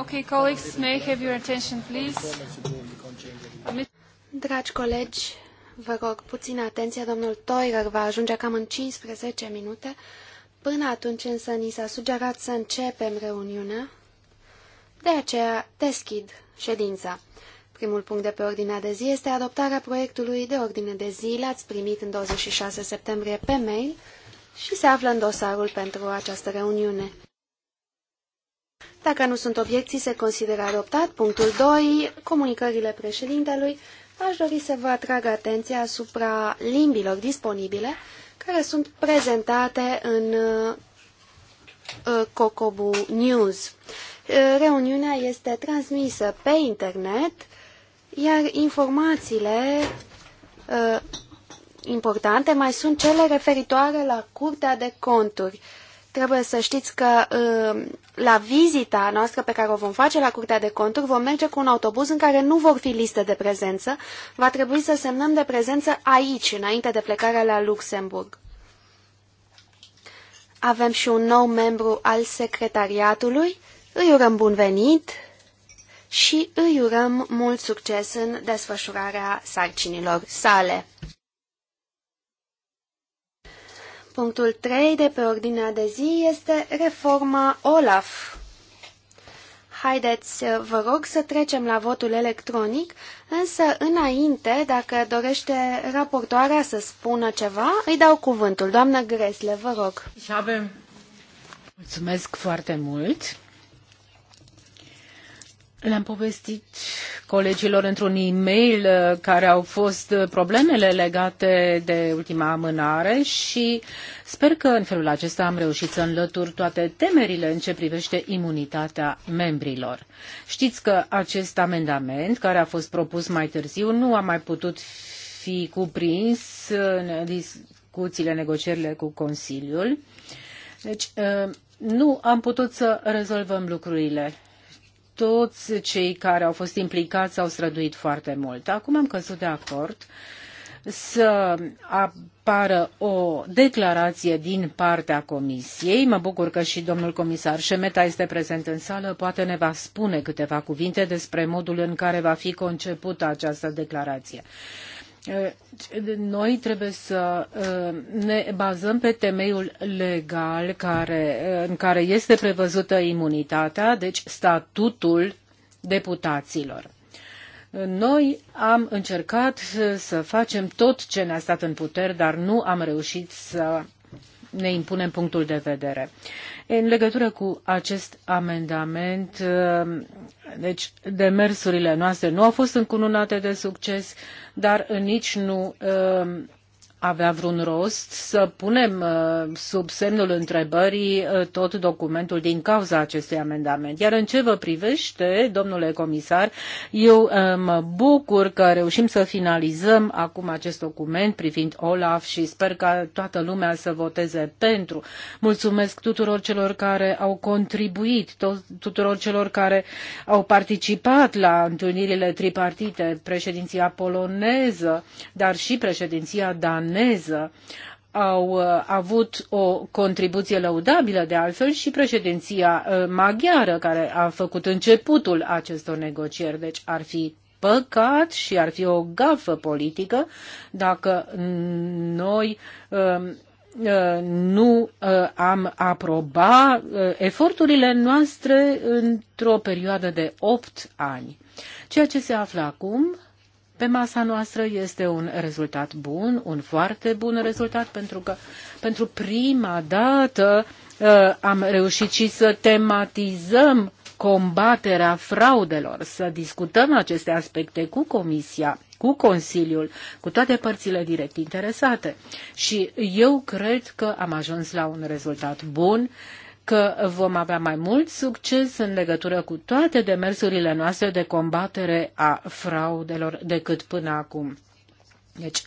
Okay, colleagues, may have your attention, please? Dragi colegi, vă rog puțină atenție, domnul Toirer va ajunge cam în 15 minute. Până atunci însă ni s-a sugerat să începem reuniunea, de aceea deschid ședința. Primul punct de pe ordinea de zi este adoptarea proiectului de ordine de zi. L-ați primit în 26 septembrie pe mail și se află în dosarul pentru această reuniune. Dacă nu sunt obiecții, se consideră adoptat. Punctul 2. Comunicările președintelui. Aș dori să vă atrag atenția asupra limbilor disponibile care sunt prezentate în uh, uh Cocobu News. Uh, reuniunea este transmisă pe internet, iar informațiile uh, importante mai sunt cele referitoare la Curtea de Conturi. Uh, Trebuie să știți că uh, la vizita noastră pe care o vom face la Curtea de Conturi vom merge cu un autobuz în care nu vor fi liste de prezență. Va trebui să semnăm de prezență aici, înainte de plecarea la Luxemburg. Avem și un nou membru al secretariatului. Îi urăm bun venit și îi urăm mult succes în desfășurarea sarcinilor sale. Punctul 3 de pe ordinea de zi este reforma OLAF. Haideți, vă rog, să trecem la votul electronic, însă înainte, dacă dorește raportoarea să spună ceva, îi dau cuvântul. Doamnă Gresle, vă rog. Mulțumesc foarte mult. Le-am povestit colegilor într-un e-mail uh, care au fost uh, problemele legate de ultima amânare și sper că în felul acesta am reușit să înlătur toate temerile în ce privește imunitatea membrilor. Știți că acest amendament care a fost propus mai târziu nu a mai putut fi cuprins în discuțiile, negocierile cu Consiliul. Deci uh, nu am putut să rezolvăm lucrurile toți cei care au fost implicați au străduit foarte mult. Acum am căzut de acord să apară o declarație din partea Comisiei. Mă bucur că și domnul comisar Șemeta este prezent în sală. Poate ne va spune câteva cuvinte despre modul în care va fi concepută această declarație. Uh, Eh, noi trebuie să eh, ne bazăm pe temeiul legal care, eh, în care este prevăzută imunitatea, deci statutul deputaților. Noi am încercat să facem tot ce ne-a stat în puteri, dar nu am reușit să ne impunem punctul de vedere. În legătură cu acest amendament, um, deci demersurile noastre nu au fost încununate de succes, dar nici nu um, avea vreun rost să punem uh, sub semnul întrebării uh, tot documentul din cauza acestui amendament. Iar în ce vă privește, domnule comisar, eu uh, mă bucur că reușim să finalizăm acum acest document privind OLAF și sper ca toată lumea să voteze pentru. Mulțumesc tuturor celor care au contribuit, tuturor celor care au participat la întâlnirile tripartite, președinția poloneză, dar și președinția Dan daneză au uh, avut o contribuție lăudabilă de altfel și președinția uh, maghiară care a făcut începutul acestor negocieri. Deci ar fi păcat și ar fi o gafă politică dacă noi um, uh, nu am aproba eforturile noastre într-o perioadă de 8 ani. Ceea ce se află acum pe masa noastră este un rezultat bun, un foarte bun rezultat, pentru că pentru prima dată uh, am reușit și să tematizăm combaterea fraudelor, să discutăm aceste aspecte cu Comisia, cu Consiliul, cu toate părțile direct interesate. Și eu cred că am ajuns la un rezultat bun că vom avea mai mult succes în legătură cu toate demersurile noastre de combatere a fraudelor decât până acum. Deci,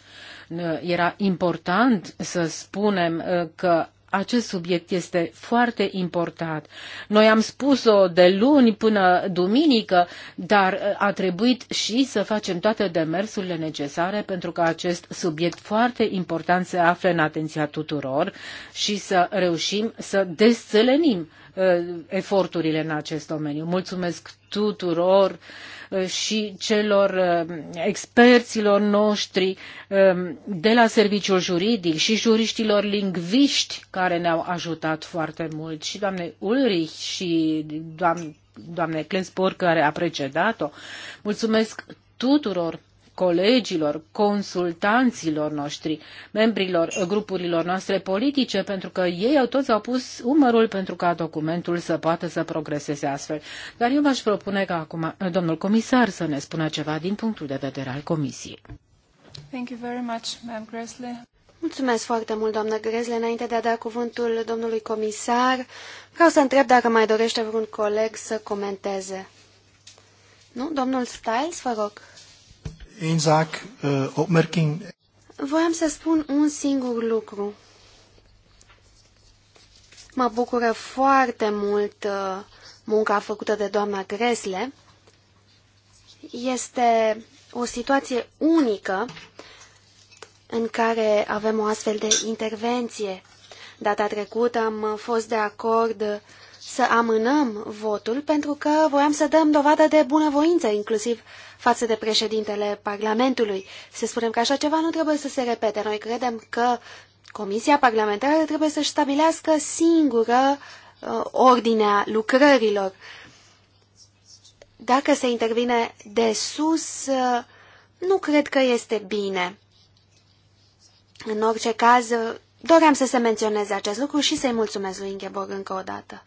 era important să spunem uh, că acest subiect este foarte important. Noi am spus-o de luni până duminică, dar uh, a trebuit și să facem toate demersurile necesare pentru ca acest subiect foarte important să afle în atenția tuturor și să reușim să desțelenim Uh, eforturile în acest domeniu. Mulțumesc tuturor uh, și celor uh, experților noștri um, de la serviciul juridic și juriștilor lingviști care ne-au ajutat foarte mult și doamne Ulrich și doamne, doamne Clenspor care a precedat-o. Mulțumesc tuturor colegilor, consultanților noștri, membrilor grupurilor noastre politice, pentru că ei au toți au pus umărul pentru ca documentul să poată să progreseze astfel. Dar eu v-aș propune ca acum domnul comisar să ne spună ceva din punctul de vedere al Comisiei. Thank you very much, Ma'am Gresley. Mulțumesc foarte mult, doamnă Grezle. Înainte de a da cuvântul domnului comisar, vreau să întreb dacă mai dorește vreun coleg să comenteze. Nu? Domnul Stiles, vă rog één zaak, uh, opmerking. Voiam să spun un singur lucru. Mă bucură foarte mult eh, munca făcută de doamna Gresle. Este o situație unică în care avem o astfel de intervenție. Data trecută am fost de acord să amânăm votul pentru că voiam să dăm dovadă de bunăvoință, inclusiv față de președintele Parlamentului. Să spunem că așa ceva nu trebuie să se repete. Noi credem că Comisia Parlamentară trebuie să-și stabilească singură uh, ordinea lucrărilor. Dacă se intervine de sus, uh, nu cred că este bine. În orice caz, uh, doream să se menționeze acest lucru și să-i mulțumesc lui Ingeborg încă o dată.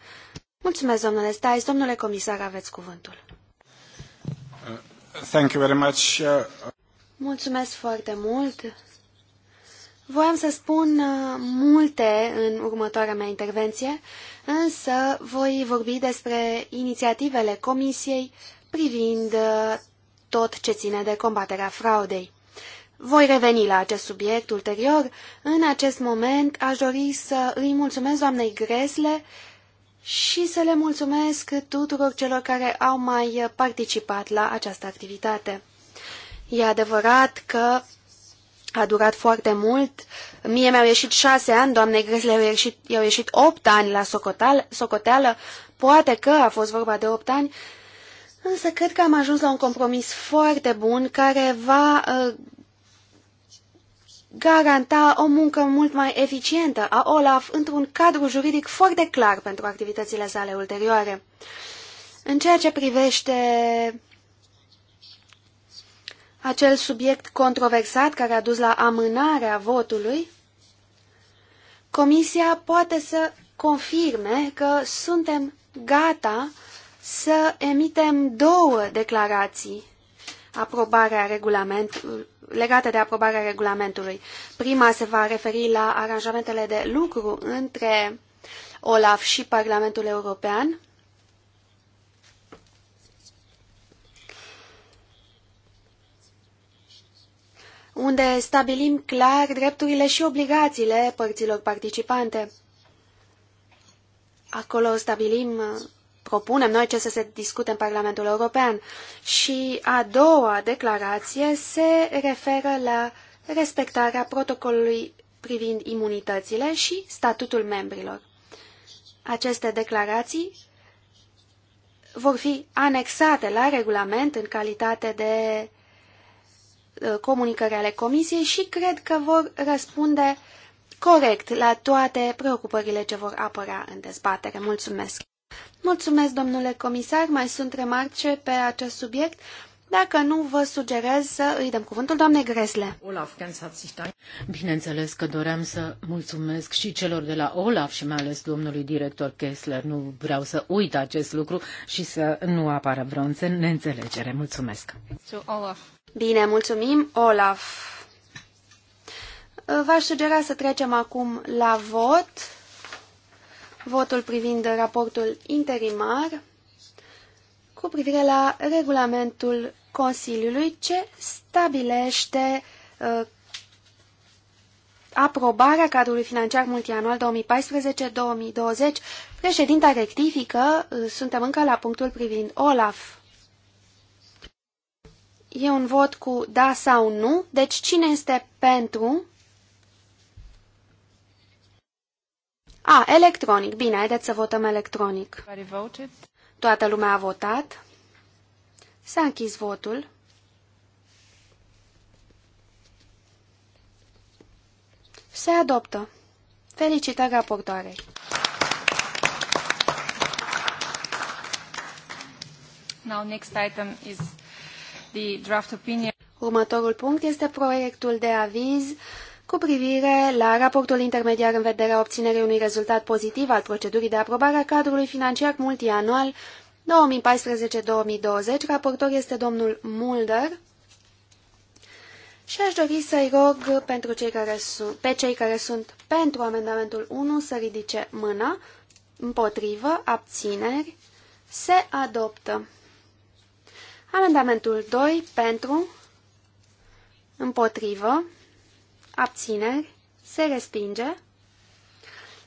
Mulțumesc, domnule Stais, domnule comisar, aveți cuvântul. Thank you very much. Uh, mulțumesc foarte mult. Voiam să spun uh, multe în următoarea mea intervenție, însă voi vorbi despre inițiativele Comisiei privind uh, tot ce ține de combaterea fraudei. Voi reveni la acest subiect ulterior. În acest moment aș dori să îi mulțumesc doamnei Gresle și să le mulțumesc tuturor celor care au mai participat la această activitate. E adevărat că a durat foarte mult. Mie mi-au ieșit șase ani, doamne Gresle i-au ieșit, i-au ieșit opt ani la socotal, socoteală, poate că a fost vorba de opt ani, însă cred că am ajuns la un compromis foarte bun care va uh, garanta o muncă mult mai eficientă a OLAF într-un cadru juridic foarte clar pentru activitățile sale ulterioare. În ceea ce privește acel subiect controversat care a dus la amânarea votului, Comisia poate să confirme că suntem gata să emitem două declarații aprobarea regulamentului legate de aprobarea regulamentului. Prima se va referi la aranjamentele de lucru între OLAF și Parlamentul European. unde stabilim clar drepturile și obligațiile părților participante. Acolo stabilim propunem noi ce să se discute în Parlamentul European. Și a doua declarație se referă la respectarea protocolului privind imunitățile și statutul membrilor. Aceste declarații vor fi anexate la regulament în calitate de uh, comunicări ale Comisiei și cred că vor răspunde corect la toate preocupările ce vor apărea în dezbatere. Mulțumesc! Mulțumesc, domnule comisar, mai sunt remarce pe acest subiect. Dacă nu, vă sugerez să îi dăm cuvântul doamnei Gresle. Olaf, Bineînțeles că doream să mulțumesc și celor de la Olaf și mai ales domnului director Kessler. Nu vreau să uit acest lucru și să nu apară vreo neînțelegere. Mulțumesc. Olaf. Bine, mulțumim, Olaf. V-aș sugera să trecem acum la vot votul privind raportul interimar cu privire la regulamentul Consiliului ce stabilește uh, aprobarea cadrului financiar multianual 2014-2020. Președinta rectifică, uh, suntem încă la punctul privind OLAF. E un vot cu da sau nu, deci cine este pentru A, electronic. Bine, haideți să votăm electronic. Toată lumea a votat. S-a închis votul. Se adoptă. Felicitări raportoarei. Now next item is the draft opinion. Următorul punct este proiectul de aviz cu privire la raportul intermediar în vederea obținerii unui rezultat pozitiv al procedurii de aprobare a cadrului financiar multianual 2014-2020. Raportor este domnul Mulder. Și aș dori să-i rog pentru cei care sunt, pe cei care sunt pentru amendamentul 1 să ridice mâna, împotrivă, abțineri, se adoptă. Amendamentul 2 pentru, împotrivă, abțineri, se respinge.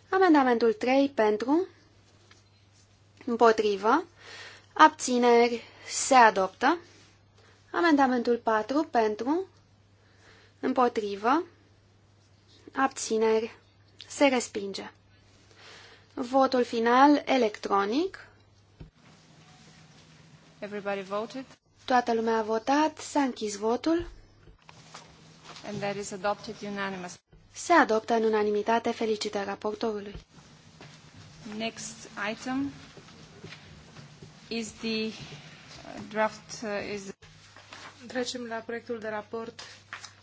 Amendamentul 3 pentru, împotrivă, abțineri, se adoptă. Amendamentul 4 pentru, împotrivă, abțineri, se respinge. Votul final electronic. Everybody voted. Toată lumea a votat, s-a închis votul and that is adopted unanimously. Se adoptă în unanimitate. Felicitări raportorului. Next item is the uh, draft uh, is Trecem la proiectul de raport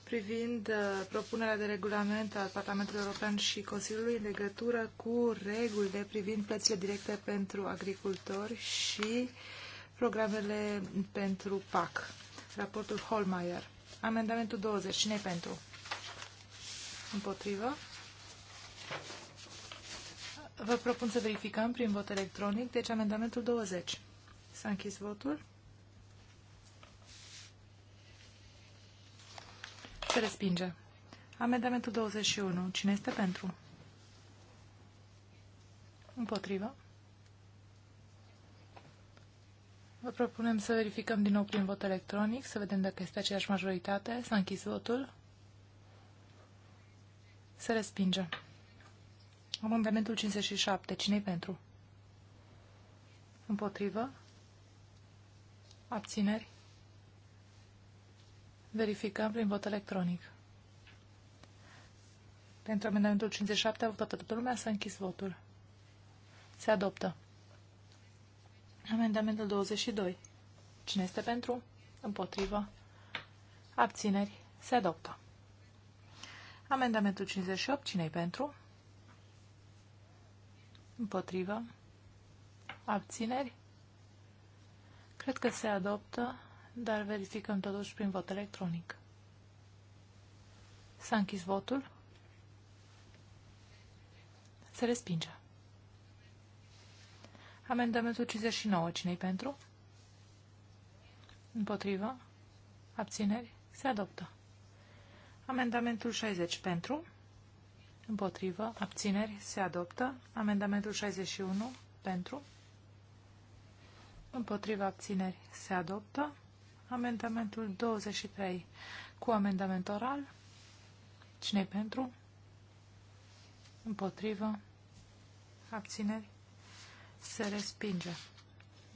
privind uh, propunerea de regulament al Parlamentului European și Consiliului în legătură cu regulile privind plățile directe pentru agricultori și programele pentru PAC. Raportul Holmeier. Amendamentul 20. cine pentru? Împotrivă. Vă propun să verificăm prin vot electronic, deci amendamentul 20. S-a închis votul. Se respinge. Amendamentul 21. Cine este pentru? Împotrivă. Vă propunem să verificăm din nou prin vot electronic, să vedem dacă este aceeași majoritate. S-a închis votul. Se respinge. Amendamentul 57. Cine-i pentru? Împotrivă? Abțineri? Verificăm prin vot electronic. Pentru amendamentul 57 a votat toată lumea, s-a închis votul. Se adoptă. Amendamentul 22. Cine este pentru? Împotrivă. Abțineri. Se adoptă. Amendamentul 58. cine e pentru? Împotrivă. Abțineri. Cred că se adoptă, dar verificăm totuși prin vot electronic. S-a închis votul. Se respinge. Amendamentul 59. cine pentru? Împotrivă? Abțineri? Se adoptă. Amendamentul 60. Pentru? Împotrivă? Abțineri? Se adoptă. Amendamentul 61. Pentru? Împotrivă? Abțineri? Se adoptă. Amendamentul 23. Cu amendament oral? cine pentru? Împotrivă? Abțineri? Se respinge.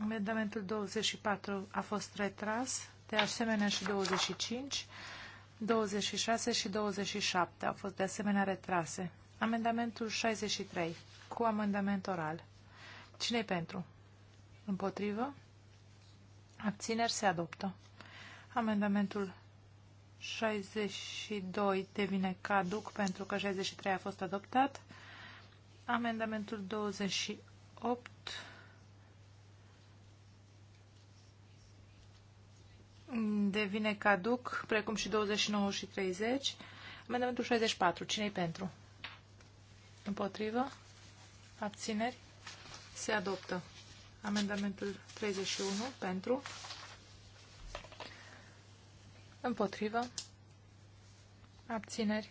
Amendamentul 24 a fost retras, de asemenea și 25, 26 și 27 au fost de asemenea retrase. Amendamentul 63, cu amendament oral. Cine-i pentru? Împotrivă? Abțineri se adoptă. Amendamentul 62 devine caduc pentru că 63 a fost adoptat. Amendamentul 28 8 devine caduc, precum și 29 și 30. Amendamentul 64. Cine-i pentru? Împotrivă? Abțineri? Se adoptă. Amendamentul 31 pentru? Împotrivă? Abțineri?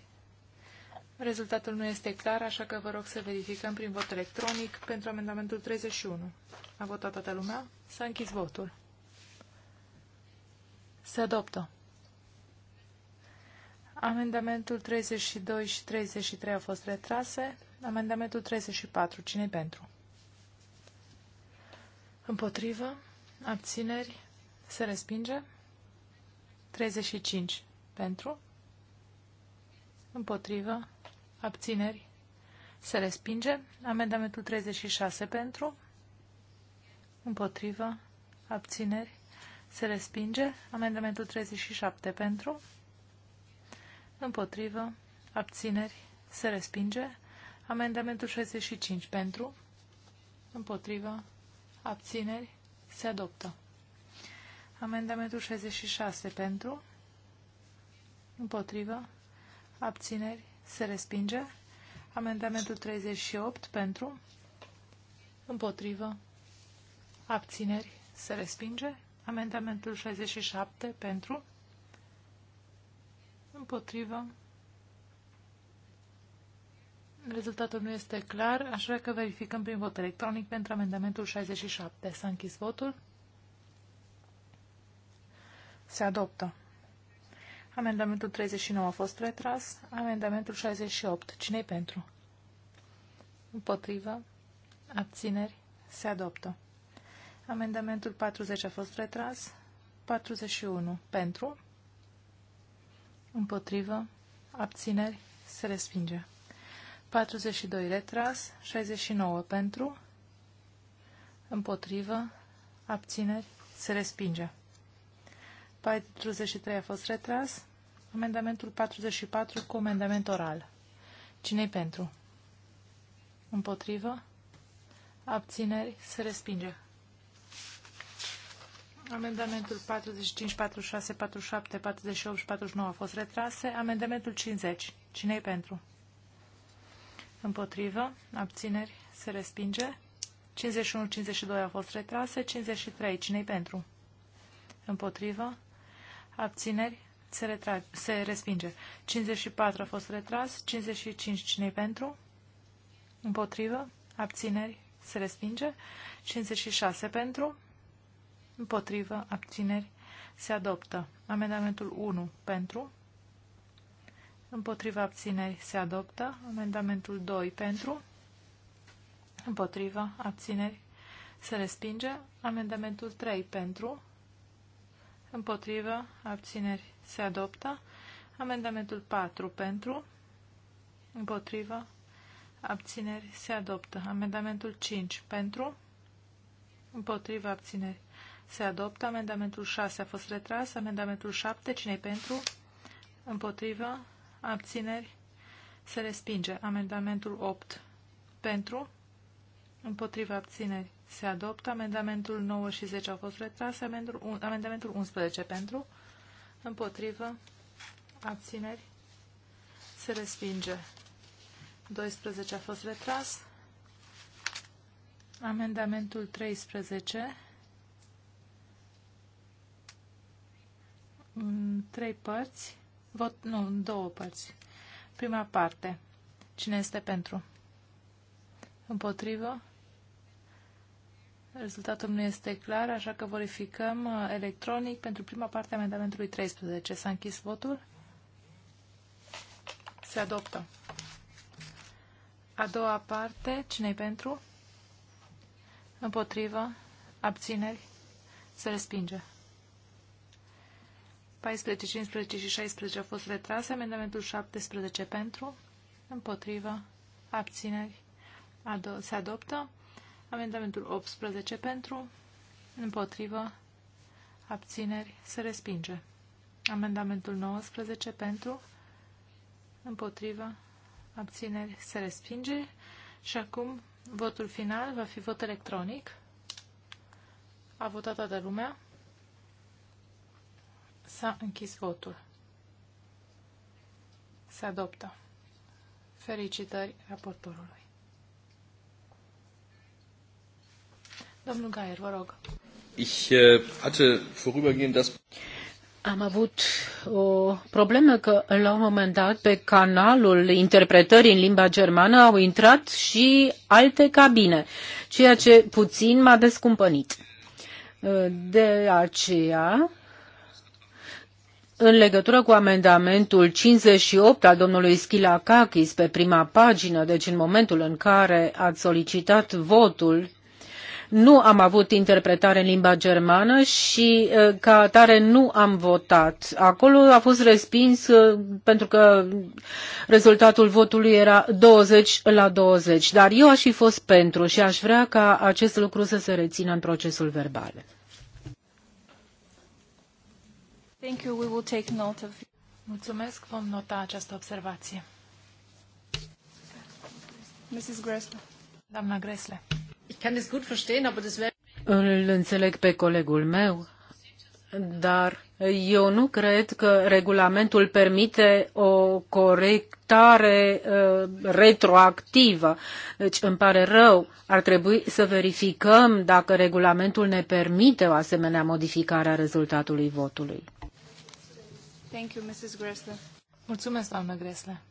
Rezultatul nu este clar, așa că vă rog să verificăm prin vot electronic pentru amendamentul 31. A votat toată lumea? S-a închis votul. Se adoptă. Amendamentul 32 și 33 au fost retrase. Amendamentul 34. cine pentru? Împotrivă? Abțineri? Se respinge? 35. Pentru? Împotrivă? abțineri, se respinge. Amendamentul 36 pentru, împotrivă, abțineri, se respinge. Amendamentul 37 pentru, împotrivă, abțineri, se respinge. Amendamentul 65 pentru, împotrivă, abțineri, se adoptă. Amendamentul 66 pentru, împotrivă, abțineri, se respinge. Amendamentul 38 pentru. Împotrivă. Abțineri. Se respinge. Amendamentul 67 pentru. Împotrivă. Rezultatul nu este clar, așa că verificăm prin vot electronic pentru amendamentul 67. S-a închis votul. Se adoptă. Amendamentul 39 a fost retras. Amendamentul 68. Cine-i pentru? Împotrivă. Abțineri. Se adoptă. Amendamentul 40 a fost retras. 41. Pentru. Împotrivă. Abțineri. Se respinge. 42. Retras. 69. Pentru. Împotrivă. Abțineri. Se respinge. 43 a fost retras. Amendamentul 44 cu amendament oral. cine pentru? Împotrivă? Abțineri? Se respinge. Amendamentul 45, 46, 47, 48 și 49 a fost retrase. Amendamentul 50. cine pentru? Împotrivă? Abțineri? Se respinge. 51, 52 a fost retrase. 53. cine pentru? Împotrivă? Abțineri? se, retrag, se respinge. 54 a fost retras, 55 cine pentru, împotrivă, abțineri, se respinge, 56 pentru, împotrivă, abțineri, se adoptă. Amendamentul 1 pentru, împotrivă, abțineri, se adoptă. Amendamentul 2 pentru, împotrivă, abțineri, se respinge. Amendamentul 3 pentru, împotrivă, abțineri, se adoptă. Amendamentul 4 pentru. Împotrivă. Abțineri. Se adoptă. Amendamentul 5 pentru. Împotrivă. Abțineri. Se adoptă. Amendamentul 6 a fost retras. Amendamentul 7. cine pentru? Împotrivă. Abțineri. Se respinge. Amendamentul 8 pentru. Împotrivă abțineri se adoptă. Amendamentul 9 și 10 au fost retrase. amendamentul 11 pentru împotrivă, abțineri, se respinge. 12 a fost retras. Amendamentul 13. În trei părți. Vot, nu, în două părți. Prima parte. Cine este pentru? Împotrivă? Rezultatul nu este clar, așa că verificăm uh, electronic pentru prima parte a amendamentului 13. S-a închis votul? Se adoptă. A doua parte, cine-i pentru? Împotrivă? Abțineri? Se respinge. 14, 15 și 16 au fost retrase. Amendamentul 17 pentru? Împotrivă? Abțineri? Ado se adoptă. Amendamentul 18 pentru, împotrivă, abțineri, se respinge. Amendamentul 19 pentru, împotrivă, abțineri, se respinge. Și acum votul final va fi vot electronic. A votat toată lumea. S-a închis votul. Se adoptă. Felicitări raportorului. Domnul Gaier, vă rog. Ich eh, hatte vorübergehend das am avut o problemă că la un moment dat pe canalul interpretării în limba germană au intrat și alte cabine, ceea ce puțin m-a descumpănit. De aceea, în legătură cu amendamentul 58 al domnului Schilakakis pe prima pagină, deci în momentul în care ați solicitat votul nu am avut interpretare în limba germană și uh, ca atare nu am votat. Acolo a fost respins uh, pentru că rezultatul votului era 20 la 20, dar eu aș fi fost pentru și aș vrea ca acest lucru să se rețină în procesul verbal. Thank you. We will take note of... Mulțumesc, vom nota această observație. Mrs. Gressler. Doamna Gressler. Îl înțeleg pe colegul meu, dar eu nu cred că regulamentul permite o corectare uh, retroactivă. Deci îmi pare rău, ar trebui să verificăm dacă regulamentul ne permite o asemenea modificare a rezultatului votului. Thank you, Mrs. Gressler. Mulțumesc, doamnă Gresle.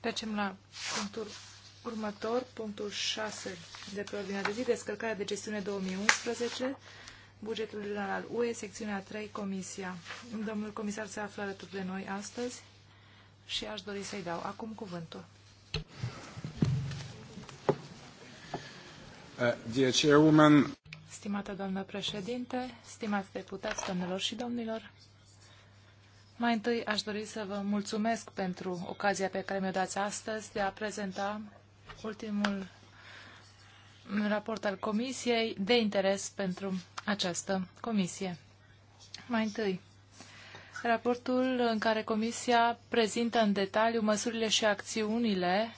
Trecem la punctul Următor, punctul 6 de pe ordinea de zi, descărcarea de gestiune 2011, bugetul general al UE, secțiunea 3, Comisia. Domnul comisar se află alături de noi astăzi și aș dori să-i dau acum cuvântul. Uh, Stimată doamnă președinte, stimați deputați, domnilor și domnilor, mai întâi aș dori să vă mulțumesc pentru ocazia pe care mi-o dați astăzi de a prezenta ultimul raport al Comisiei de interes pentru această comisie. Mai întâi, raportul în care Comisia prezintă în detaliu măsurile și acțiunile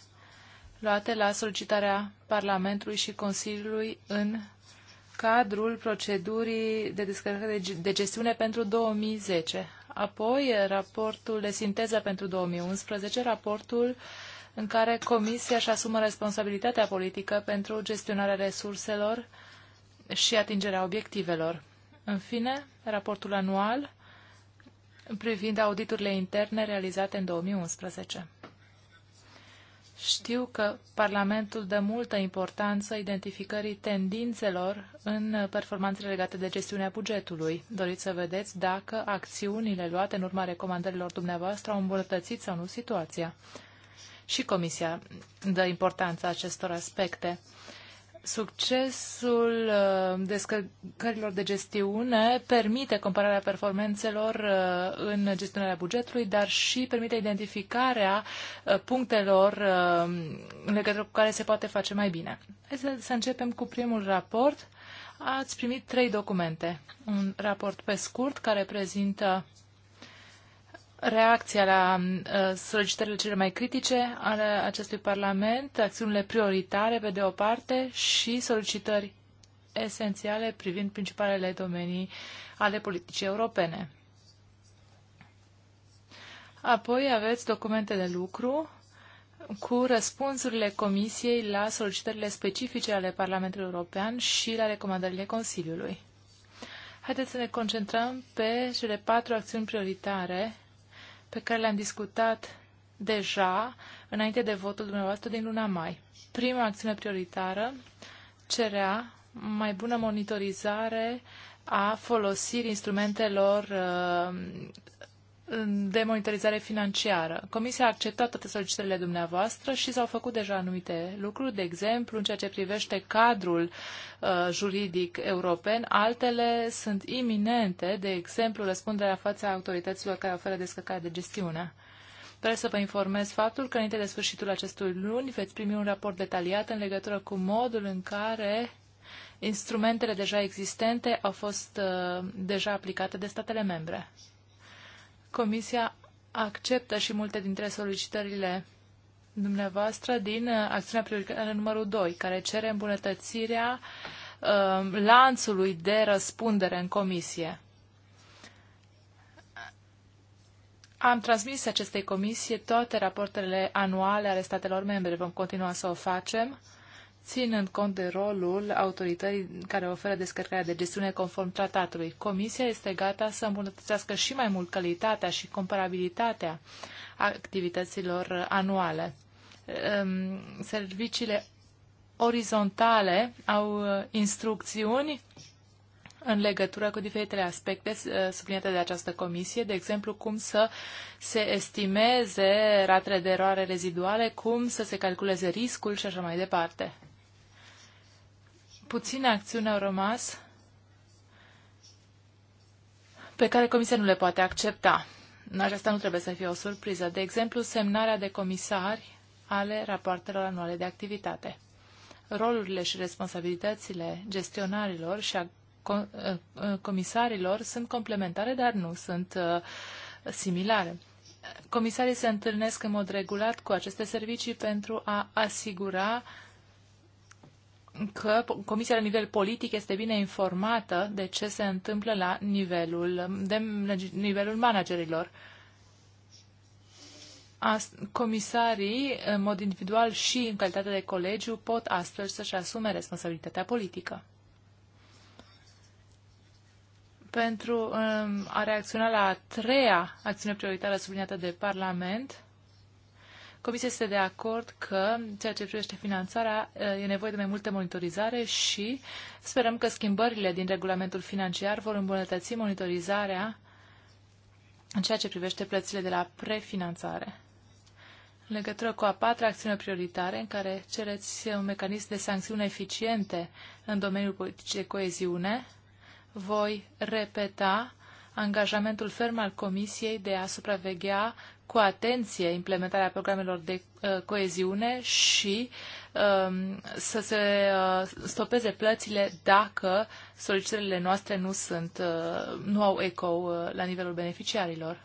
luate la solicitarea Parlamentului și Consiliului în cadrul procedurii de descărcare de gestiune pentru 2010. Apoi, raportul de sinteză pentru 2011, raportul uh, în care Comisia își asumă responsabilitatea politică pentru gestionarea resurselor și atingerea obiectivelor. În fine, raportul anual privind auditurile interne realizate în 2011. Știu că Parlamentul dă multă importanță identificării tendințelor în performanțele legate de gestiunea bugetului. Doriți să vedeți dacă acțiunile luate în urma recomandărilor dumneavoastră au îmbunătățit sau nu situația și Comisia dă importanța acestor aspecte. Succesul uh, descărcărilor de gestiune permite compararea performanțelor uh, în gestionarea bugetului, dar și permite identificarea uh, punctelor în legătură cu care se poate face mai bine. Hai să, să începem cu primul raport. Ați primit trei documente. Un raport pe scurt care prezintă reacția la uh, solicitările cele mai critice ale acestui Parlament, acțiunile prioritare pe de o parte și solicitări esențiale privind principalele domenii ale politicii europene. Apoi aveți documente de lucru cu răspunsurile Comisiei la solicitările specifice ale Parlamentului European și la recomandările Consiliului. Haideți să ne concentrăm pe cele patru acțiuni prioritare pe care le-am discutat deja înainte de votul dumneavoastră din luna mai. Prima acțiune prioritară cerea mai bună monitorizare a folosirii instrumentelor uh, de monitorizare financiară. Comisia a acceptat toate solicitările dumneavoastră și s-au făcut deja anumite lucruri, de exemplu, în ceea ce privește cadrul uh, juridic european, altele sunt iminente, de exemplu, răspunderea fața autorităților care oferă descărcarea de gestiune. Doresc să vă informez faptul că înainte de sfârșitul acestui luni veți primi un raport detaliat în legătură cu modul în care instrumentele deja existente au fost uh, deja aplicate de statele membre. Comisia acceptă și multe dintre solicitările dumneavoastră din uh, acțiunea prioritară numărul 2, care cere îmbunătățirea uh, lanțului de răspundere în comisie. Am transmis acestei comisie toate rapoartele anuale ale statelor membre. Vom continua să o facem ținând cont de rolul autorității care oferă descărcarea de gestiune conform tratatului. Comisia este gata să îmbunătățească și mai mult calitatea și comparabilitatea activităților anuale. Ehm, serviciile orizontale au uh, instrucțiuni în legătură cu diferitele aspecte uh, subliniate de această comisie, de exemplu cum să se estimeze ratele de eroare reziduale, cum să se calculeze riscul și așa mai departe puține acțiuni au rămas pe care Comisia nu le poate accepta. Aceasta nu trebuie să fie o surpriză. De exemplu, semnarea de comisari ale rapoartelor anuale de activitate. Rolurile și responsabilitățile gestionarilor și a eh, eh, comisarilor sunt complementare, dar nu sunt eh, similare. Comisarii se întâlnesc în mod regulat cu aceste servicii pentru a asigura uh, că Comisia la nivel politic este bine informată de ce se întâmplă la nivelul, de nivelul managerilor. As, comisarii, în mod individual și în calitate de colegiu, pot astfel să-și asume responsabilitatea politică. Pentru um, a reacționa la a treia acțiune prioritară subliniată de Parlament, Comisia este de acord că, ceea ce privește finanțarea, e nevoie de mai multă monitorizare și sperăm că schimbările din regulamentul financiar vor îmbunătăți monitorizarea în ceea ce privește plățile de la prefinanțare. În legătură cu a patra acțiune prioritare, în care cereți un mecanism de sancțiune eficiente în domeniul politicii de coeziune, voi repeta angajamentul ferm al Comisiei de a supraveghea cu atenție implementarea programelor de uh, coeziune și um, să se uh, stopeze plățile dacă solicitările noastre nu, sunt, uh, nu au ecou la nivelul beneficiarilor.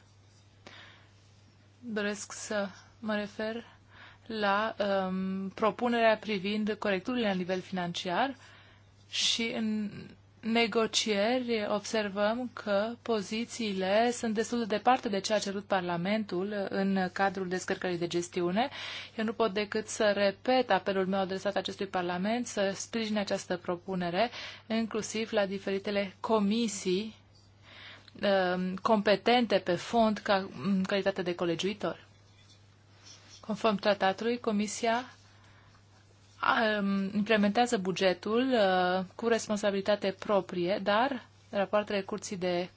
Doresc să mă refer la um, propunerea privind corecturile la nivel financiar și în negocieri observăm că pozițiile sunt destul de departe de ce a cerut Parlamentul uh, în cadrul descărcării de gestiune. Eu nu pot decât să repet apelul meu adresat acestui Parlament să sprijine această propunere, inclusiv la diferitele comisii uh, competente pe fond ca în calitate de colegiuitor. Conform tratatului, Comisia Um, implementează bugetul uh, cu responsabilitate proprie, dar rapoartele curții de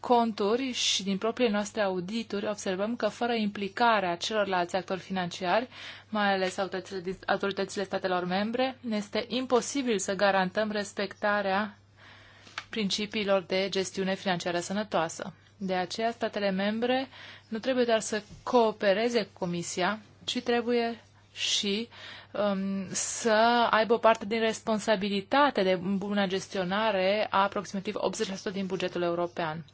conturi și din propriile noastre audituri observăm că fără implicarea celorlalți actori financiari, mai ales autoritățile, autoritățile statelor membre, este imposibil să garantăm respectarea principiilor de gestiune financiară sănătoasă. De aceea, statele membre nu trebuie doar să coopereze cu Comisia, ci trebuie și Um, să aibă parte din responsabilitate de bună gestionare a aproximativ 80% din bugetul european.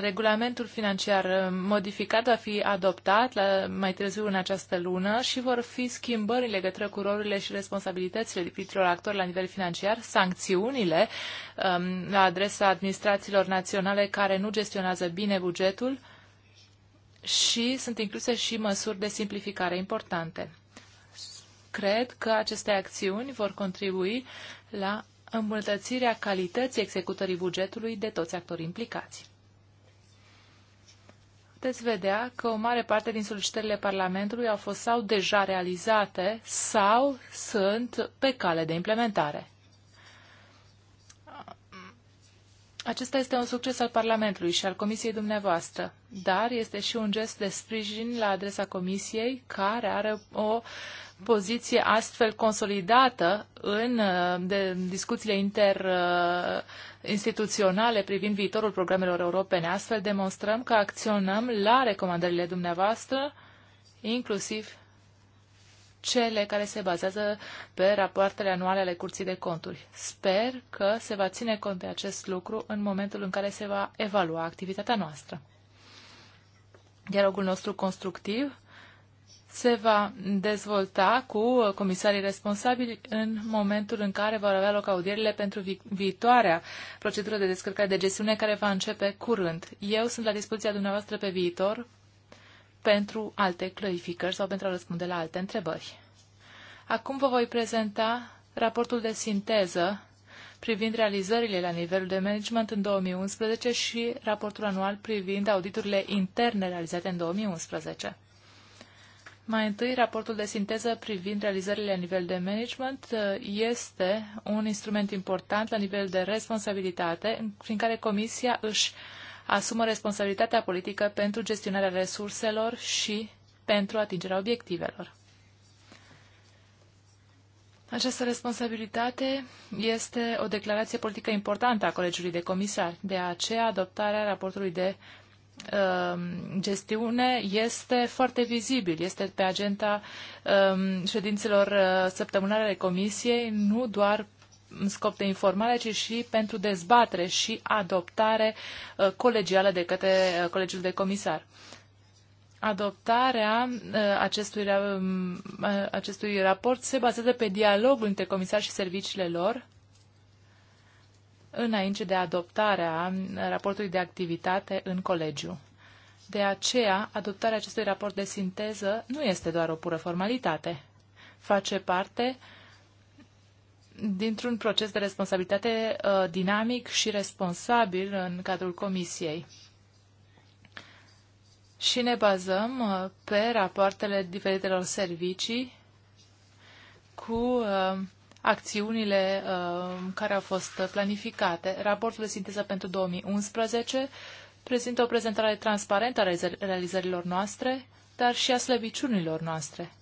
Regulamentul financiar modificat va fi adoptat la mai târziu în această lună și vor fi schimbări în legătură cu rolurile și responsabilitățile diferitelor actori la nivel financiar, sancțiunile um, la adresa administrațiilor naționale care nu gestionează bine bugetul și sunt incluse și măsuri de simplificare importante cred că aceste acțiuni vor contribui la îmbunătățirea calității executării bugetului de toți actorii implicați. Puteți vedea că o mare parte din solicitările Parlamentului au fost sau deja realizate sau sunt pe cale de implementare. Acesta este un succes al Parlamentului și al Comisiei dumneavoastră, dar este și un gest de sprijin la adresa Comisiei, care are o poziție astfel consolidată în uh, de, discuțiile interinstituționale privind viitorul programelor europene. Astfel demonstrăm că acționăm la recomandările dumneavoastră, inclusiv cele care se bazează pe rapoartele anuale ale Curții de Conturi. Sper că se va ține cont de acest lucru în momentul în care se va evalua activitatea noastră. Dialogul nostru constructiv se va dezvolta cu comisarii responsabili în momentul în care vor avea loc audierile pentru vi- viitoarea procedură de descărcare de gestiune care va începe curând. Eu sunt la dispoziția dumneavoastră pe viitor pentru alte clarificări sau pentru a răspunde la alte întrebări. Acum vă voi prezenta raportul de sinteză privind realizările la nivelul de management în 2011 și raportul anual privind auditurile interne realizate în 2011. Mai întâi, raportul de sinteză privind realizările la nivel de management uh, este un instrument important la nivel de responsabilitate prin care Comisia își asumă responsabilitatea politică pentru gestionarea resurselor și pentru atingerea obiectivelor. Această responsabilitate este o declarație politică importantă a Colegiului de Comisari. De aceea, adoptarea raportului de uh, gestiune este foarte vizibil, este pe agenda um, uh, ședințelor uh, săptămânale ale Comisiei, nu doar în scop de informare, ci și pentru dezbatere și adoptare uh, colegială de către uh, Colegiul de Comisar. Adoptarea uh, acestui, acestui raport se bazează pe dialogul între comisar și serviciile lor înainte de adoptarea raportului de activitate în colegiu. De aceea, adoptarea acestui raport de sinteză nu este doar o pură formalitate. Face parte uh, dintr-un proces de responsabilitate uh, dinamic și responsabil în cadrul Comisiei. Și ne bazăm uh, pe rapoartele diferitelor servicii cu uh, acțiunile care au fost planificate. Raportul de sinteză pentru 2011 prezintă o prezentare transparentă a realizărilor noastre, dar și a slăbiciunilor noastre,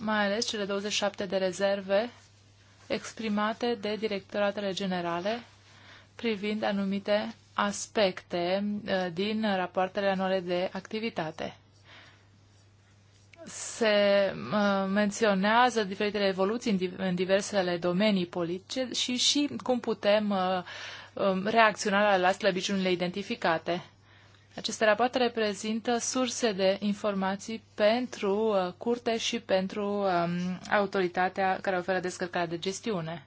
mai ales cele 27 de rezerve exprimate de directoratele generale privind anumite aspecte uh, din rapoartele anuale de activitate. Se uh, menționează diferitele evoluții în diversele domenii politice și și cum putem uh, um, reacționa la slăbiciunile identificate. Aceste rapoarte reprezintă surse de informații pentru uh, curte și pentru um, autoritatea care oferă descărcarea de gestiune.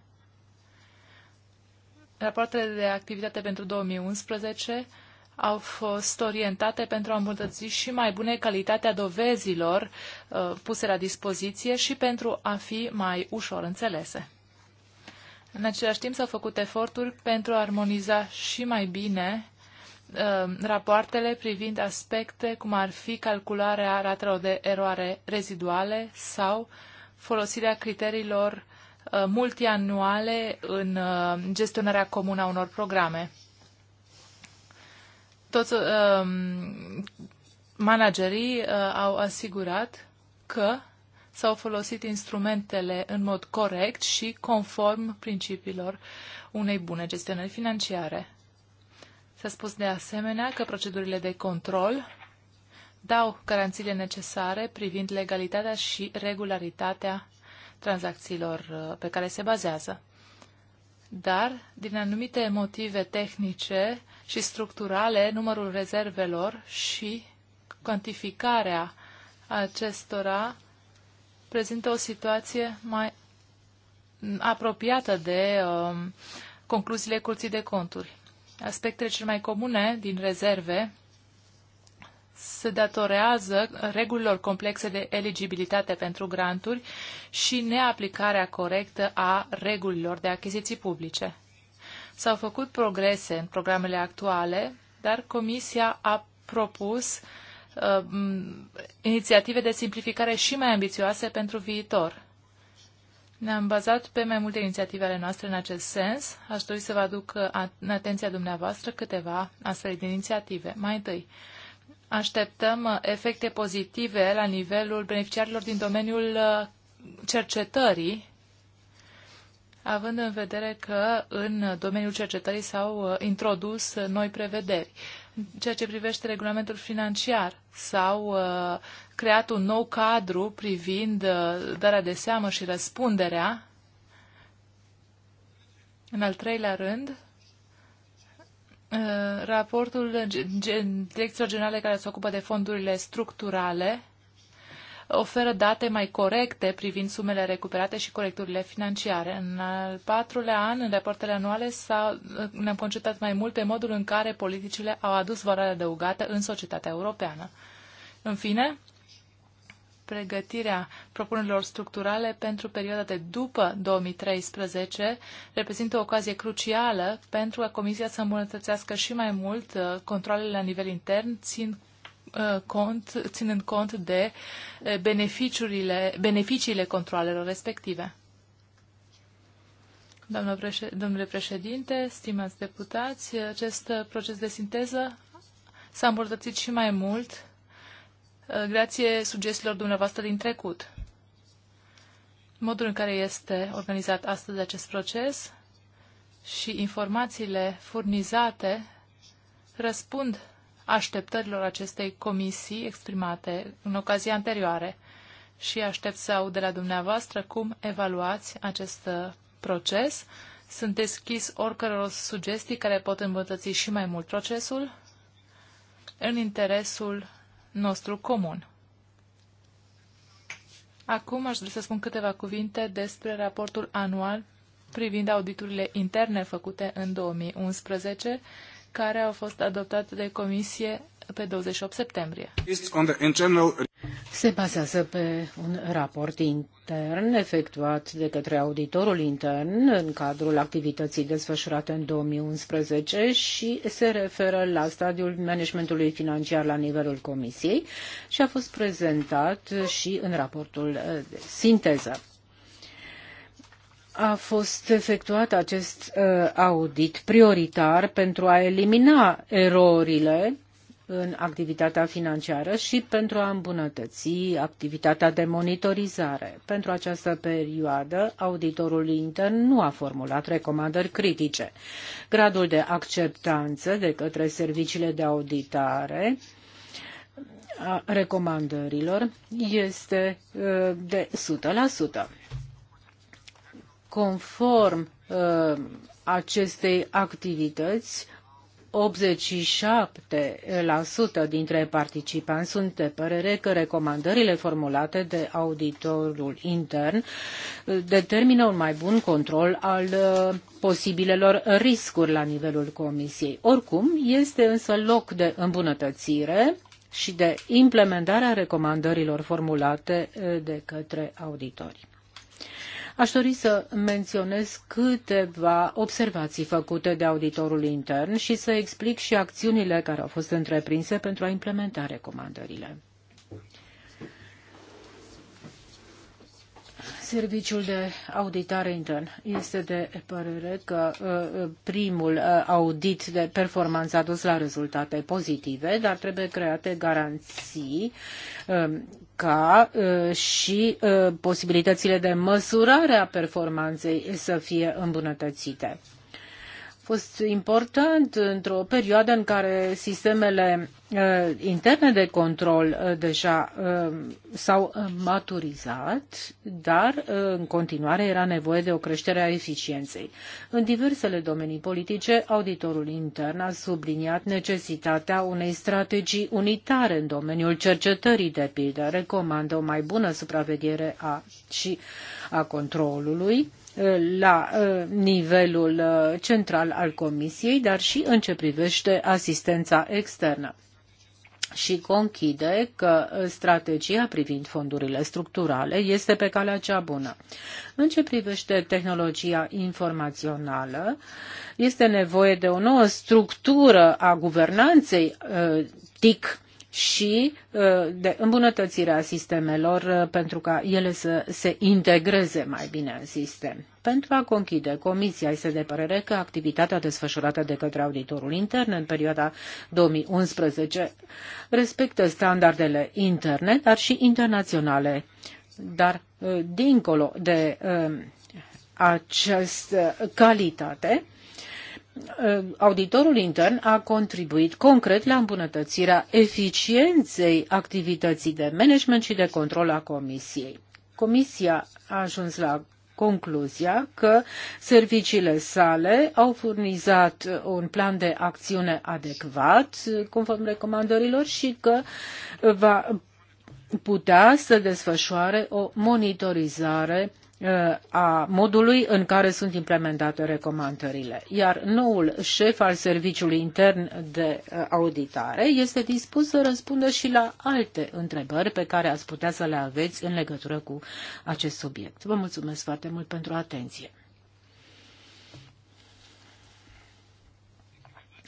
Rapoartele de activitate pentru 2011 au fost orientate pentru a îmbunătăți și mai bune calitatea dovezilor uh, puse la dispoziție și pentru a fi mai ușor înțelese. În același timp s-au făcut eforturi pentru a armoniza și mai bine Uh, rapoartele privind aspecte cum ar fi calcularea ratelor de eroare reziduale sau folosirea criteriilor uh, multianuale în uh, gestionarea comună a unor programe. Toți managerii au asigurat că s-au folosit instrumentele în mod corect și conform principiilor unei bune gestionări financiare. S-a spus de asemenea că procedurile de control dau garanțiile necesare privind legalitatea și regularitatea tranzacțiilor uh, pe care se bazează. Dar, din anumite motive tehnice și structurale, numărul rezervelor și cantificarea acestora prezintă o situație mai apropiată de um, concluziile curții de conturi. Aspectele cel mai comune din rezerve se datorează regulilor complexe de eligibilitate pentru granturi și neaplicarea corectă a regulilor de achiziții publice. S-au făcut progrese în programele actuale, dar Comisia a propus uh, inițiative de simplificare și mai ambițioase pentru viitor. Ne-am bazat pe mai multe inițiative ale noastre în acest sens. Aș dori să vă aduc în atenția dumneavoastră câteva astfel de inițiative. Mai întâi, așteptăm uh, efecte pozitive la nivelul beneficiarilor din domeniul uh, cercetării, având în vedere că în domeniul cercetării s-au uh, introdus noi prevederi ceea ce privește regulamentul financiar. S-au uh, creat un nou cadru privind uh, darea de seamă și răspunderea. În al treilea rând, uh, raportul direcțiilor generale care se ocupă de fondurile structurale oferă date mai corecte privind sumele recuperate și corecturile financiare. În al patrulea an, în rapoartele anuale, ne-am concentrat mai mult pe modul în care politicile au adus valoare adăugată în societatea europeană. În fine, pregătirea propunerilor structurale pentru perioada de după 2013 reprezintă o ocazie crucială pentru a Comisia să îmbunătățească și mai mult uh, controlele la nivel intern, țin Uh, cont, ținând cont de uh, beneficiurile, beneficiile controlelor respective. Președ, domnule președinte, stimați deputați, acest uh, proces de sinteză s-a îmbunătățit și mai mult grație sugestiilor dumneavoastră din trecut. Modul în care este organizat astăzi acest proces și informațiile furnizate răspund așteptărilor acestei comisii exprimate în ocazii anterioare și aștept să aud de la dumneavoastră cum evaluați acest uh, proces. Sunt deschis oricăror sugestii care pot îmbunătăți și mai mult procesul în interesul nostru comun. Acum aș vrea să spun câteva cuvinte despre raportul anual privind auditurile interne făcute în 2011 care au fost adoptate de comisie pe 28 septembrie. Se bazează pe un raport intern efectuat de către auditorul intern în cadrul activității desfășurate în 2011 și se referă la stadiul managementului financiar la nivelul comisiei și a fost prezentat și în raportul de sinteză a fost efectuat acest uh, audit prioritar pentru a elimina erorile în activitatea financiară și pentru a îmbunătăți activitatea de monitorizare. Pentru această perioadă, auditorul intern nu a formulat recomandări critice. Gradul de acceptanță de către serviciile de auditare a recomandărilor este uh, de 100%. Conform uh, acestei activități, 87% dintre participanți sunt de părere că recomandările formulate de auditorul intern uh, determină un mai bun control al uh, posibilelor riscuri la nivelul Comisiei. Oricum, este însă loc de îmbunătățire și de implementare a recomandărilor formulate uh, de către auditori. Aș dori să menționez câteva observații făcute de auditorul intern și să explic și acțiunile care au fost întreprinse pentru a implementa recomandările. Serviciul de auditare intern este de părere că uh, uh, primul uh, audit de performanță a dus la rezultate pozitive, dar trebuie create garanții um, ca și posibilitățile de măsurare a performanței să fie îmbunătățite fost important într-o perioadă în care sistemele uh, interne de control uh, deja uh, s-au maturizat, dar în continuare era nevoie de o creștere a eficienței. În diversele domenii politice, auditorul intern a subliniat necesitatea unei strategii unitare în domeniul cercetării, de pildă, recomandă o mai bună supraveghere a, și a controlului, la uh, nivelul uh, central al Comisiei, dar și în ce privește asistența externă. Și conchide că uh, strategia privind fondurile structurale este pe calea cea bună. În ce privește tehnologia informațională, este nevoie de o nouă structură a guvernanței TIC și uh, de îmbunătățirea sistemelor uh, pentru ca ele să se integreze mai bine în sistem. Pentru a conchide, Comisia este de părere că activitatea desfășurată de către auditorul intern în perioada 2011 respectă standardele interne, dar și internaționale. Dar uh, dincolo de această calitate, Ă, auditorul intern a contribuit concret la îmbunătățirea eficienței activității de management și de control a Comisiei. Comisia a ajuns la concluzia că serviciile sale au furnizat un plan de acțiune adecvat conform recomandărilor și că va putea să desfășoare o monitorizare Uh, a modului în care sunt implementate recomandările. Iar noul șef al Serviciului Intern de uh, Auditare este dispus să răspundă și la alte întrebări pe care ați putea să le aveți în legătură cu acest subiect. Vă mulțumesc foarte mult pentru atenție.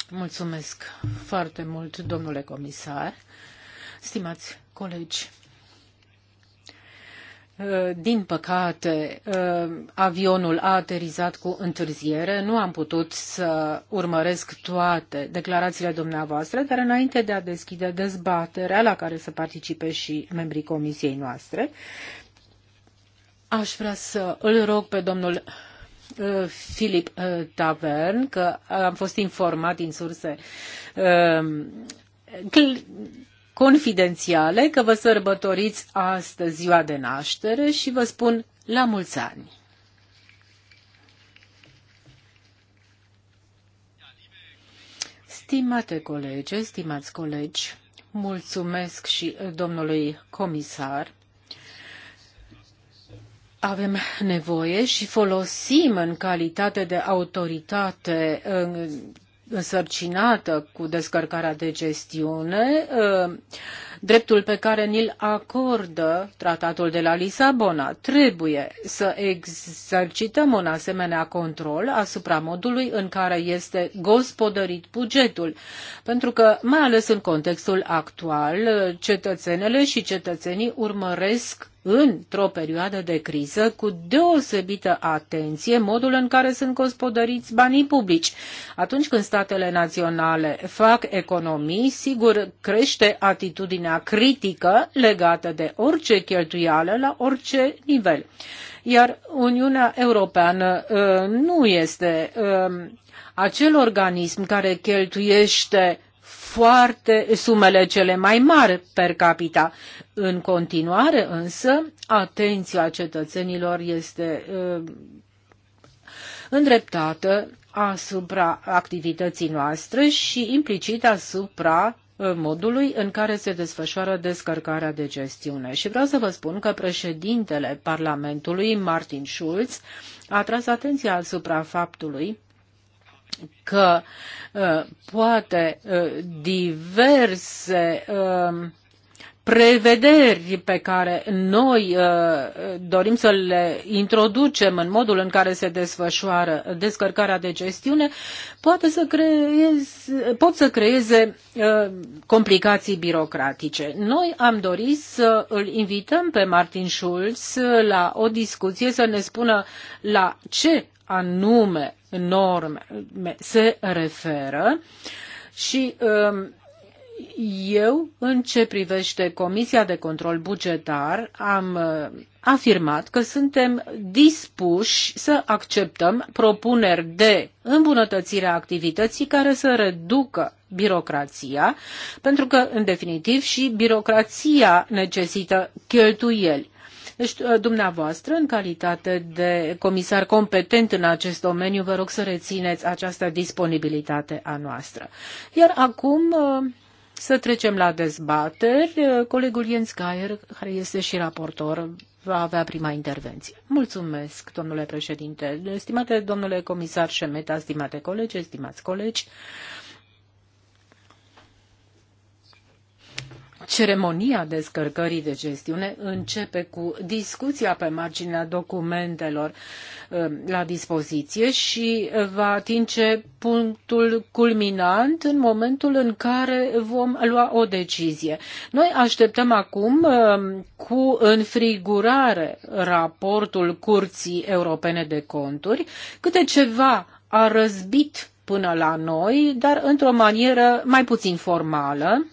Mulțumesc foarte mult, domnule comisar, stimați colegi. Uh, din păcate, uh, avionul a aterizat cu întârziere. Nu am putut să urmăresc toate declarațiile dumneavoastră, dar înainte de a deschide dezbaterea la care să participe și membrii comisiei noastre, aș vrea să îl rog pe domnul uh, Filip Tavern, că am fost informat din surse confidențiale că vă sărbătoriți astăzi ziua de naștere și vă spun la mulți ani. Stimate colege, stimați colegi, mulțumesc și domnului comisar avem nevoie și folosim în calitate de autoritate însărcinată cu descărcarea de gestiune, uh, dreptul pe care ni-l acordă tratatul de la Lisabona. Trebuie să exercităm un asemenea control asupra modului în care este gospodărit bugetul, pentru că, mai ales în contextul actual, cetățenele și cetățenii urmăresc într-o perioadă de criză cu deosebită atenție modul în care sunt gospodăriți banii publici. Atunci când statele naționale fac economii, sigur crește atitudinea critică legată de orice cheltuială la orice nivel. Iar Uniunea Europeană uh, nu este uh, acel organism care cheltuiește foarte sumele cele mai mari per capita. În continuare, însă, atenția cetățenilor este uh, îndreptată asupra activității noastre și implicit asupra uh, modului în care se desfășoară descărcarea de gestiune. Și vreau să vă spun că președintele Parlamentului, Martin Schulz, a tras atenția asupra faptului că uh, poate uh, diverse um, prevederi pe care noi uh, dorim să le introducem în modul în care se desfășoară descărcarea de gestiune poate să creeze, pot să creeze complicații birocratice. Noi am dorit să îl invităm pe Martin Schulz la o discuție să ne spună la ce anume norme se referă și um, eu, în ce privește Comisia de Control Bugetar, am uh, afirmat că suntem dispuși să acceptăm propuneri de îmbunătățire a activității care să reducă birocrația, pentru că, în definitiv, și birocrația necesită cheltuieli. Deci, ă, dumneavoastră, în calitate de comisar competent în acest domeniu, vă rog să rețineți această disponibilitate a noastră. Iar acum ă, să trecem la dezbateri. Ă, colegul Jens Geier, care este și raportor, va avea prima intervenție. Mulțumesc, domnule președinte. Stimate domnule comisar Șemeta, stimate colegi, stimați colegi, Ceremonia descărcării de gestiune începe cu discuția pe marginea documentelor uh, la dispoziție și uh, va atinge punctul culminant în momentul în care vom lua o decizie. Noi așteptăm acum uh, cu înfrigurare raportul Curții Europene de Conturi, câte ceva a răzbit până la noi, dar într-o manieră mai puțin formală,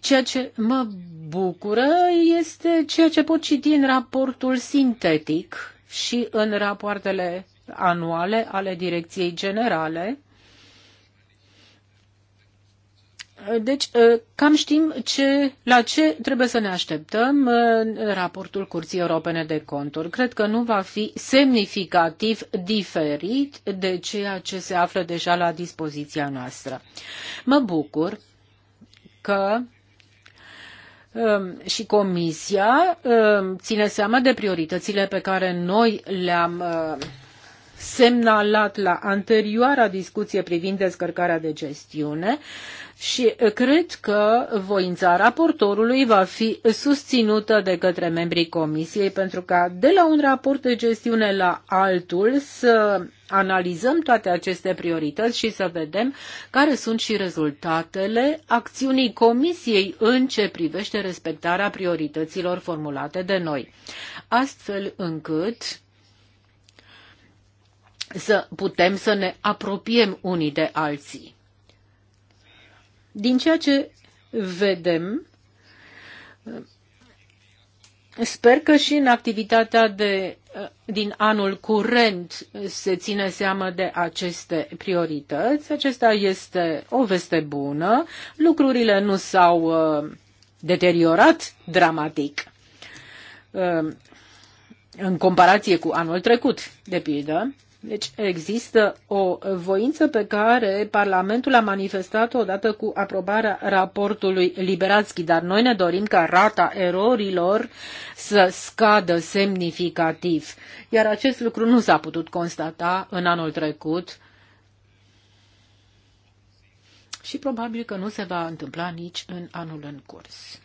Ceea ce mă bucură este ceea ce pot citi în raportul sintetic și în rapoartele anuale ale Direcției Generale. Deci, ă, cam știm ce, la ce trebuie să ne așteptăm în raportul Curții Europene de Conturi. Cred că nu va fi semnificativ diferit de ceea ce se află deja la dispoziția noastră. Mă bucur că um, și Comisia um, ține seama de prioritățile pe care noi le-am uh, semnalat la anterioara discuție privind descărcarea de gestiune și uh, cred că voința raportorului va fi susținută de către membrii comisiei pentru ca de la un raport de gestiune la altul să analizăm toate aceste priorități și să vedem care sunt și rezultatele acțiunii comisiei în ce privește respectarea priorităților formulate de noi. Astfel încât să putem să ne apropiem unii de alții. Din ceea ce vedem, sper că și în activitatea de, din anul curent se ține seamă de aceste priorități. Acesta este o veste bună. Lucrurile nu s-au uh, deteriorat dramatic uh, în comparație cu anul trecut, de pildă. Deci există o voință pe care Parlamentul a manifestat-o odată cu aprobarea raportului Liberațchi, dar noi ne dorim ca rata erorilor să scadă semnificativ. Iar acest lucru nu s-a putut constata în anul trecut și probabil că nu se va întâmpla nici în anul în curs.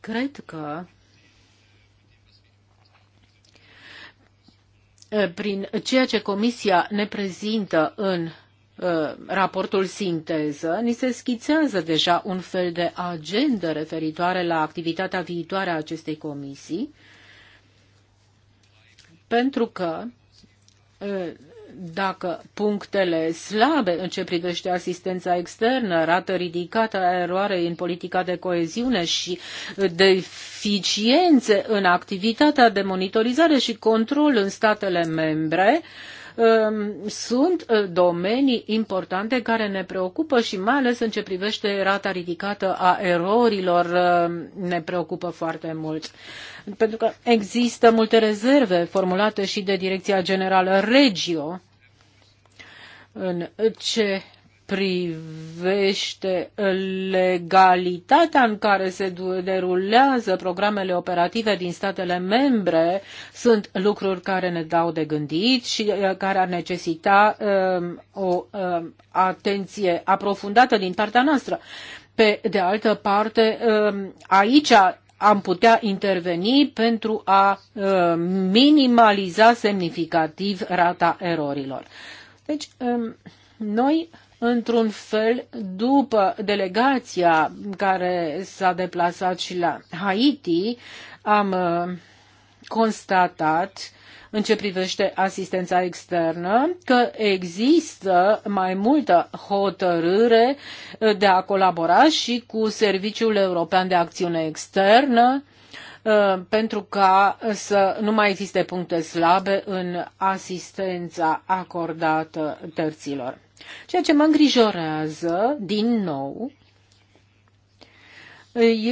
Cred că Eh, prin ceea ce Comisia ne prezintă în eh, raportul sinteză, ni se schițează deja un fel de agendă referitoare la activitatea viitoare a acestei comisii, pentru că eh, dacă punctele slabe în ce privește asistența externă, rată ridicată a eroarei în politica de coeziune și deficiențe în activitatea de monitorizare și control în statele membre, uh, Ehm, sunt eh, domenii importante care ne preocupă și mai ales în ce privește rata ridicată a erorilor ehm, ne preocupă foarte mult. Pentru că există multe rezerve formulate și de Direcția Generală Regio în ce privește legalitatea în care se derulează programele operative din statele membre, sunt lucruri care ne dau de gândit și uh, care ar necesita um, o um, atenție aprofundată din partea noastră. Pe de altă parte, um, aici am putea interveni pentru a uh, minimaliza semnificativ rata erorilor. Deci, um, noi într-un fel după delegația care s-a deplasat și la Haiti, am uh, constatat în ce privește asistența externă că există mai multă hotărâre uh, de a colabora și cu Serviciul European de Acțiune Externă uh, pentru ca să nu mai existe puncte slabe în asistența acordată terților. Ceea ce mă îngrijorează, din nou,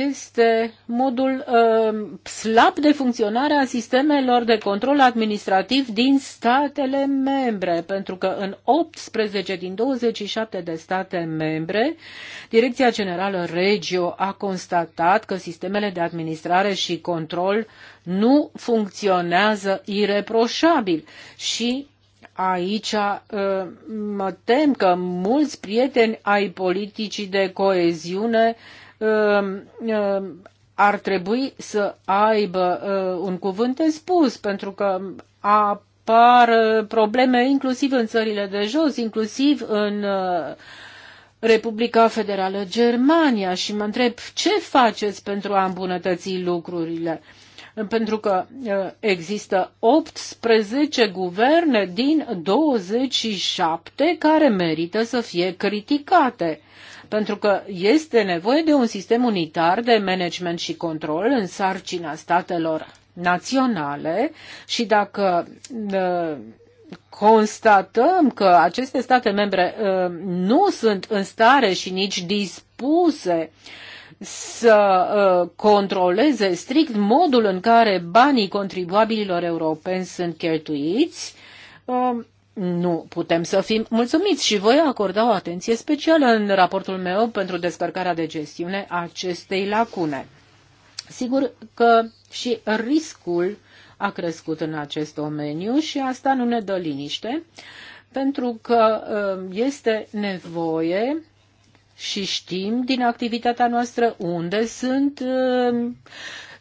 este modul uh, slab de funcționare a sistemelor de control administrativ din statele membre, pentru că în 18 din 27 de state membre, Direcția Generală Regio a constatat că sistemele de administrare și control nu funcționează ireproșabil și aici uh, mă tem că mulți prieteni ai politicii de coeziune uh, uh, ar trebui să aibă un cuvânt de spus, pentru că apar probleme inclusiv în țările de jos, inclusiv în Republica Federală Germania și mă întreb ce faceți pentru a îmbunătăți lucrurile. Uh, pentru că există 18 guverne din 27 care merită să fie criticate pentru că este nevoie de un sistem unitar de management și control în sarcina statelor naționale și dacă constatăm că aceste state membre nu sunt în stare și nici dispuse uh, să uh, controleze strict modul în care banii contribuabililor europeni sunt cheltuiți, uh, nu putem să fim mulțumiți și voi acorda o atenție specială în raportul meu pentru descărcarea de gestiune a acestei lacune. Sigur că și riscul a crescut în acest domeniu și asta nu ne dă liniște, pentru că uh, este nevoie și știm din activitatea noastră unde sunt uh,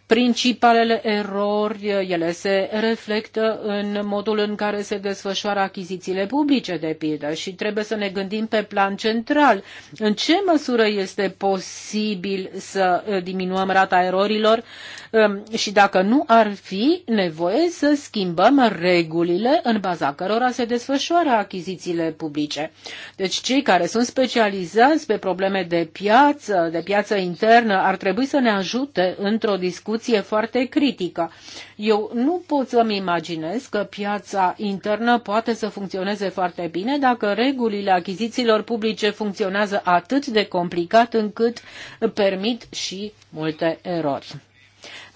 principalele erori, ele se reflectă în modul în care se desfășoară achizițiile publice, de pildă, și trebuie să ne gândim pe plan central în ce măsură este posibil să uh, diminuăm rata erorilor um, și dacă nu ar fi nevoie să schimbăm regulile în baza cărora se desfășoară achizițiile publice. Deci cei care sunt specializați pe probleme de piață, de piață internă, ar trebui să ne ajute într-o discuție discuție foarte critică. Eu nu pot să-mi imaginez că piața internă poate să funcționeze foarte bine dacă regulile achizițiilor publice funcționează atât de complicat încât permit și multe erori.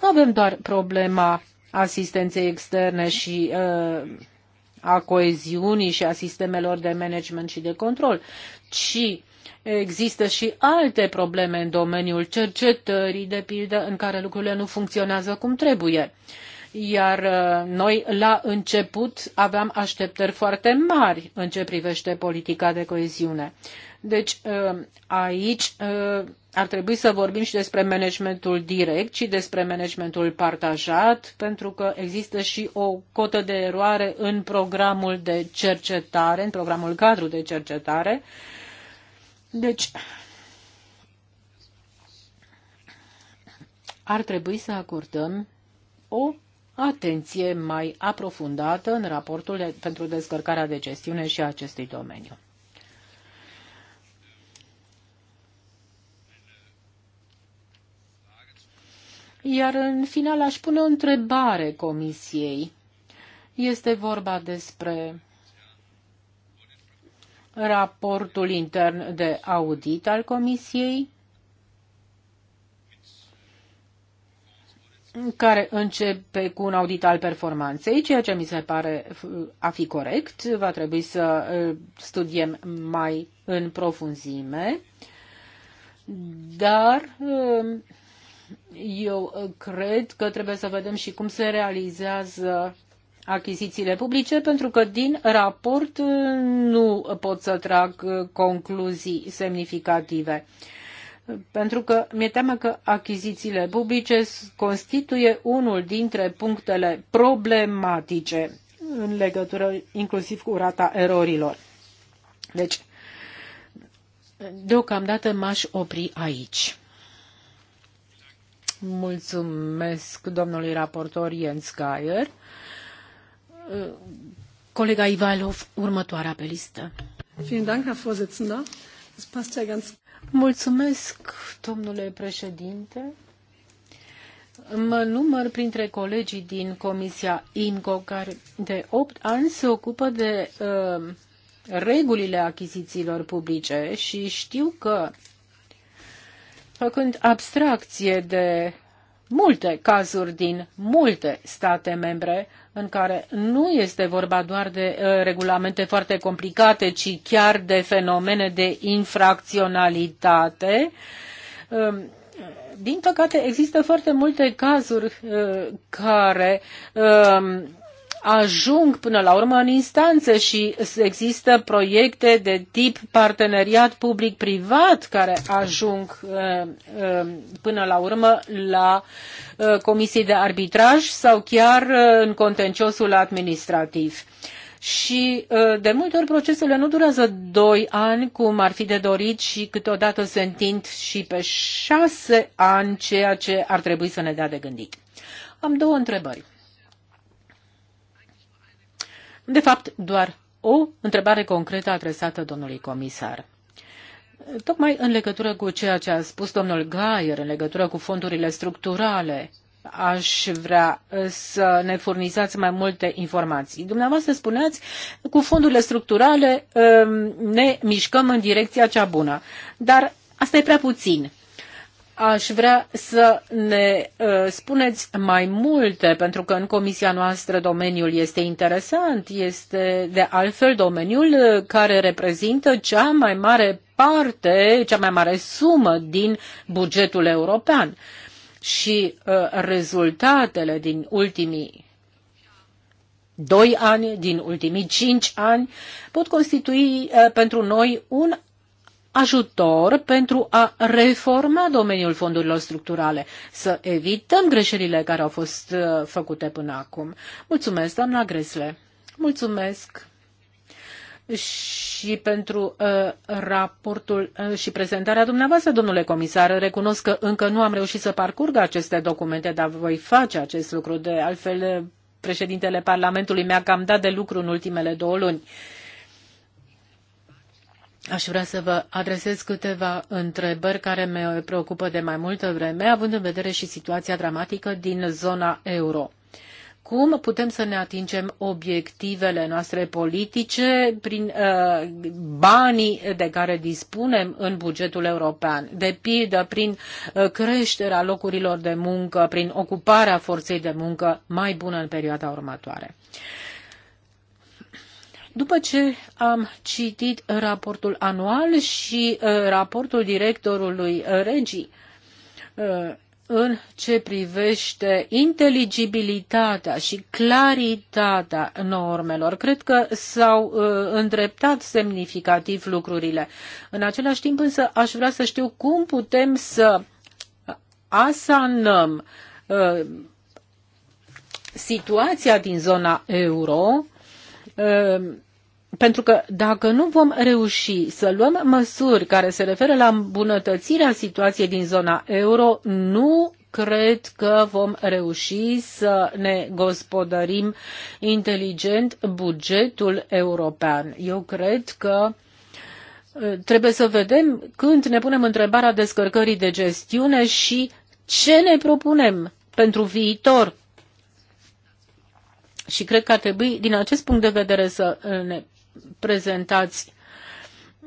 Nu avem doar problema asistenței externe și uh, a coeziunii și a sistemelor de management și de control, ci Există și alte probleme în domeniul cercetării, de pildă, în care lucrurile nu funcționează cum trebuie. Iar uh, noi, la început, aveam așteptări foarte mari în ce privește politica de coeziune. Deci, uh, aici uh, ar trebui să vorbim și despre managementul direct și despre managementul partajat, pentru că există și o cotă de eroare în programul de cercetare, în programul cadru de cercetare, deci, ar trebui să acordăm o atenție mai aprofundată în raportul pentru descărcarea de gestiune și a acestui domeniu. Iar în final aș pune o întrebare comisiei. Este vorba despre raportul intern de audit al Comisiei, care începe cu un audit al performanței, ceea ce mi se pare a fi corect. Va trebui să uh, studiem mai în profunzime. Dar uh, eu uh, cred că trebuie să vedem și cum se realizează achizițiile publice, pentru că din raport uh, nu pot să trag uh, concluzii semnificative. Pentru că mi-e teamă că achizițiile publice constituie unul dintre punctele problematice în legătură inclusiv cu rata erorilor. Deci, deocamdată m-aș opri aici. Mulțumesc domnului raportor Jens Geier. Uh, colega Ivailov, următoarea pe listă. Mulțumesc, domnule președinte. Mă număr printre colegii din Comisia INCO, care de opt ani se ocupă de uh, regulile achizițiilor publice și știu că, făcând abstracție de multe cazuri din multe state membre în care nu este vorba doar de uh, regulamente foarte complicate, ci chiar de fenomene de infracționalitate. Um, din păcate, există foarte multe cazuri uh, care um, ajung până la urmă în instanță și există proiecte de tip parteneriat public-privat care ajung uh, uh, până la urmă la uh, comisii de arbitraj sau chiar în contenciosul administrativ și de multe ori procesele nu durează doi ani, cum ar fi de dorit, și câteodată se întind și pe șase ani, ceea ce ar trebui să ne dea de gândit. Am două întrebări de fapt, doar o întrebare concretă adresată domnului comisar. Tocmai în legătură cu ceea ce a spus domnul Gaier, în legătură cu fondurile structurale, aș vrea uh, să ne furnizați mai multe informații. Dumneavoastră spuneați, cu fondurile structurale um, ne mișcăm în direcția cea bună, dar asta e prea puțin aș vrea să ne uh, spuneți mai multe, pentru că în comisia noastră domeniul este interesant, este de altfel domeniul uh, care reprezintă cea mai mare parte, cea mai mare sumă din bugetul european. Și uh, rezultatele din ultimii doi ani, din ultimii cinci ani, pot constitui pentru noi un ajutor pentru a reforma domeniul fondurilor structurale, să evităm greșelile care au fost uh, făcute până acum. Mulțumesc, doamna Gresle. Mulțumesc și pentru uh, raportul uh, și prezentarea dumneavoastră, domnule comisar. Recunosc că încă nu am reușit să parcurg aceste documente, dar voi face acest lucru. De altfel, uh, președintele Parlamentului mi-a cam dat de lucru în ultimele două luni. Uh, Aș vrea să vă adresez câteva întrebări care mă preocupă de mai multă vreme, având în vedere și situația dramatică din zona euro. Cum putem să ne atingem obiectivele noastre politice prin uh, banii de care dispunem în bugetul european, de pildă prin uh, creșterea locurilor de muncă, prin ocuparea forței de muncă mai bună în perioada următoare? Uh, după ce am citit raportul anual și uh, raportul directorului uh, regii, uh, în ce privește inteligibilitatea și claritatea normelor. Cred că s-au îndreptat semnificativ lucrurile. În același timp însă aș vrea să știu cum putem să asanăm situația din zona euro pentru că dacă nu vom reuși să luăm măsuri care se referă la îmbunătățirea situației din zona euro, nu cred că vom reuși să ne gospodărim inteligent bugetul european. Eu cred că uh, trebuie să vedem când ne punem întrebarea descărcării de gestiune și ce ne propunem pentru viitor. Și cred că ar trebui, din acest punct de vedere, să uh, ne prezentați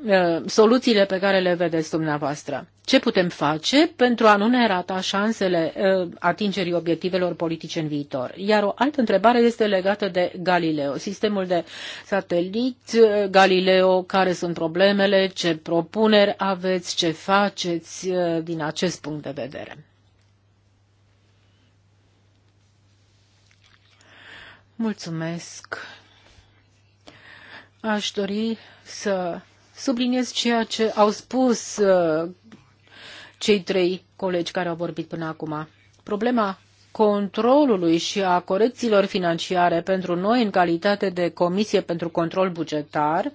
uh, soluțiile pe care le vedeți dumneavoastră. Ce putem face pentru a nu ne rata șansele uh, atingerii obiectivelor politice în viitor? Iar o altă întrebare este legată de Galileo, sistemul de satelit uh, Galileo, care sunt problemele, ce propuneri aveți, ce faceți din acest punct de vedere? Mulțumesc Aș dori să subliniez ceea ce au spus uh, cei trei colegi care au vorbit până acum. Problema controlului și a corecțiilor financiare pentru noi în calitate de Comisie pentru Control Bugetar,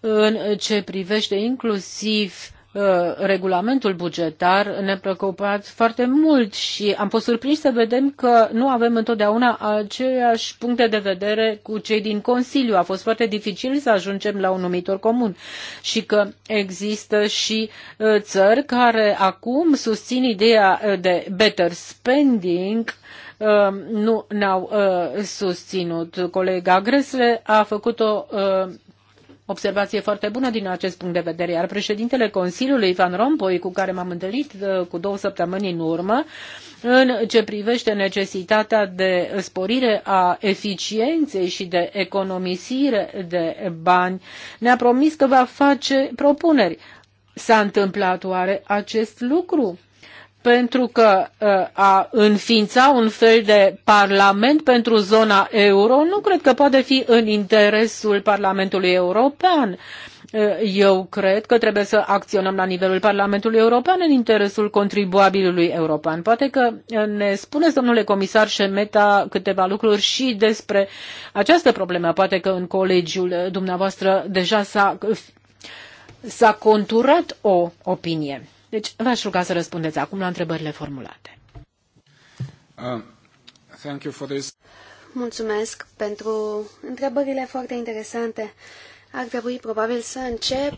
în ce privește inclusiv Uh, regulamentul bugetar ne preocupat foarte mult și am fost surprinși să vedem că nu avem întotdeauna aceeași puncte de vedere cu cei din Consiliu. A fost foarte dificil să ajungem la un numitor comun și că există și uh, țări care acum susțin ideea uh, de better spending nu ne-au susținut. Colega Gresle a făcut o observație foarte bună din acest punct de vedere, iar președintele Consiliului, Van Rompuy, cu care m-am întâlnit uh, cu două săptămâni în urmă, în ce privește necesitatea de sporire a eficienței și de economisire de bani, ne-a promis că va face propuneri. S-a întâmplat oare acest lucru? pentru că uh, a înființa un fel de parlament pentru zona euro nu cred că poate fi în interesul Parlamentului European. Uh, eu cred că trebuie să acționăm la nivelul Parlamentului European în interesul contribuabilului european. Poate că uh, ne spuneți, domnule comisar Șemeta, câteva lucruri și despre această problemă. Poate că în colegiul dumneavoastră deja s-a, s-a conturat o opinie. Deci v-aș ruga să răspundeți acum la întrebările formulate. Uh, thank you for this. Mulțumesc pentru întrebările foarte interesante. Ar trebui probabil să încep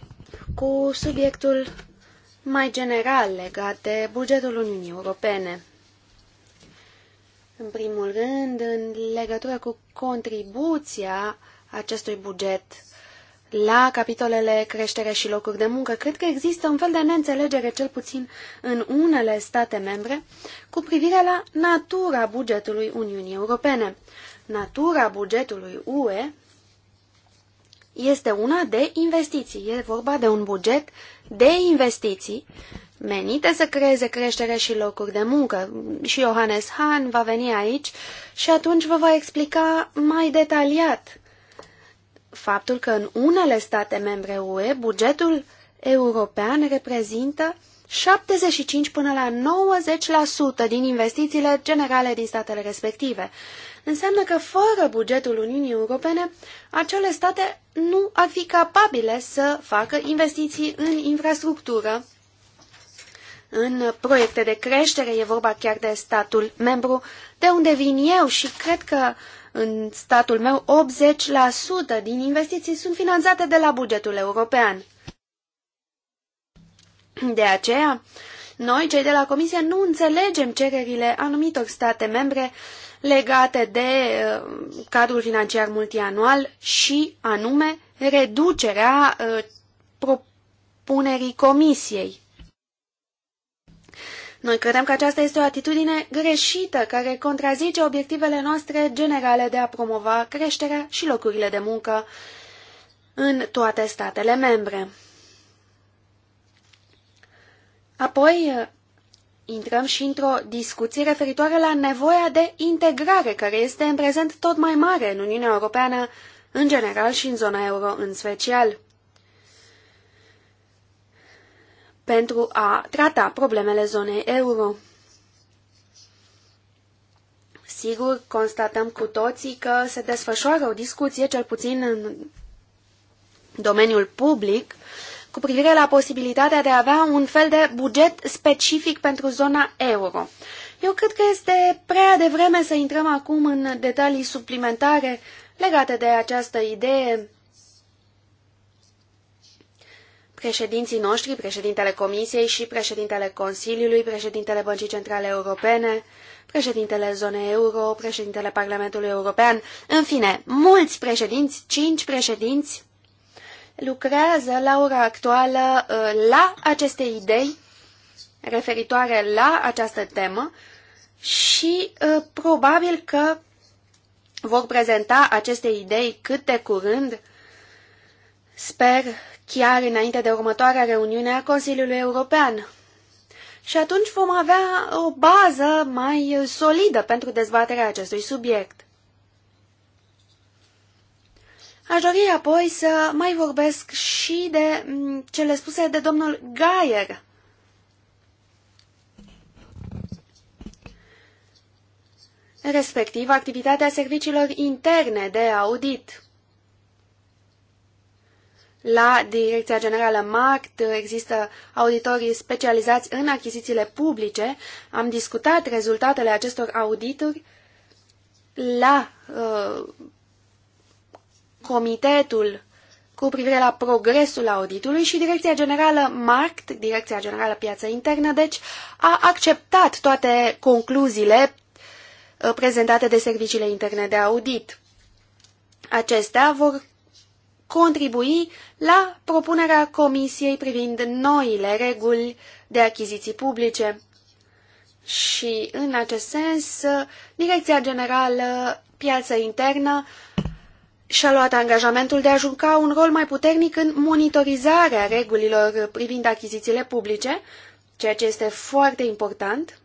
cu subiectul mai general legat de bugetul Uniunii Europene. În primul rând, în legătură cu contribuția acestui buget la capitolele creștere și locuri de muncă, cred că există un fel de neînțelegere, cel puțin în unele state membre, cu privire la natura bugetului Uniunii Europene. Natura bugetului UE este una de investiții. E vorba de un buget de investiții menite să creeze creștere și locuri de muncă. Și Johannes Hahn va veni aici și atunci vă va explica mai detaliat faptul că în unele state membre UE bugetul european reprezintă 75 până la 90% din investițiile generale din statele respective. Înseamnă că fără bugetul Uniunii Europene, acele state nu ar fi capabile să facă investiții în infrastructură, în proiecte de creștere, e vorba chiar de statul membru, de unde vin eu și cred că uh, în statul meu, 80% din investiții sunt finanțate de la bugetul european. De aceea, noi, cei de la Comisie, nu înțelegem cererile anumitor state membre legate de uh, cadrul financiar multianual și anume reducerea uh, propunerii Comisiei. Noi credem că aceasta este o atitudine greșită care contrazice obiectivele noastre generale de a promova creșterea și locurile de muncă în toate statele membre. Apoi, intrăm și într-o discuție referitoare la nevoia de integrare, care este în prezent tot mai mare în Uniunea Europeană, în general și în zona euro în special. pentru a trata problemele zonei euro. Sigur, constatăm cu toții că se desfășoară o discuție, cel puțin în domeniul public, cu privire la posibilitatea de a avea un fel de buget specific pentru zona euro. Eu cred că este prea devreme să intrăm acum în detalii suplimentare legate de această idee președinții noștri, președintele Comisiei și președintele Consiliului, președintele Băncii Centrale Europene, președintele zonei euro, președintele Parlamentului European, în fine, mulți președinți, cinci președinți, lucrează la ora actuală uh, la aceste idei referitoare la această temă și uh, probabil că vor prezenta aceste idei cât de curând Sper chiar înainte de următoarea reuniune a Consiliului European. Și atunci vom avea o bază mai solidă pentru dezbaterea acestui subiect. Aș dori apoi să mai vorbesc și de mm, cele spuse de domnul Gaier. respectiv activitatea serviciilor interne de audit. La Direcția Generală MART există auditorii specializați în achizițiile publice. Am discutat rezultatele acestor audituri la uh, comitetul cu privire la progresul auditului și Direcția Generală Markt, Direcția Generală Piață Internă, deci a acceptat toate concluziile uh, prezentate de serviciile interne de audit. Acestea vor contribui la propunerea Comisiei privind noile reguli de achiziții publice. Și în acest sens, Direcția Generală Piață Internă și-a luat angajamentul de a juca un rol mai puternic în monitorizarea regulilor privind achizițiile publice, ceea ce este foarte important.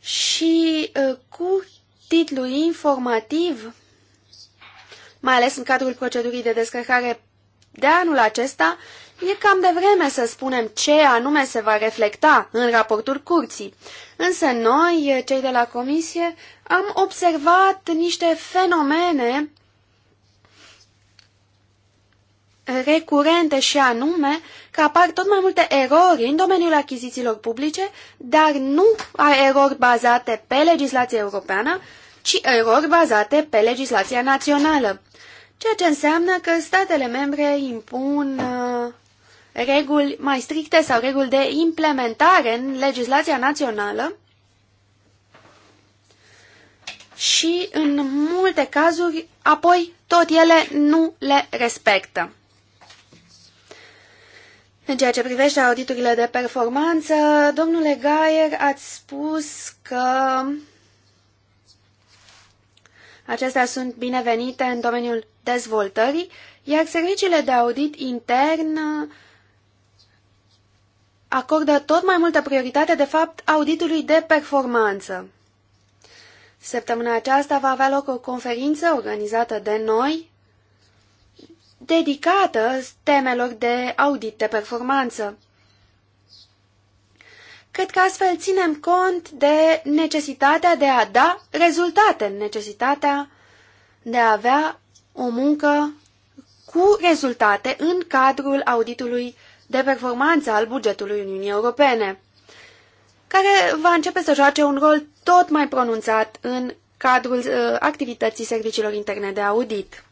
Și uh, cu titlu informativ mai ales în cadrul procedurii de descărcare de anul acesta, e cam de vreme să spunem ce anume se va reflecta în raportul curții. Însă noi, cei de la comisie, am observat niște fenomene recurente și anume că apar tot mai multe erori în domeniul achizițiilor publice, dar nu erori bazate pe legislația europeană, ci erori bazate pe legislația națională, ceea ce înseamnă că statele membre impun uh, reguli mai stricte sau reguli de implementare în legislația națională și în multe cazuri apoi tot ele nu le respectă. În ceea ce privește auditurile de performanță, domnule Gaier, ați spus că Acestea sunt binevenite în domeniul dezvoltării, iar serviciile de audit intern uh, acordă tot mai multă prioritate, de fapt, auditului de performanță. Săptămâna aceasta va avea loc o conferință organizată de noi, dedicată temelor de audit de performanță. Cred că astfel ținem cont de necesitatea de a da rezultate, necesitatea de a avea o muncă cu rezultate în cadrul auditului de performanță al bugetului Uniunii Europene, care va începe să joace un rol tot mai pronunțat în cadrul uh, activității serviciilor interne de audit.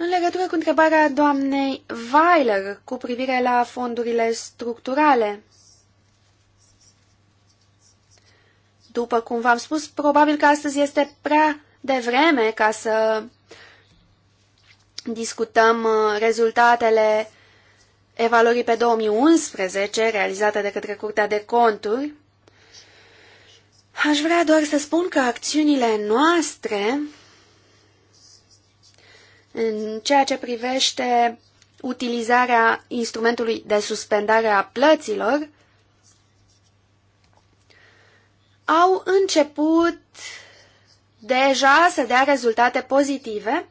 În legătură cu întrebarea doamnei Weiler cu privire la fondurile structurale, după cum v-am spus, probabil că astăzi este prea devreme ca să discutăm uh, rezultatele evaluării pe 2011 realizate de către Curtea de Conturi. Aș vrea doar să spun că acțiunile noastre în ceea ce privește utilizarea instrumentului de suspendare a plăților, au început deja să dea rezultate pozitive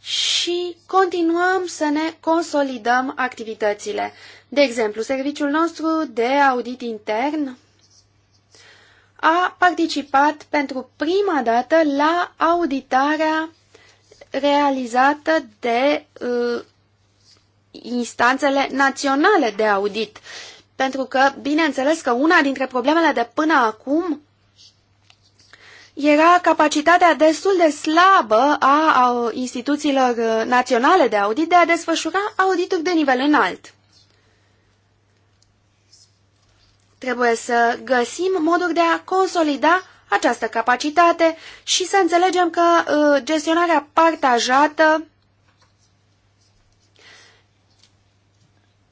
și continuăm să ne consolidăm activitățile. De exemplu, serviciul nostru de audit intern a participat pentru prima dată la auditarea realizată de uh, instanțele naționale de audit. Pentru că, bineînțeles că una dintre problemele de până acum era capacitatea destul de slabă a instituțiilor naționale de audit de a desfășura audituri de nivel înalt. Trebuie să găsim moduri de a consolida această capacitate și să înțelegem că uh, gestionarea partajată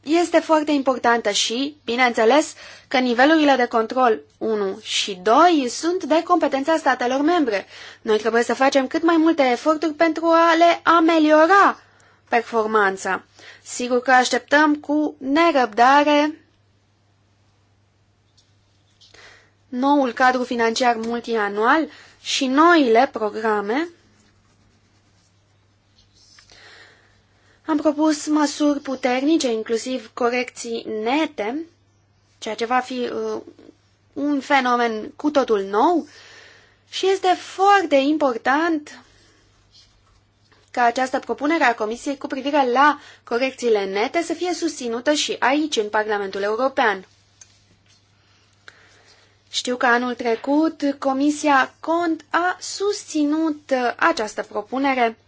este foarte importantă și, bineînțeles, că nivelurile de control 1 și 2 sunt de competența statelor membre. Noi trebuie să facem cât mai multe eforturi pentru a le ameliora performanța. Sigur că așteptăm cu nerăbdare noul cadru financiar multianual și noile programe, am propus măsuri puternice, inclusiv corecții nete, ceea ce va fi uh, un fenomen cu totul nou și este foarte important ca această propunere a Comisiei cu privire la corecțiile nete să fie susținută și aici, în Parlamentul European. Știu că anul trecut Comisia Cont a susținut uh, această propunere,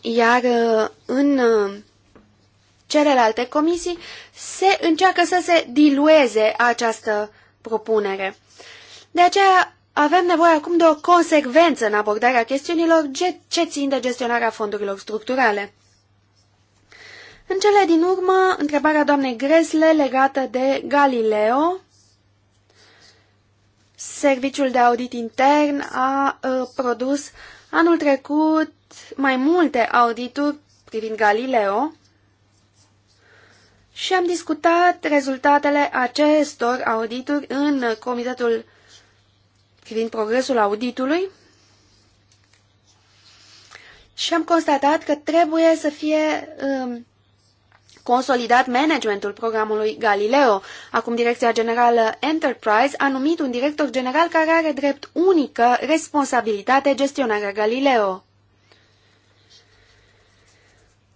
iar uh, în uh, celelalte comisii se încearcă să se dilueze această propunere. De aceea avem nevoie acum de o consecvență în abordarea chestiunilor ce țin de gestionarea fondurilor structurale. În cele din urmă, întrebarea doamnei Gresle legată de Galileo. Serviciul de audit intern a uh, produs anul trecut mai multe audituri privind Galileo și am discutat rezultatele acestor audituri în comitetul privind progresul auditului și am constatat că trebuie să fie um, consolidat managementul programului Galileo. Acum Direcția Generală Enterprise a numit un director general care are drept unică responsabilitate gestionarea Galileo.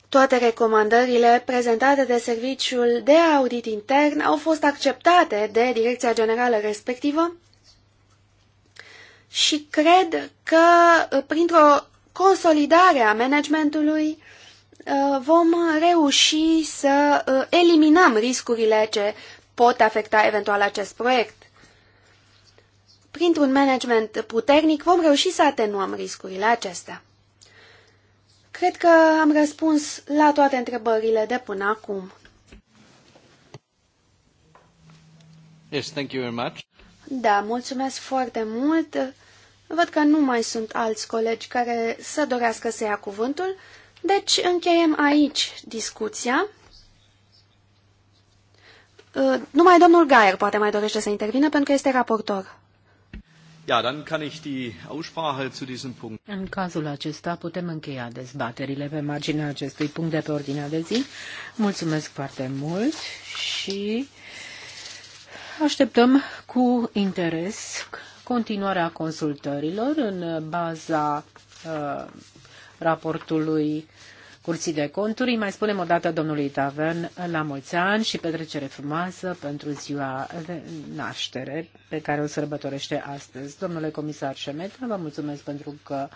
Toate recomandările prezentate de Serviciul de Audit Intern au fost acceptate de Direcția Generală respectivă și cred că printr-o consolidare a managementului Uh, vom reuși să uh, eliminăm riscurile ce pot afecta eventual acest proiect. Printr-un management puternic vom reuși să atenuăm riscurile acestea. Cred că am răspuns la toate întrebările de până acum. Yes, thank you very much. Da, mulțumesc foarte mult. Văd că nu mai sunt alți colegi care să dorească să ia cuvântul, deci încheiem aici discuția. Uh, numai domnul Gaier poate mai dorește să intervină pentru că este raportor. Ja, dann kann ich die Aussprache zu diesem Punkt. În cazul acesta putem încheia dezbaterile pe marginea acestui punct de pe ordinea de zi. Mulțumesc foarte mult și așteptăm cu interes continuarea consultărilor în baza uh, raportului Curții de Conturi. Îi mai spunem o dată domnului Tavern la mulți ani și petrecere frumoasă pentru ziua de naștere pe care o sărbătorește astăzi. Domnule comisar Șemeta, vă mulțumesc pentru că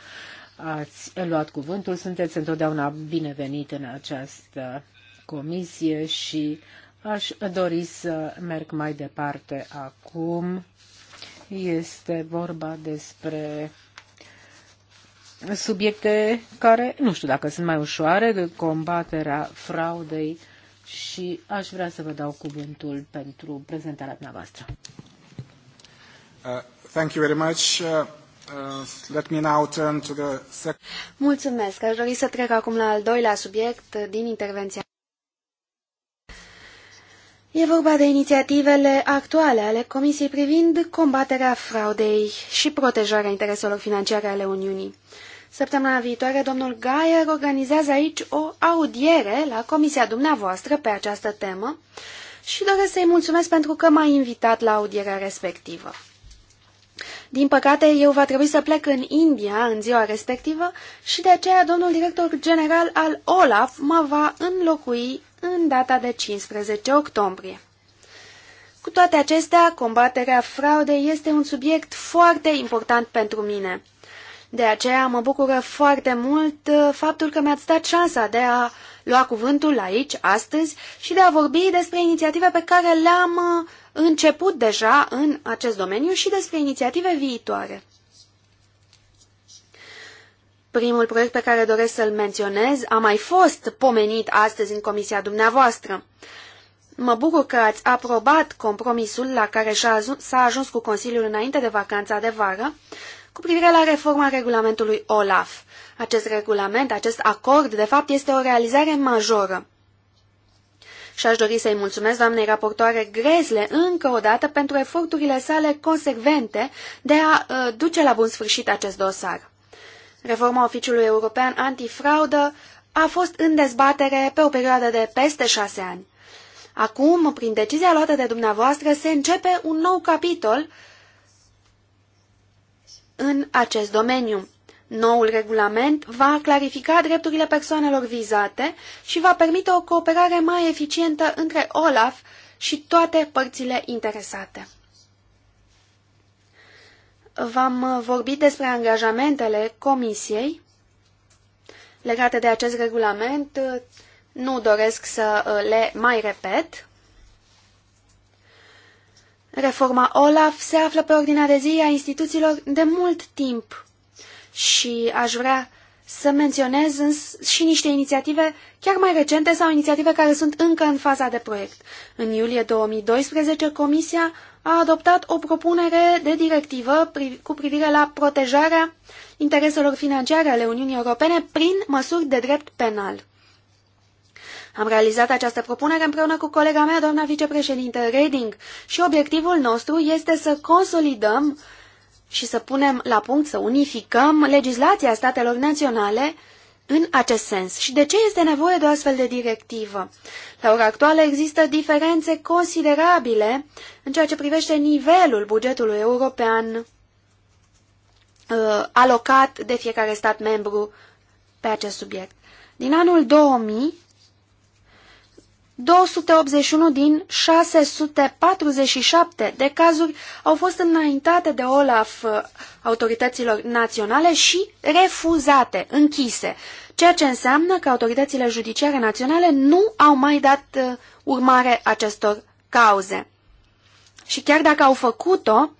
ați luat cuvântul. Sunteți întotdeauna binevenit în această comisie și aș dori să merg mai departe acum. Este vorba despre subiecte care nu știu dacă sunt mai ușoare de combaterea fraudei și aș vrea să vă dau cuvântul pentru prezentarea dumneavoastră. Uh, thank you very much. Uh... uh let me now turn to the... Mulțumesc. Aș dori să trec acum la al doilea subiect din intervenția E vorba de inițiativele actuale ale Comisiei privind combaterea fraudei și protejarea intereselor financiare ale Uniunii. Săptămâna viitoare, domnul Gaier organizează aici o audiere la comisia dumneavoastră pe această temă și doresc să-i mulțumesc pentru că m-a invitat la audierea respectivă. Din păcate, eu va trebui să plec în India în ziua respectivă și de aceea domnul director general al OLAF mă va înlocui în data de 15 octombrie. Cu toate acestea, combaterea fraudei este un subiect foarte important pentru mine. De aceea mă bucură foarte mult uh, faptul că mi-ați dat șansa de a lua cuvântul aici, astăzi, și de a vorbi despre inițiative pe care le-am uh, început deja în acest domeniu și despre inițiative viitoare. Primul proiect pe care doresc să-l menționez a mai fost pomenit astăzi în comisia dumneavoastră. Mă bucur că ați aprobat compromisul la care s-a ajuns cu Consiliul înainte de vacanța de vară cu privire la reforma regulamentului OLAF. Acest regulament, acest acord, de fapt, este o realizare majoră. Și aș dori să-i mulțumesc doamnei raportoare Grezle încă o dată pentru eforturile sale consecvente de a uh, duce la bun sfârșit acest dosar. Reforma Oficiului European Antifraudă a fost în dezbatere pe o perioadă de peste șase ani. Acum, prin decizia luată de dumneavoastră, se începe un nou capitol în acest domeniu. Noul regulament va clarifica drepturile persoanelor vizate și va permite o cooperare mai eficientă între OLAF și toate părțile interesate v-am uh, vorbit despre angajamentele Comisiei legate de acest regulament. Uh, nu doresc să uh, le mai repet. Reforma OLAF se află pe ordinea de zi a instituțiilor de mult timp și aș vrea să menționez și niște inițiative chiar mai recente sau inițiative care sunt încă în faza de proiect. În iulie 2012, Comisia a adoptat o propunere de directivă cu privire la protejarea intereselor financiare ale Uniunii Europene prin măsuri de drept penal. Am realizat această propunere împreună cu colega mea, doamna vicepreședinte Reding, și obiectivul nostru este să consolidăm uh, și să punem la punct, să unificăm legislația statelor naționale în acest sens. Și de ce este nevoie de o astfel de directivă? La ora actuală există diferențe considerabile în ceea ce privește nivelul bugetului european uh, alocat de fiecare stat membru pe acest subiect. Din anul 2000, 281 din 647 de cazuri au fost înaintate de OLAF uh, autorităților naționale și refuzate, închise, ceea ce înseamnă că autoritățile judiciare naționale nu au mai dat uh, urmare acestor cauze. Și chiar dacă au făcut-o,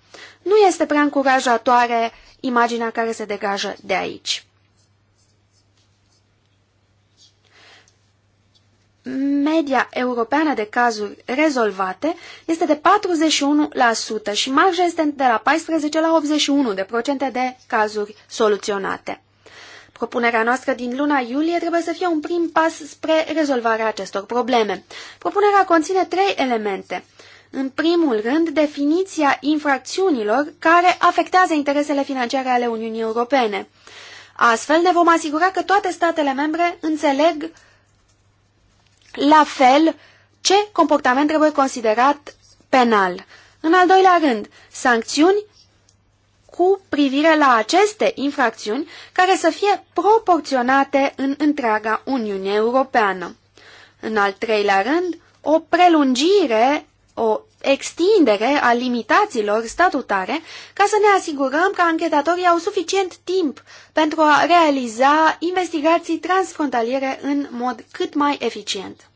nu este prea încurajatoare imaginea care se degajă de aici. media europeană de cazuri rezolvate este de 41% și marja este de la 14 la 81% de procente de cazuri soluționate. Propunerea noastră din luna iulie trebuie să fie un prim pas spre rezolvarea acestor probleme. Propunerea conține trei elemente. În primul rând, definiția infracțiunilor care afectează interesele financiare ale Uniunii Europene. Astfel ne vom asigura că toate statele membre înțeleg la fel, ce comportament trebuie considerat penal? În al doilea rând, sancțiuni cu privire la aceste infracțiuni care să fie proporționate în întreaga Uniune Europeană. În al treilea rând, o prelungire, o extindere a limitațiilor statutare ca să ne asigurăm că anchetatorii au suficient timp pentru a realiza investigații transfrontaliere în mod cât mai eficient.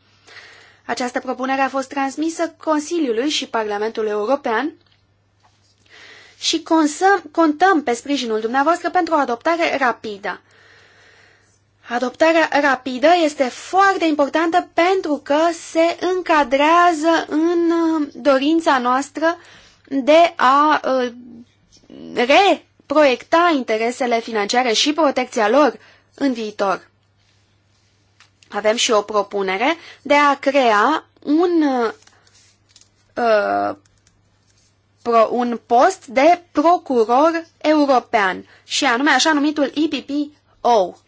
Această propunere a fost transmisă Consiliului și Parlamentului European și consăm, contăm pe sprijinul dumneavoastră pentru o adoptare rapidă. Adoptarea rapidă este foarte importantă pentru că se încadrează în uh, dorința noastră de a uh, reproiecta interesele financiare și protecția lor în viitor. Avem și o propunere de a crea un, uh, uh pro, un post de procuror european și anume așa numitul IPPO.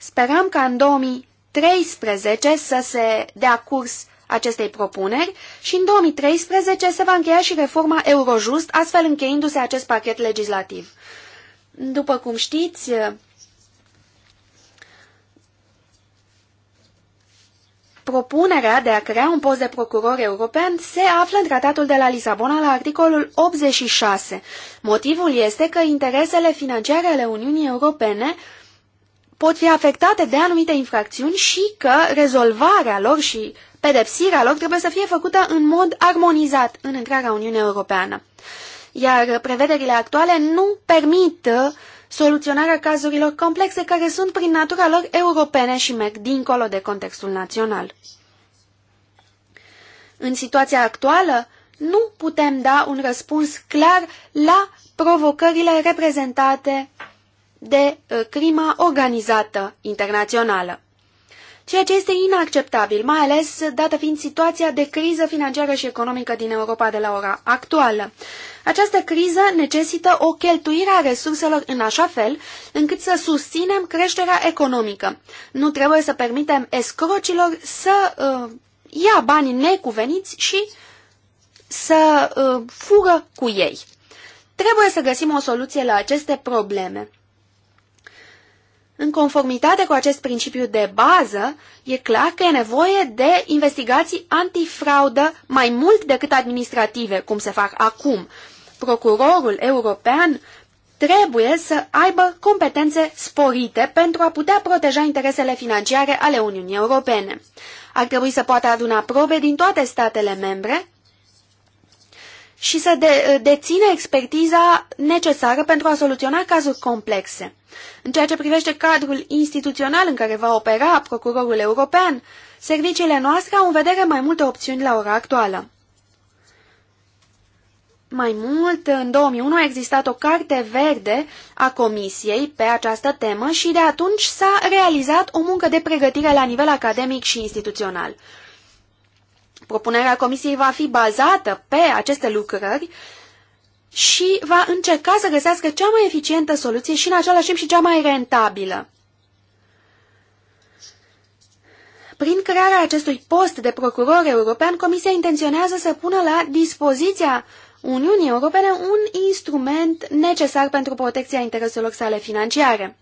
Sperăm ca în 2013 să se dea curs acestei propuneri și în 2013 se va încheia și reforma Eurojust, astfel încheindu-se acest pachet legislativ. După cum știți, propunerea de a crea un post de procuror european se află în tratatul de la Lisabona la articolul 86. Motivul este că interesele financiare ale Uniunii Europene pot fi afectate de anumite infracțiuni și că rezolvarea lor și pedepsirea lor trebuie să fie făcută în mod armonizat în întreaga Uniune Europeană. Iar prevederile actuale nu permit soluționarea cazurilor complexe care sunt prin natura lor europene și merg dincolo de contextul național. În situația actuală, nu putem da un răspuns clar la provocările reprezentate de uh, crima organizată internațională. Ceea ce este inacceptabil, mai ales dată fiind situația de criză financiară și economică din Europa de la ora actuală. Această criză necesită o cheltuire a resurselor în așa fel încât să susținem creșterea economică. Nu trebuie să permitem escrocilor să uh, ia bani necuveniți și să uh, fugă cu ei. Trebuie să găsim o soluție la aceste probleme. În conformitate cu acest principiu de bază, e clar că e nevoie de investigații antifraudă mai mult decât administrative, cum se fac acum. Procurorul european trebuie să aibă competențe sporite pentru a putea proteja interesele financiare ale Uniunii Europene. Ar trebui să poată aduna probe din toate statele membre și să de, dețină expertiza necesară pentru a soluționa cazuri complexe. În ceea ce privește cadrul instituțional în care va opera procurorul european, serviciile noastre au în vedere mai multe opțiuni la ora actuală. Mai mult, în 2001 a existat o carte verde a Comisiei pe această temă și de atunci s-a realizat o muncă de pregătire la nivel academic și instituțional. Propunerea Comisiei va fi bazată pe aceste lucrări și va încerca să găsească cea mai eficientă soluție și în același timp și cea mai rentabilă. Prin crearea acestui post de procuror european, Comisia intenționează să pună la dispoziția Uniunii Europene un instrument necesar pentru protecția intereselor sale financiare.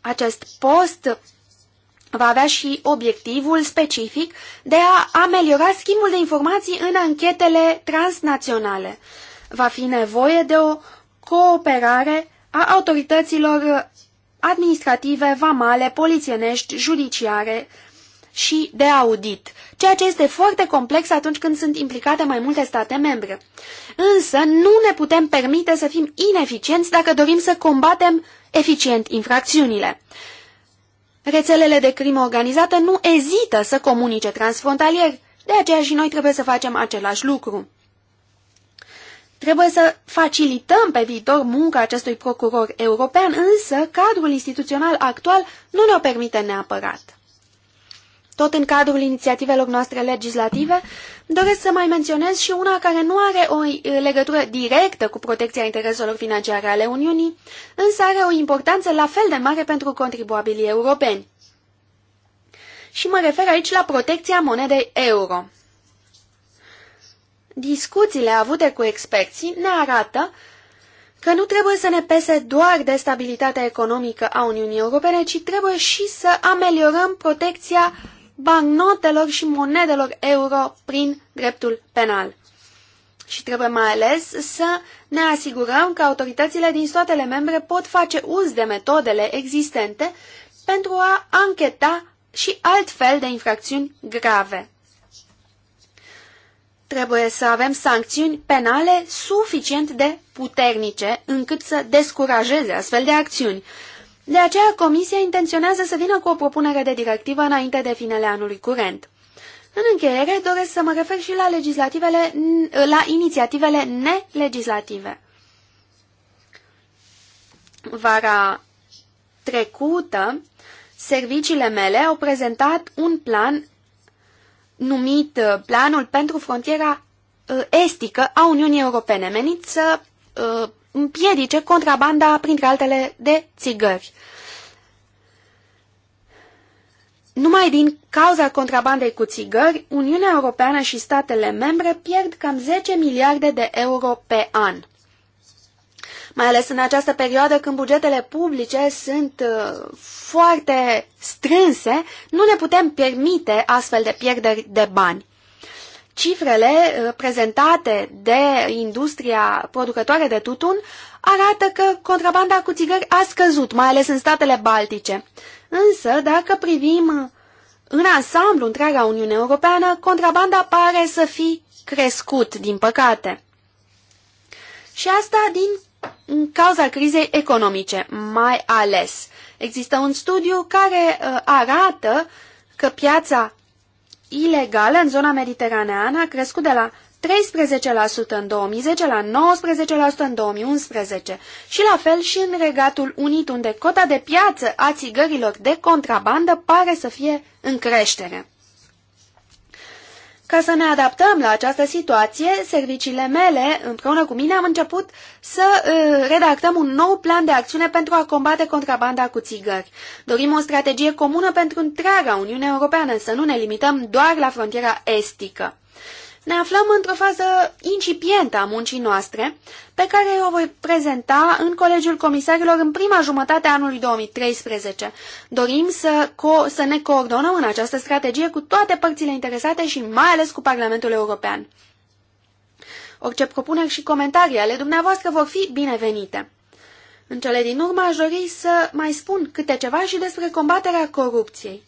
Acest post va avea și obiectivul specific de a ameliora schimbul de informații în anchetele transnaționale Va fi nevoie de o cooperare a autorităților administrative, vamale, polițienești, judiciare și de audit, ceea ce este foarte complex atunci când sunt implicate mai multe state membre. Însă nu ne putem permite să fim ineficienți dacă dorim să combatem eficient infracțiunile. Rețelele de crimă organizată nu ezită să comunice transfrontalier, de aceea și noi trebuie să facem același lucru. Trebuie să facilităm pe viitor munca acestui procuror european, însă cadrul instituțional actual nu ne-o permite neapărat. Tot în cadrul inițiativelor noastre legislative, doresc să mai menționez și una care nu are o eh, legătură directă cu protecția intereselor financiare ale Uniunii, însă are o importanță la fel de mare pentru contribuabilii europeni. Și mă refer aici la protecția monedei euro. Discuțiile avute cu experții ne arată că nu trebuie să ne pese doar de stabilitatea economică a Uniunii Europene, ci trebuie și să ameliorăm protecția bannotelor și monedelor euro prin dreptul penal. Și trebuie mai ales să ne asigurăm că autoritățile din statele membre pot face uz de metodele existente pentru a ancheta și alt fel de infracțiuni grave. Trebuie să avem sancțiuni penale suficient de puternice încât să descurajeze astfel de acțiuni. De aceea, Comisia intenționează să vină cu o propunere de directivă înainte de finele anului curent. În încheiere, doresc să mă refer și la, legislativele, la inițiativele nelegislative. Vara trecută, serviciile mele au prezentat un plan numit uh, Planul pentru frontiera uh, estică a Uniunii Europene, menit să uh, împiedice contrabanda, printre altele, de țigări. Numai din cauza contrabandei cu țigări, Uniunea Europeană și statele membre pierd cam 10 miliarde de euro pe an mai ales în această perioadă când bugetele publice sunt uh, foarte strânse, nu ne putem permite astfel de pierderi de bani. Cifrele uh, prezentate de industria producătoare de tutun arată că contrabanda cu țigări a scăzut, mai ales în statele baltice. Însă, dacă privim uh, în ansamblu întreaga Uniune Europeană, contrabanda pare să fi crescut, din păcate. Și asta din în cauza crizei economice, mai ales. Există un studiu care uh, arată că piața ilegală în zona mediteraneană a crescut de la 13% în 2010 la 19% în 2011 și la fel și în Regatul Unit, unde cota de piață a țigărilor de contrabandă pare să fie în creștere. Ca să ne adaptăm la această situație, serviciile mele, împreună cu mine, am început să uh, redactăm un nou plan de acțiune pentru a combate contrabanda cu țigări. Dorim o strategie comună pentru întreaga Uniune Europeană, să nu ne limităm doar la frontiera estică. Ne aflăm într-o fază incipientă a muncii noastre, pe care o voi prezenta în Colegiul Comisarilor în prima jumătate a anului 2013. Dorim să, co să ne coordonăm în această strategie cu toate părțile interesate și mai ales cu Parlamentul European. Orice propuneri și comentarii ale dumneavoastră vor fi binevenite. În cele din urmă aș dori să mai spun câte ceva și despre combaterea corupției.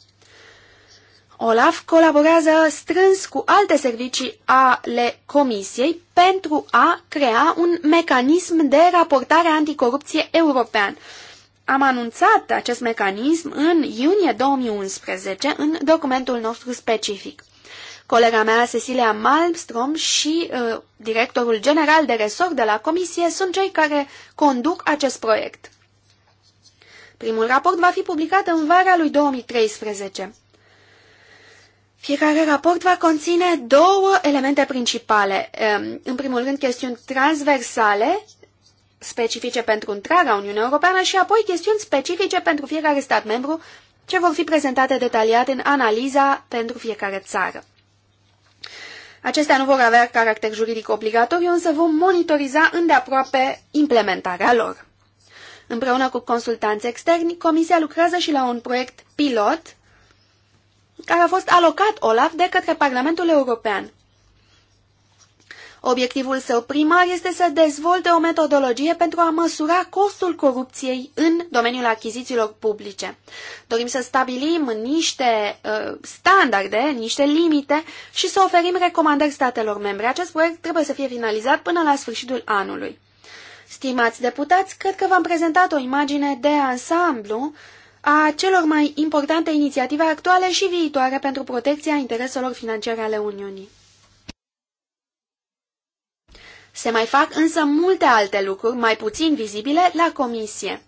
OLAF colaborează strâns cu alte servicii ale Comisiei pentru a crea un mecanism de raportare anticorupție european. Am anunțat acest mecanism în iunie 2011 în documentul nostru specific. Colega mea, Cecilia Malmstrom, și uh, directorul general de resort de la Comisie sunt cei care conduc acest proiect. Primul raport va fi publicat în vara lui 2013. Fiecare raport va conține două elemente principale. În primul rând, chestiuni transversale, specifice pentru întreaga Uniune Europeană și apoi chestiuni specifice pentru fiecare stat membru, ce vor fi prezentate detaliat în analiza pentru fiecare țară. Acestea nu vor avea caracter juridic obligatoriu, însă vom monitoriza îndeaproape implementarea lor. Împreună cu consultanți externi, Comisia lucrează și la un proiect pilot care a fost alocat OLAF de către Parlamentul European. Obiectivul său primar este să dezvolte o metodologie pentru a măsura costul corupției în domeniul achizițiilor publice. Dorim să stabilim niște uh, standarde, niște limite și să oferim recomandări statelor membre. Acest proiect trebuie să fie finalizat până la sfârșitul anului. Stimați deputați, cred că v-am prezentat o imagine de ansamblu a celor mai importante inițiative actuale și viitoare pentru protecția intereselor financiare ale Uniunii. Se mai fac însă multe alte lucruri mai puțin vizibile la Comisie.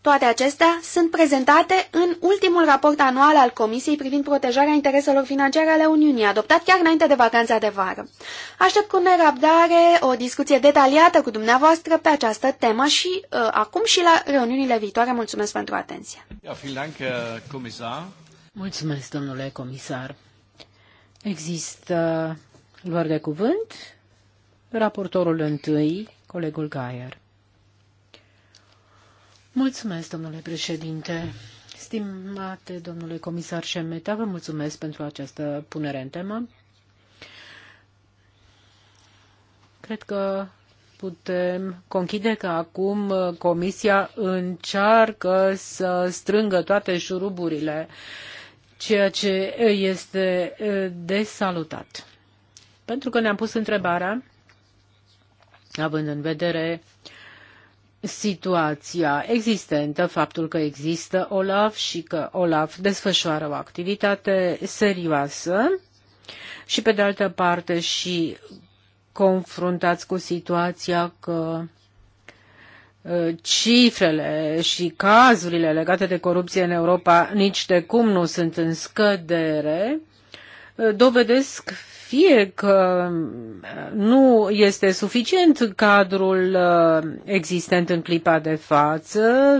Toate acestea sunt prezentate în ultimul raport anual al Comisiei privind protejarea intereselor financiare ale Uniunii, adoptat chiar înainte de vacanța de vară. Aștept cu nerabdare o discuție detaliată cu dumneavoastră pe această temă și uh, acum și la reuniunile viitoare. Mulțumesc pentru atenție. Mulțumesc, domnule comisar. Există luări de cuvânt? Raportorul întâi, colegul Gaier. Mulțumesc, domnule președinte. Stimate domnule comisar Șemeta, vă mulțumesc pentru această punere în temă. Cred că putem conchide că acum Comisia încearcă să strângă toate șuruburile, ceea ce este de salutat. Pentru că ne-am pus întrebarea, având în vedere uh, situația existentă, faptul că există OLAF și că OLAF desfășoară o activitate serioasă și, pe de altă parte, și confruntați cu situația că ă, cifrele și cazurile legate de corupție în Europa nici de cum nu sunt în scădere, dovedesc fie că nu este suficient cadrul uh, existent în clipa de față,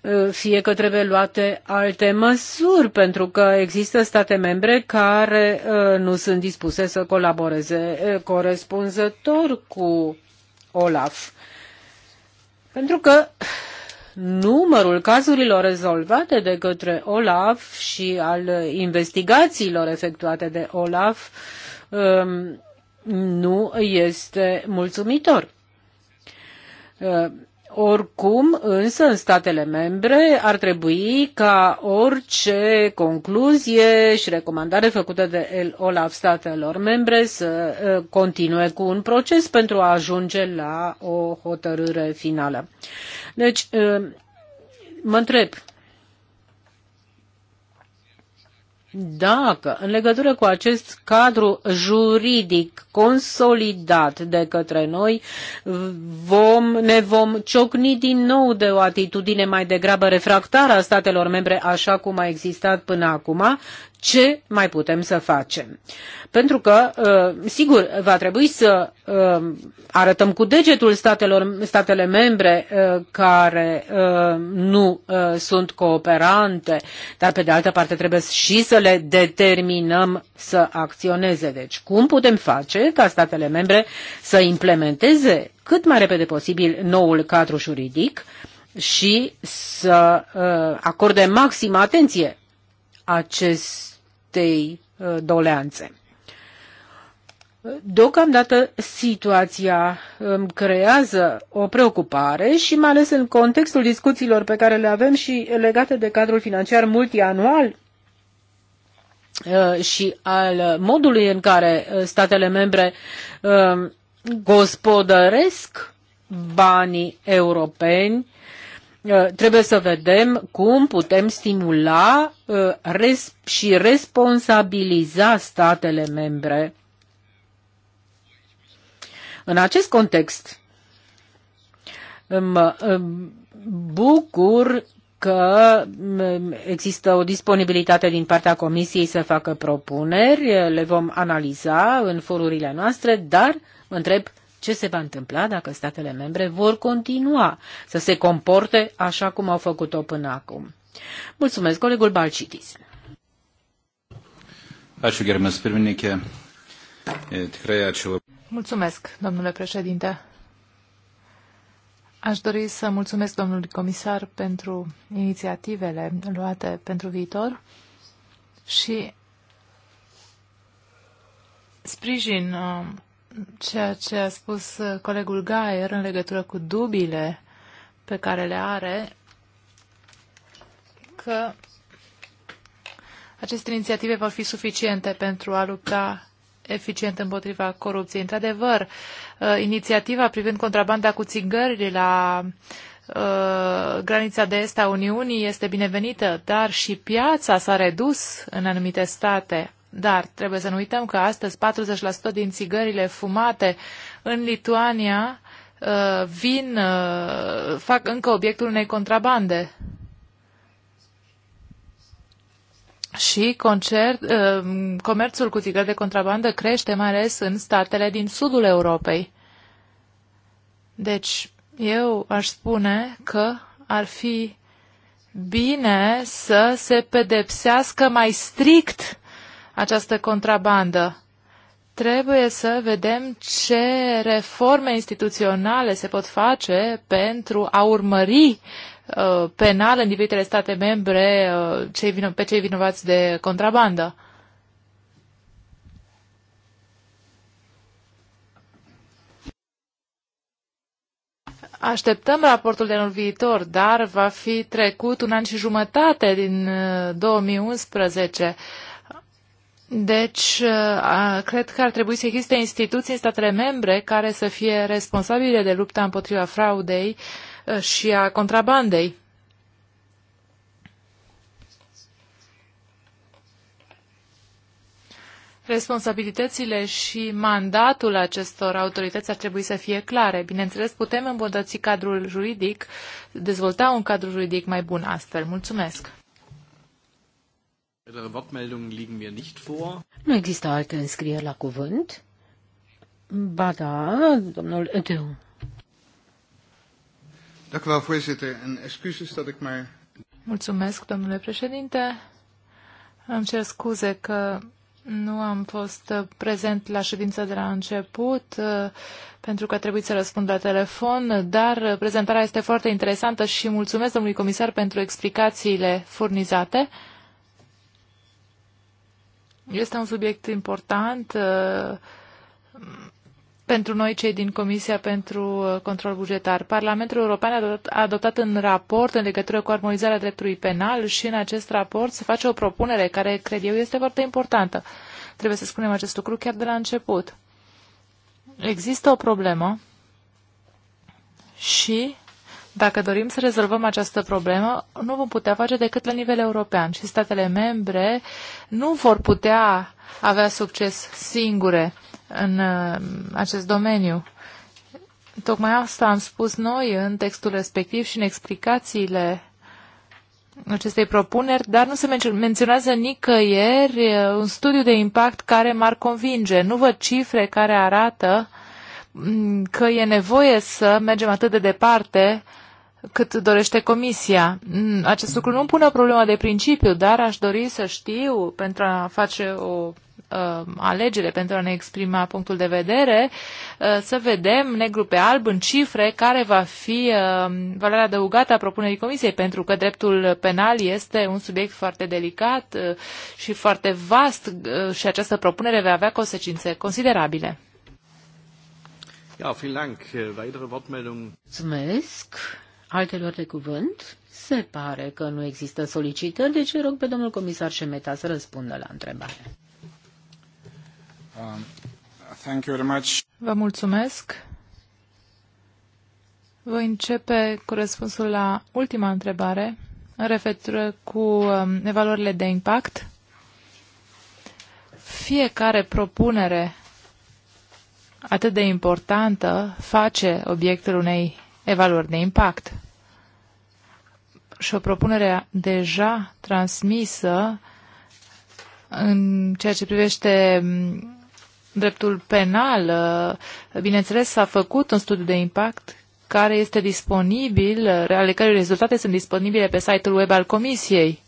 uh, fie că trebuie luate alte măsuri, pentru că există state membre care uh, nu sunt dispuse să colaboreze corespunzător cu OLAF. Pentru că numărul cazurilor rezolvate de către Olaf și al investigațiilor efectuate de Olaf um, nu este mulțumitor. Uh, oricum, însă, în statele membre ar trebui ca orice concluzie și recomandare făcută de OLAF statelor membre să continue cu un proces pentru a ajunge la o hotărâre finală. Deci, mă întreb, dacă în legătură cu acest cadru juridic consolidat de către noi vom, ne vom ciocni din nou de o atitudine mai degrabă refractară a statelor membre așa cum a existat până acum, ce mai putem să facem. Pentru că, uh, sigur, va trebui să uh, arătăm cu degetul statelor, statele membre uh, care nu sunt cooperante, dar pe de altă parte trebuie și să le determinăm să acționeze. Deci, cum putem face ca statele membre să implementeze cât mai repede posibil noul cadru juridic și să acorde maximă atenție acest altei uh, doleanțe. Deocamdată situația îmi um, creează o preocupare și mai ales în contextul discuțiilor pe care le avem și legate de cadrul financiar multianual uh, și al modului în care uh, statele membre um, gospodăresc banii europeni Uh, trebuie să vedem cum putem stimula uh, și responsabiliza statele membre. În acest context, mă uh, bucur că um, există o disponibilitate din partea Comisiei să facă propuneri, le vom analiza în forurile noastre, dar mă întreb ce se va întâmpla dacă statele membre vor continua să se comporte așa cum au făcut-o până acum. Mulțumesc, colegul Balcitis. Mulțumesc, domnule președinte. Aș dori să mulțumesc domnului comisar pentru inițiativele luate pentru viitor și sprijin uh, ceea ce a spus uh, colegul Gaier în legătură cu dubile pe care le are că aceste inițiative vor fi suficiente pentru a lupta eficient împotriva corupției. Într-adevăr, uh, inițiativa privind contrabanda cu țigări la uh, granița de est a Uniunii este binevenită, dar și piața s-a redus în anumite state. Dar trebuie să nu uităm că astăzi 40% din țigările fumate în Lituania uh, vin, uh, fac încă obiectul unei contrabande. Și concert, uh, comerțul cu țigări de contrabandă crește mai ales în statele din sudul Europei. Deci, eu aș spune că ar fi bine să se pedepsească mai strict această contrabandă. Trebuie să vedem ce reforme instituționale se pot face pentru a urmări uh, penal în diferitele state membre uh, cei vino- pe cei vinovați de contrabandă. Așteptăm raportul de anul viitor, dar va fi trecut un an și jumătate din 2011. Uh, deci, cred că ar trebui să existe instituții în statele membre care să fie responsabile de lupta împotriva fraudei și a contrabandei. Responsabilitățile și mandatul acestor autorități ar trebui să fie clare. Bineînțeles, putem îmbunătăți cadrul juridic, dezvolta un cadru juridic mai bun astfel. Mulțumesc! Nu există alte înscrieri la cuvânt. Ba da, domnul Edeu. Mulțumesc, domnule președinte. Îmi cer scuze că nu am fost prezent la ședință de la început uh, pentru că a trebuit să răspund la telefon, dar prezentarea este foarte interesantă și mulțumesc domnului comisar pentru explicațiile furnizate. Este un subiect important uh, pentru noi, cei din Comisia pentru uh, Control Bugetar. Parlamentul European a adoptat un raport în legătură cu armonizarea dreptului penal și în acest raport se face o propunere care, cred eu, este foarte importantă. Trebuie să spunem acest lucru chiar de la început. Există o problemă și dacă dorim să rezolvăm această problemă, nu vom putea face decât la nivel european și statele membre nu vor putea avea succes singure în uh, acest domeniu. Tocmai asta am spus noi în textul respectiv și în explicațiile acestei propuneri, dar nu se menționează nicăieri uh, un studiu de impact care m-ar convinge. Nu văd cifre care arată mm, că e nevoie să mergem atât de departe cât dorește Comisia. Mm, acest lucru nu pune o problemă de principiu, dar aș dori să știu, pentru a face o uh, alegere, pentru a ne exprima punctul de vedere, uh, să vedem negru pe alb în cifre care va fi uh, valoarea adăugată a propunerii Comisiei, pentru că dreptul penal este un subiect foarte delicat uh, și foarte vast uh, și această propunere va avea consecințe considerabile. Ja, vielen Dank. Weitere Wortmeldungen? Mulțumesc altelor de cuvânt? Se pare că nu există solicitări, deci rog pe domnul comisar Șemeta să răspundă la întrebare. Um, thank you very much. Vă mulțumesc. Voi începe cu răspunsul la ultima întrebare, în referitură cu um, evaluările de impact. Fiecare propunere atât de importantă face obiectul unei evaluări de impact. Și o propunere deja transmisă în ceea ce privește dreptul penal, uh, bineînțeles, s-a făcut un studiu de impact care este disponibil, uh, ale cărei rezultate sunt disponibile pe site-ul web al Comisiei.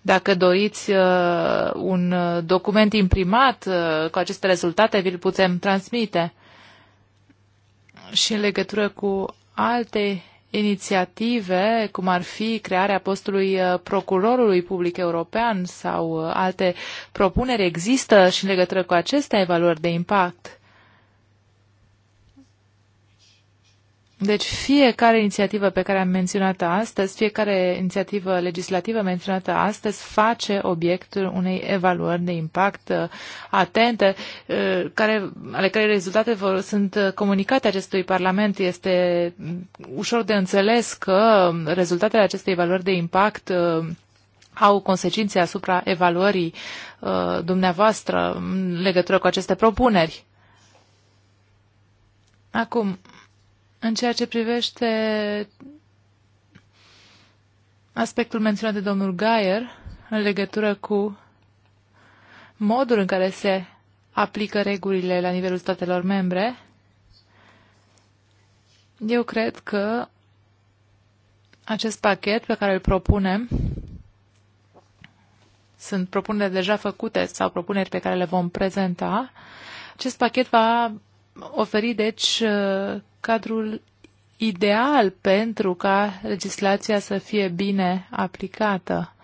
Dacă doriți uh, un uh, document imprimat uh, cu aceste rezultate, vi-l putem transmite. Și în legătură cu alte inițiative, cum ar fi crearea postului uh, procurorului public european sau uh, alte propuneri, există și în legătură cu acestea evaluări de impact? Deci fiecare inițiativă pe care am menționat astăzi, fiecare inițiativă legislativă menționată astăzi face obiectul unei evaluări de impact uh, atente, uh, care, ale care rezultate vor, sunt uh, comunicate acestui Parlament. Este mm, ușor de înțeles că um, rezultatele acestei evaluări de impact au consecințe asupra evaluării dumneavoastră în legătură cu aceste propuneri. Acum, în ceea ce privește aspectul menționat de domnul Gaier în legătură cu modul în care se aplică regulile la nivelul statelor membre, eu cred că acest pachet pe care îl propunem sunt propuneri deja făcute sau propuneri pe care le vom prezenta. Acest pachet va oferi, deci, uh, cadrul ideal pentru ca legislația să fie bine aplicată.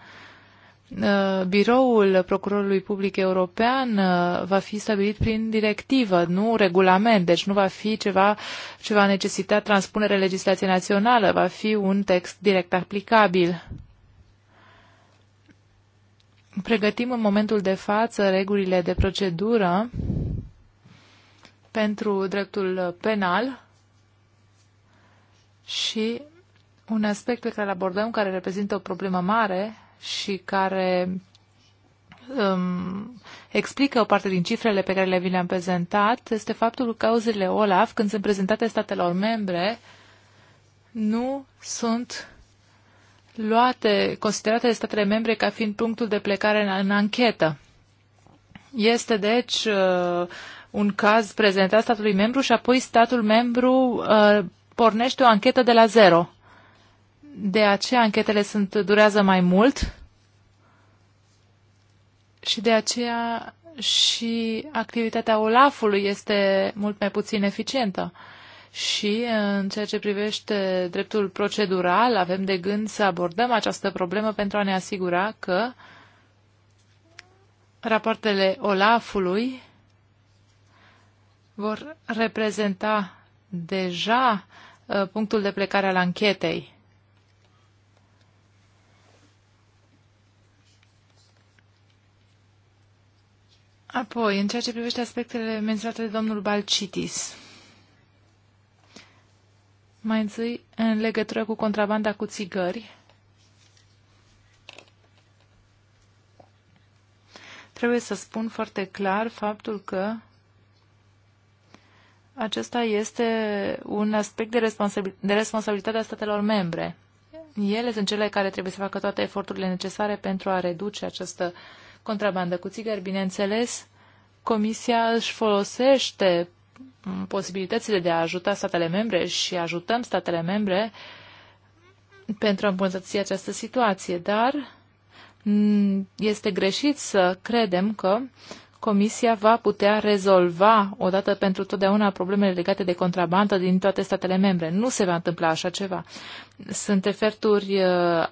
Uh, biroul Procurorului Public European uh, va fi stabilit prin directivă, nu regulament, deci nu va fi ceva ce va necesita transpunere legislației națională, va fi un text direct aplicabil. Pregătim în momentul de față regulile de procedură pentru dreptul penal și un aspect pe care îl abordăm, care reprezintă o problemă mare și care um, explică o parte din cifrele pe care le vi le-am prezentat, este faptul că cauzele OLAF, când sunt prezentate statelor membre, nu sunt luate, considerate de statele membre ca fiind punctul de plecare în, în anchetă. Este, deci, uh, un caz prezentat statului membru și apoi statul membru uh, pornește o anchetă de la zero. De aceea anchetele sunt, durează mai mult și de aceea și activitatea Olafului este mult mai puțin eficientă. Și uh, în ceea ce privește dreptul procedural, avem de gând să abordăm această problemă pentru a ne asigura că rapoartele Olafului vor reprezenta deja uh, punctul de plecare al anchetei. Apoi, în ceea ce privește aspectele menționate de domnul Balcitis, mai întâi, în legătură cu contrabanda cu țigări, trebuie să spun foarte clar faptul că acesta este un aspect de, responsabil, de responsabilitate a statelor membre. Ele sunt cele care trebuie să facă toate eforturile necesare pentru a reduce această contrabandă cu țigări. Bineînțeles, Comisia își folosește posibilitățile de a ajuta statele membre și ajutăm statele membre pentru a îmbunătăți această situație, dar este greșit să credem că Comisia va putea rezolva odată pentru totdeauna problemele legate de contrabandă din toate statele membre. Nu se va întâmpla așa ceva. Sunt eforturi, uh,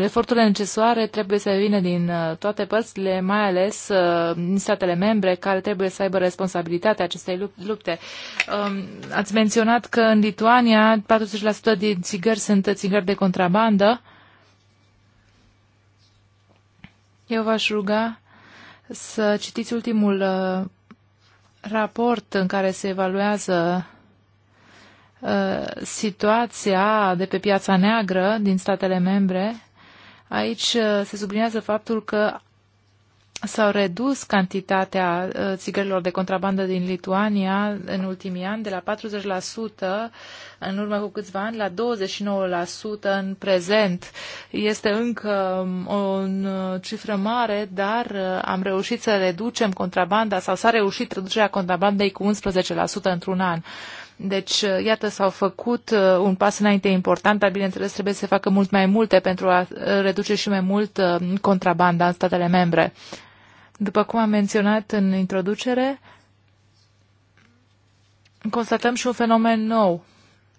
eforturile necesare trebuie să vină din uh, toate părțile, mai ales uh, din statele membre care trebuie să aibă responsabilitatea acestei lupte. Um, ați menționat că în Lituania 40% din țigări sunt țigări de contrabandă. Eu v-aș ruga să citiți ultimul uh, raport în care se evaluează uh, situația de pe piața neagră din statele membre. Aici uh, se sublinează faptul că s-au redus cantitatea uh, țigărilor de contrabandă din Lituania în ultimii ani de la 40% în urmă cu câțiva ani la 29% în prezent. Este încă um, o uh, cifră mare, dar uh, am reușit să reducem contrabanda sau s-a reușit reducerea contrabandei cu 11% într-un an. Deci, iată, s-au făcut un pas înainte important, dar bineînțeles trebuie să se facă mult mai multe pentru a reduce și mai mult contrabanda în statele membre. După cum am menționat în introducere, constatăm și un fenomen nou.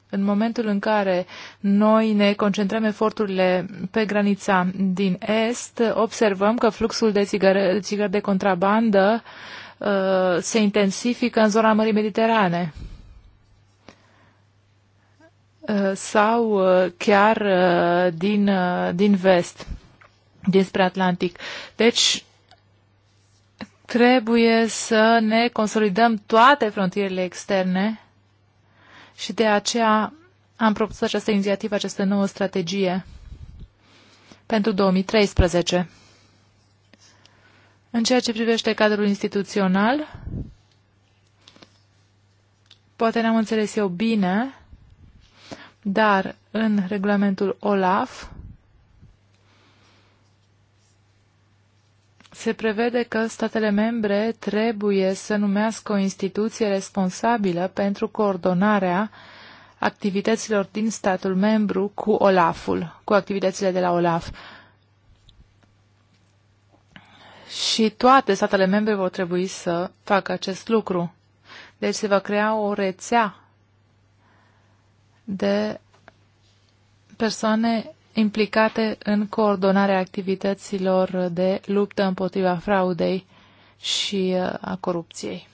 În momentul în care noi ne concentrăm eforturile pe granița din Est, observăm că fluxul de țigări, de contrabandă uh, se intensifică în zona Mării Mediterane uh, sau uh, chiar uh, din, uh, din vest, dinspre Atlantic. Deci, Trebuie să ne consolidăm toate frontierele externe și de aceea am propus această inițiativă, această nouă strategie pentru 2013. În ceea ce privește cadrul instituțional, poate n-am înțeles eu bine, dar în regulamentul OLAF se prevede că statele membre trebuie să numească o instituție responsabilă pentru coordonarea activităților din statul membru cu Olaful, cu activitățile de la OLAF. Și toate statele membre vor trebui să facă acest lucru. Deci se va crea o rețea de persoane implicate în coordonarea activităților de luptă împotriva fraudei și uh, a corupției.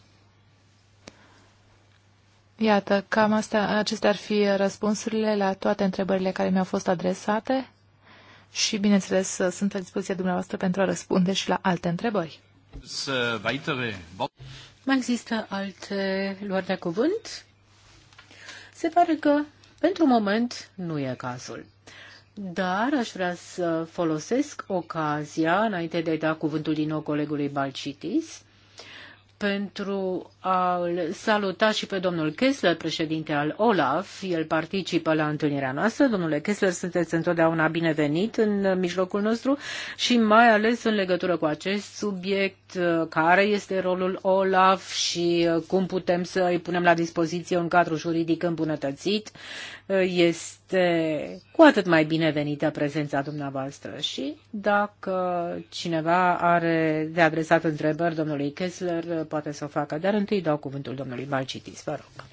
Iată, cam astea, acestea ar fi răspunsurile la toate întrebările care mi-au fost adresate și, bineînțeles, uh, sunt la dispoziția dumneavoastră pentru a răspunde și la alte întrebări. Mai există alte luări de cuvânt? Se pare că, pentru moment, nu e cazul dar aș vrea să folosesc ocazia, înainte de a da cuvântul din nou colegului Balcitis, pentru a-l saluta și pe domnul Kessler, președinte al OLAF. El participă la întâlnirea noastră. Domnule Kessler, sunteți întotdeauna binevenit în mijlocul nostru și mai ales în legătură cu acest subiect, uh, care este rolul OLAF și uh, cum putem să îi punem la dispoziție un cadru juridic îmbunătățit. Uh, este cu atât mai binevenită prezența dumneavoastră și dacă cineva are de adresat întrebări domnului Kessler, poate să o facă. Dar în Întâi dau cuvântul domnului Balcitis, vă rog.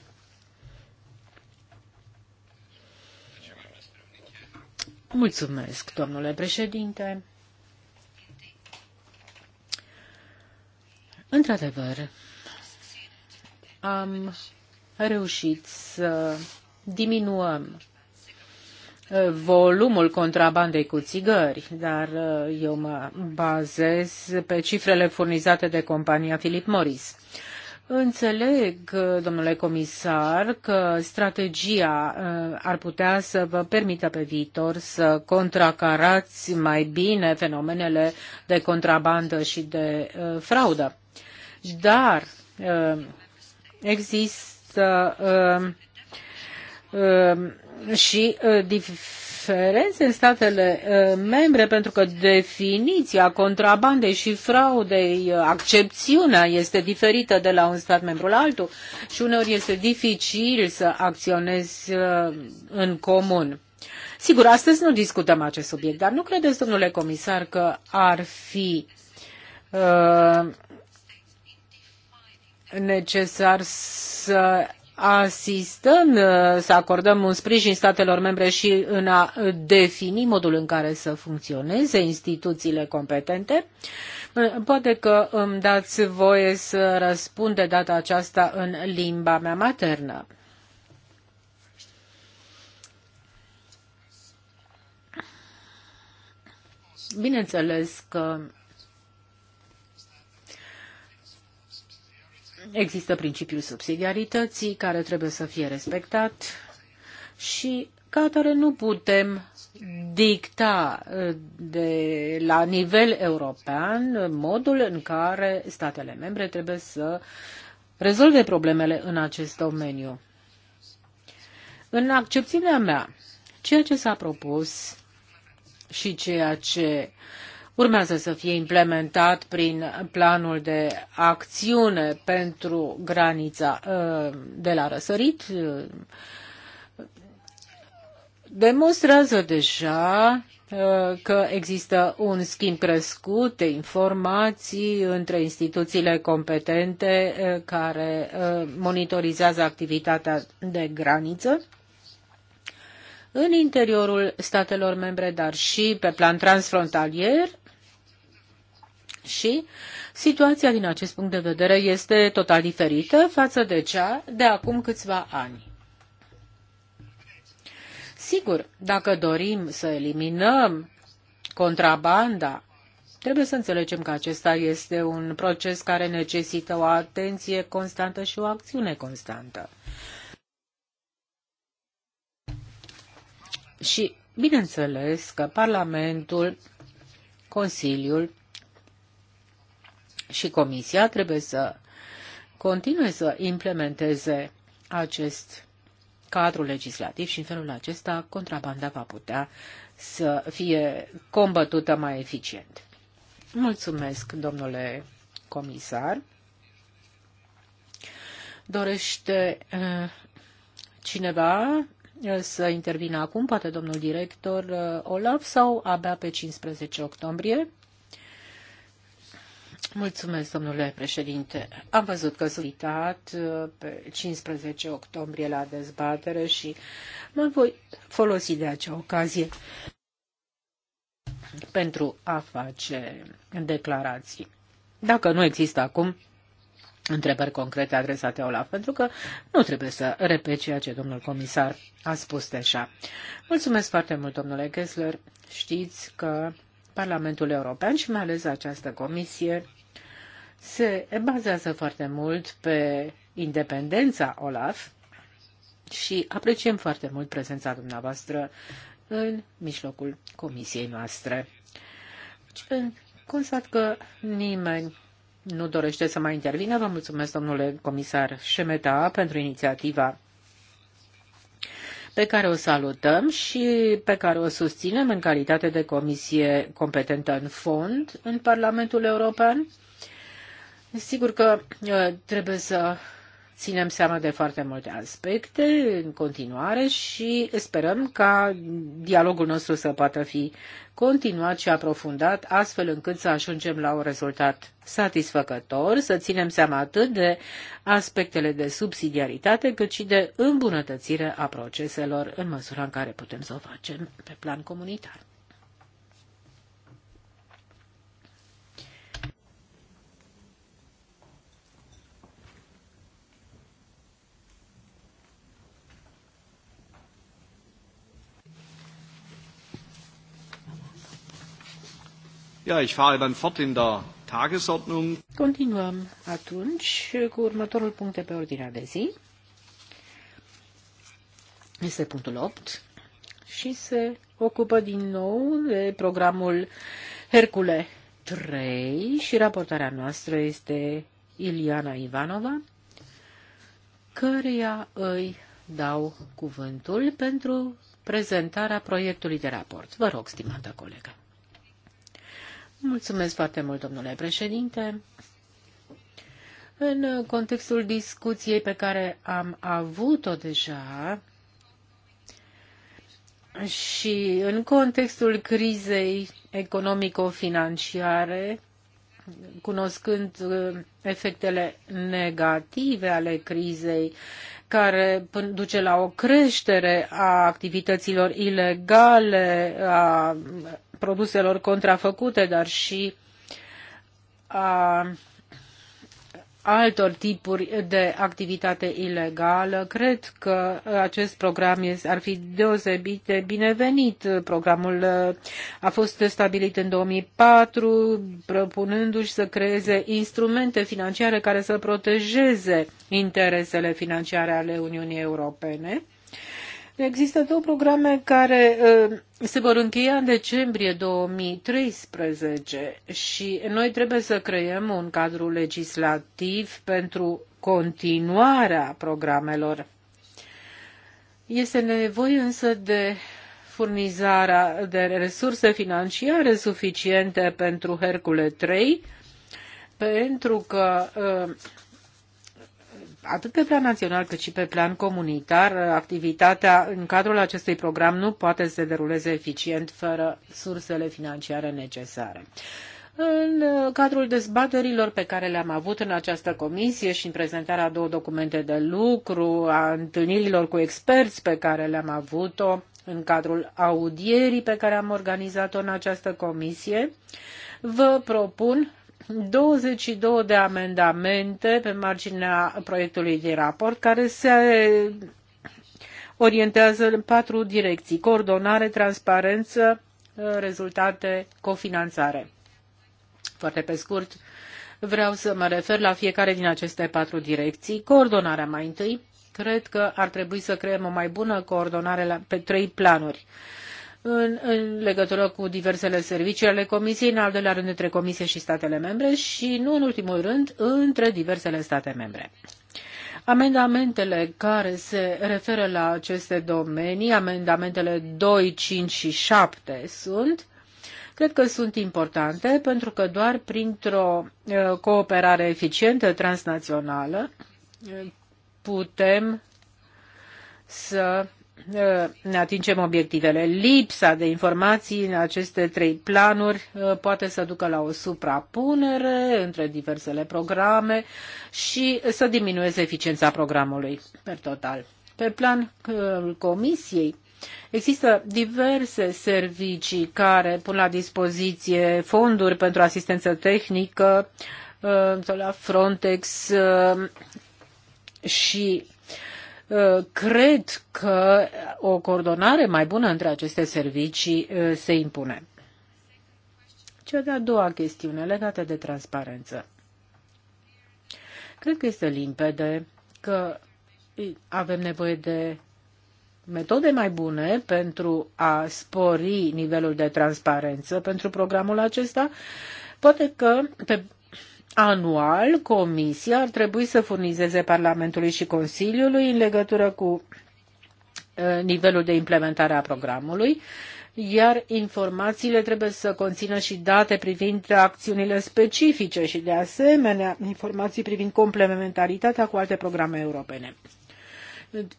Mulțumesc, domnule președinte. Într-adevăr, am reușit să diminuăm uh, volumul contrabandei cu țigări, dar uh, eu mă bazez pe cifrele furnizate de compania Philip Morris. Înțeleg, domnule comisar, că strategia uh, ar putea să vă permită pe viitor să contracarați mai bine fenomenele de contrabandă și de uh, fraudă. Dar uh, există și diferențe în statele uh, membre, pentru că definiția contrabandei și fraudei, uh, accepțiunea este diferită de la un stat membru la altul și uneori este dificil să acționezi uh, în comun. Sigur, astăzi nu discutăm acest subiect, dar nu credeți, domnule comisar, că ar fi uh, necesar să asistăm, uh, să acordăm un sprijin statelor membre și în a defini modul în care să funcționeze instituțiile competente. Uh, poate că îmi dați voie să răspund de data aceasta în limba mea maternă. Bineînțeles că Există principiul subsidiarității care trebuie să fie respectat și ca atare nu putem dicta uh, de la nivel european uh, modul în care statele membre trebuie să rezolve problemele în acest domeniu. În accepțiunea mea, ceea ce s-a propus și ceea ce urmează să fie implementat prin planul de acțiune pentru granița uh, de la răsărit, uh, demonstrează deja uh, că există un schimb crescut de informații între instituțiile competente care monitorizează activitatea de graniță în interiorul statelor membre, dar și pe plan transfrontalier, și situația din acest punct de vedere este total diferită față de cea de acum câțiva ani. Sigur, dacă dorim să eliminăm contrabanda, trebuie să înțelegem că acesta este un proces care necesită o atenție constantă și o acțiune constantă. Și bineînțeles că Parlamentul, Consiliul și Comisia trebuie să continue să implementeze acest cadru legislativ și în felul acesta contrabanda va putea să fie combătută mai eficient. Mulțumesc, domnule comisar. Dorește uh, cineva uh, să intervină acum, poate domnul director uh, Olaf, sau abia pe 15 octombrie? Mulțumesc, domnule președinte. Am văzut că sunt invitat uh, pe 15 octombrie la dezbatere și mă voi folosi de acea ocazie pentru a face declarații. Dacă nu există acum întrebări concrete adresate Olaf, pentru că nu trebuie să repet ceea ce domnul comisar a spus deja. Mulțumesc foarte mult, domnule Gessler. Știți că Parlamentul European și mai ales această comisie se bazează foarte mult pe independența OLAF și apreciem foarte mult prezența dumneavoastră în mijlocul comisiei noastre. Constat că nimeni nu dorește să mai intervină. Vă mulțumesc, domnule comisar Șemeta, pentru inițiativa pe care o salutăm și pe care o susținem în calitate de comisie competentă în fond în Parlamentul European Sigur că uh, trebuie să ținem seama de foarte multe aspecte în continuare și sperăm ca dialogul nostru să poată fi continuat și aprofundat, astfel încât să ajungem la un rezultat satisfăcător, să ținem seama atât de aspectele de subsidiaritate, cât și de îmbunătățire a proceselor în măsura în care putem să o facem pe plan comunitar. Ja, ich fahre dann fort in der Tagesordnung. Continuăm atunci cu următorul punct de pe ordinea de zi. Este punctul 8 și se ocupă din nou de programul Hercule 3 și raportarea noastră este Iliana Ivanova, căreia îi dau cuvântul pentru prezentarea proiectului de raport. Vă rog, stimată colegă. Mulțumesc foarte mult, domnule președinte. În contextul discuției pe care am avut-o deja și în contextul crizei economico-financiare, cunoscând uh, efectele negative ale crizei, care duce la o creștere a activităților ilegale, a produselor contrafăcute, dar și a altor tipuri de activitate ilegală. Cred că acest program ar fi deosebit de binevenit. Programul uh, a fost stabilit în 2004, propunându-și să creeze instrumente financiare care să protejeze interesele financiare ale Uniunii Europene Există două programe care uh, se vor încheia în decembrie 2013 și noi trebuie să creăm un cadru legislativ pentru continuarea programelor. Este nevoie însă de furnizarea de resurse financiare suficiente pentru Hercule 3, pentru că uh, atât pe plan național cât și pe plan comunitar, activitatea în cadrul acestui program nu poate să se deruleze eficient fără sursele financiare necesare. În cadrul dezbaterilor pe care le-am avut în această comisie și în prezentarea două documente de lucru, a întâlnirilor cu experți pe care le-am avut-o, în cadrul audierii pe care am organizat-o în această comisie, vă propun 22 de amendamente pe marginea proiectului de raport care se orientează în patru direcții. Coordonare, transparență, rezultate, cofinanțare. Foarte pe scurt, vreau să mă refer la fiecare din aceste patru direcții. Coordonarea mai întâi. Cred că ar trebui să creăm o mai bună coordonare pe trei planuri în, în legătură cu diversele servicii ale Comisiei, în al doilea rând între Comisie și statele membre și, nu în ultimul rând, între diversele state membre. Amendamentele care se referă la aceste domenii, amendamentele 2, 5 și 7 sunt, cred că sunt importante pentru că doar printr-o uh, cooperare eficientă transnațională uh, putem să Uh, ne atingem obiectivele. Lipsa de informații în aceste trei planuri uh, poate să ducă la o suprapunere între diversele programe și să diminueze eficiența programului per total. Pe plan uh, comisiei, Există diverse servicii care pun la dispoziție fonduri pentru asistență tehnică, la Frontex și Uh, cred că o coordonare mai bună între aceste servicii uh, se impune. Cea de-a doua chestiune legată de transparență. Cred că este limpede că avem nevoie de metode mai bune pentru a spori nivelul de transparență pentru programul acesta. Poate că pe anual Comisia ar trebui să furnizeze Parlamentului și Consiliului în legătură cu uh, nivelul de implementare a programului, iar informațiile trebuie să conțină și date privind acțiunile specifice și, de asemenea, informații privind complementaritatea cu alte programe europene.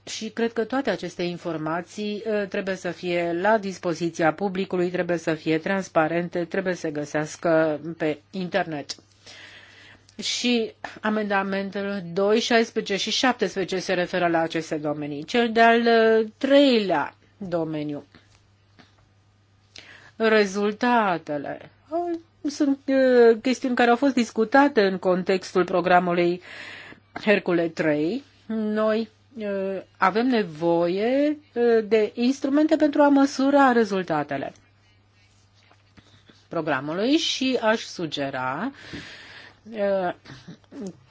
Și cred că toate aceste informații uh, trebuie să fie la dispoziția publicului, trebuie să fie transparente, trebuie să se găsească pe internet și amendamentele 2, 16 și 17 se referă la aceste domenii. Cel de-al uh, treilea domeniu. Rezultatele. Sunt uh, chestiuni care au fost discutate în contextul programului Hercule 3. Noi uh, avem nevoie de instrumente pentru a măsura rezultatele programului și aș sugera uh,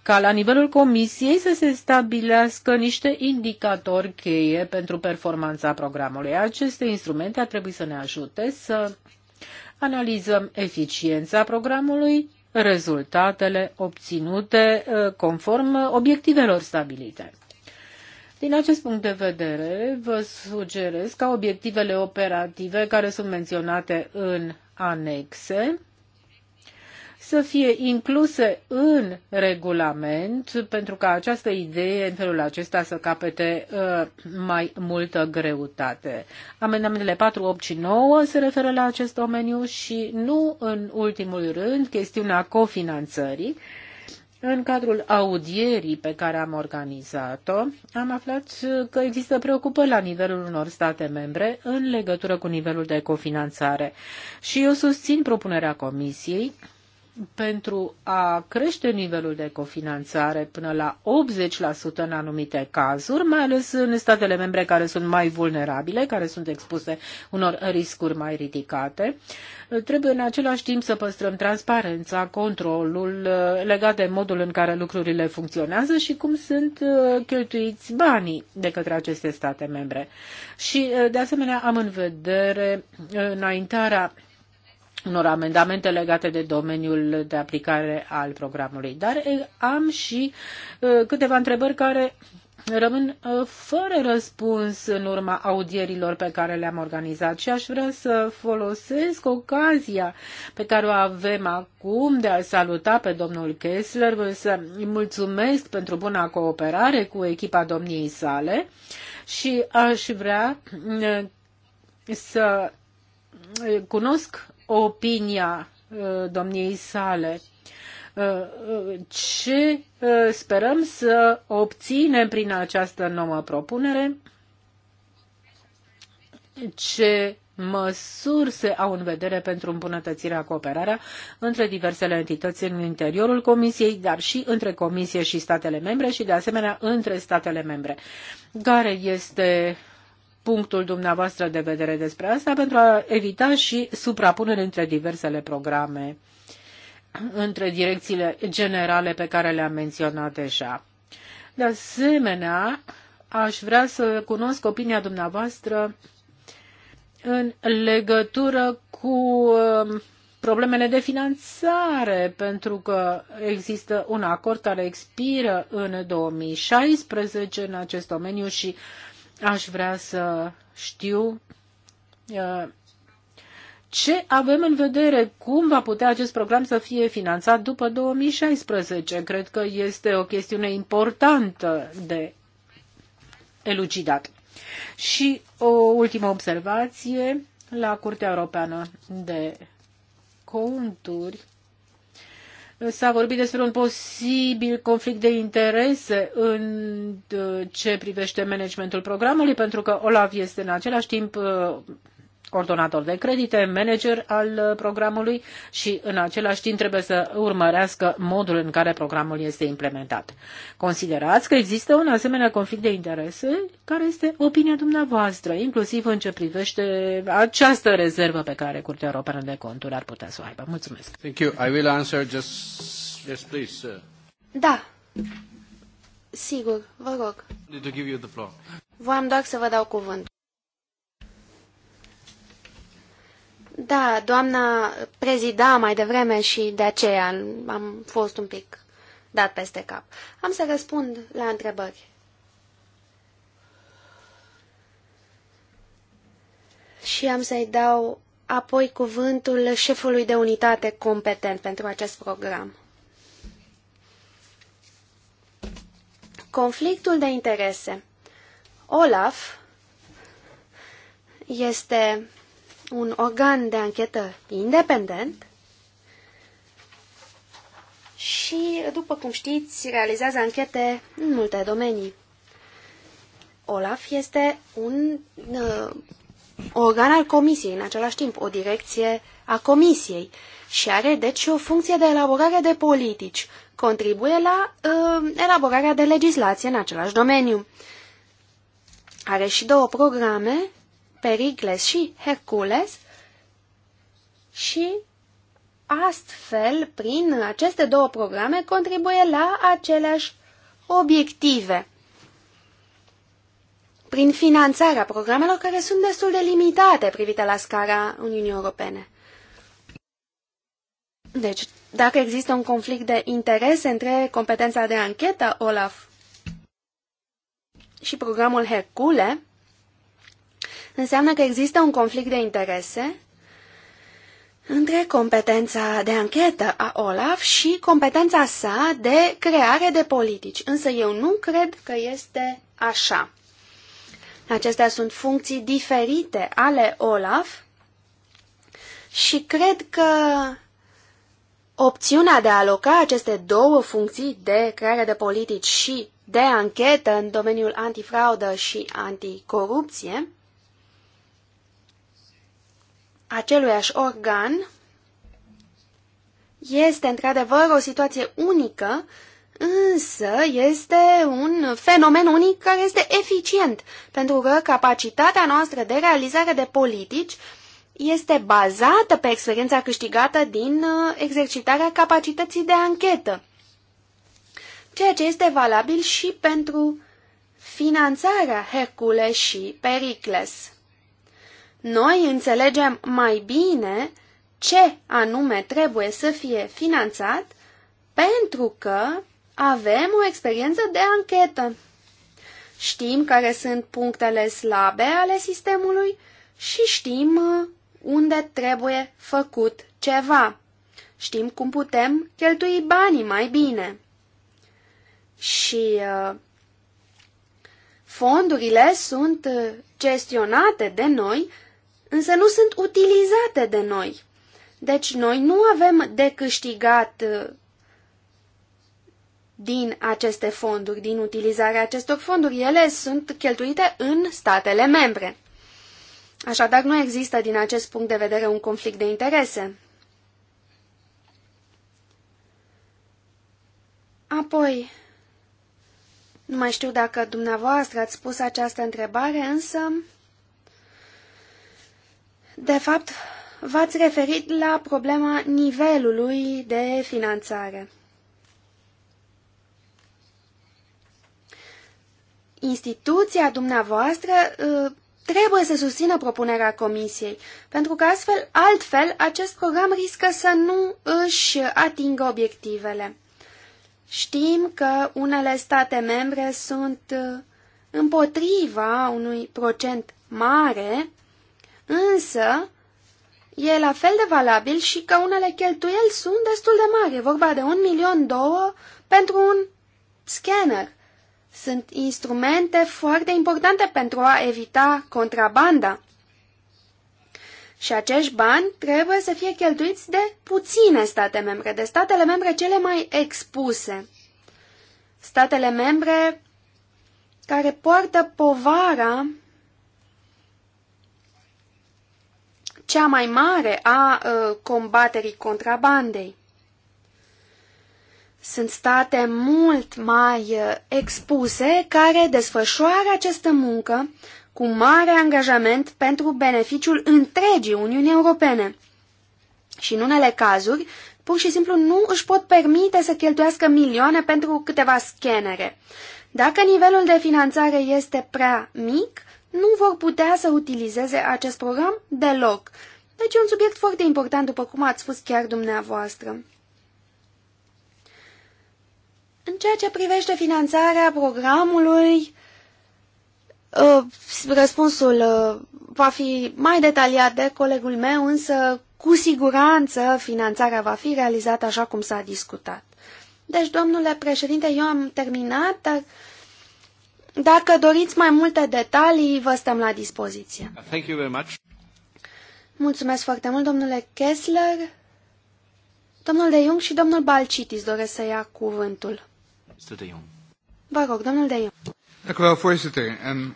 ca la nivelul comisiei să se stabilească niște indicatori cheie pentru performanța programului. Aceste instrumente ar trebui să ne ajute să analizăm eficiența programului, rezultatele obținute uh, conform obiectivelor stabilite. Din acest punct de vedere, vă sugerez ca obiectivele operative care sunt menționate în anexe să fie incluse în regulament, pentru ca această idee în felul acesta să capete uh, mai multă greutate. Amendamentele 4, 8 și 9 se referă la acest domeniu și nu în ultimul rând chestiunea cofinanțării. În cadrul audierii pe care am organizat-o, am aflat că există preocupări la nivelul unor state membre în legătură cu nivelul de cofinanțare. Și eu susțin propunerea Comisiei pentru a crește nivelul de cofinanțare până la 80% în anumite cazuri, mai ales în statele membre care sunt mai vulnerabile, care sunt expuse unor riscuri mai ridicate. Trebuie în același timp să păstrăm transparența, controlul uh, legat de modul în care lucrurile funcționează și cum sunt uh, cheltuiți banii de către aceste state membre. Și, uh, de asemenea, am în vedere înaintarea unor amendamente legate de domeniul de aplicare al programului. Dar am și câteva întrebări care rămân fără răspuns în urma audierilor pe care le-am organizat și aș vrea să folosesc ocazia pe care o avem acum de a saluta pe domnul Kessler, să îi mulțumesc pentru buna cooperare cu echipa domniei sale și aș vrea să cunosc opinia uh, domniei sale uh, uh, ce sperăm să obținem prin această nouă propunere, ce măsuri se au în vedere pentru îmbunătățirea cooperarea între diversele entități în interiorul Comisiei, dar și între Comisie și statele membre și, de asemenea, între statele membre. Care este punctul dumneavoastră de vedere despre asta pentru a evita și suprapunere între diversele programe, între direcțiile generale pe care le-am menționat deja. De asemenea, aș vrea să cunosc opinia dumneavoastră în legătură cu um, problemele de finanțare, pentru că există un acord care expiră în 2016 în acest domeniu și uh, Aș vrea să știu ce avem în vedere? Cum va putea acest program să fie finanțat după 2016? Cred că este o chestiune importantă de elucidat. Și o ultimă observație la Curtea Europeană de Conturi S-a vorbit despre un posibil conflict de interese în uh, ce privește managementul programului, pentru că Olaf este în același timp uh, coordonator de credite, manager al uh, programului și în același timp trebuie să urmărească modul în care programul este implementat. Considerați că există un asemenea conflict de interese? Care este opinia dumneavoastră, inclusiv în ce privește această rezervă pe care Curtea Europeană de Conturi ar putea să o aibă? Mulțumesc. Thank you. I will answer just... Yes, please, sir. Da. Sigur, vă rog. Voiam doar să vă dau cuvântul. Da, doamna prezida mai devreme și de aceea am fost un pic dat peste cap. Am să răspund la întrebări. Și am să-i dau apoi cuvântul șefului de unitate competent pentru acest program. Conflictul de interese. Olaf este un organ de anchetă independent și, după cum știți, realizează anchete în multe domenii. OLAF este un uh, organ al comisiei, în același timp, o direcție a comisiei și are, deci, o funcție de elaborare de politici. Contribuie la uh, elaborarea de legislație în același domeniu. Are și două programe Pericles și Hercules și astfel, prin aceste două programe, contribuie la aceleași obiective. Prin finanțarea programelor care sunt destul de limitate privite la scara Uniunii Europene. Deci, dacă există un conflict de interese între competența de anchetă, Olaf, și programul Hercule, înseamnă că există un conflict de interese între competența de anchetă a Olaf și competența sa de creare de politici. Însă eu nu cred că este așa. Acestea sunt funcții diferite ale Olaf și cred că opțiunea de a aloca aceste două funcții de creare de politici și de anchetă în domeniul antifraudă și anticorupție aceluiași organ este într-adevăr o situație unică, însă este un fenomen unic care este eficient, pentru că capacitatea noastră de realizare de politici este bazată pe experiența câștigată din uh, exercitarea capacității de anchetă, ceea ce este valabil și pentru finanțarea Hercule și Pericles noi înțelegem mai bine ce anume trebuie să fie finanțat pentru că avem o experiență de anchetă. Știm care sunt punctele slabe ale sistemului și știm uh, unde trebuie făcut ceva. Știm cum putem cheltui banii mai bine. Și uh, fondurile sunt uh, gestionate de noi însă nu sunt utilizate de noi. Deci noi nu avem de câștigat uh, din aceste fonduri, din utilizarea acestor fonduri. Ele sunt cheltuite în statele membre. Așadar, nu există din acest punct de vedere un conflict de interese. Apoi, nu mai știu dacă dumneavoastră ați spus această întrebare, însă de fapt, v-ați referit la problema nivelului de finanțare. Instituția dumneavoastră uh, trebuie să susțină propunerea comisiei, pentru că astfel, altfel, acest program riscă să nu își atingă obiectivele. Știm că unele state membre sunt uh, împotriva unui procent mare Însă, e la fel de valabil și că unele cheltuieli sunt destul de mari. E vorba de un milion două pentru un scanner. Sunt instrumente foarte importante pentru a evita contrabanda. Și acești bani trebuie să fie cheltuiți de puține state membre, de statele membre cele mai expuse. Statele membre care poartă povara cea mai mare a uh, combaterii contrabandei. Sunt state mult mai uh, expuse care desfășoară această muncă cu mare angajament pentru beneficiul întregii Uniunii Europene. Și în unele cazuri, pur și simplu nu își pot permite să cheltuiască milioane pentru câteva scanere. Dacă nivelul de finanțare este prea mic, nu vor putea să utilizeze acest program deloc. Deci e un subiect foarte important, după cum ați spus chiar dumneavoastră. În ceea ce privește finanțarea programului, uh, răspunsul uh, va fi mai detaliat de colegul meu, însă cu siguranță finanțarea va fi realizată așa cum s-a discutat. Deci, domnule președinte, eu am terminat, dar dacă doriți mai multe detalii, vă stăm la dispoziție. Thank you very much. Mulțumesc foarte mult, domnule Kessler. Domnul De Jung și domnul Balcitis doresc să ia cuvântul. Mr. De Jung. Vă rog, domnul De Jung.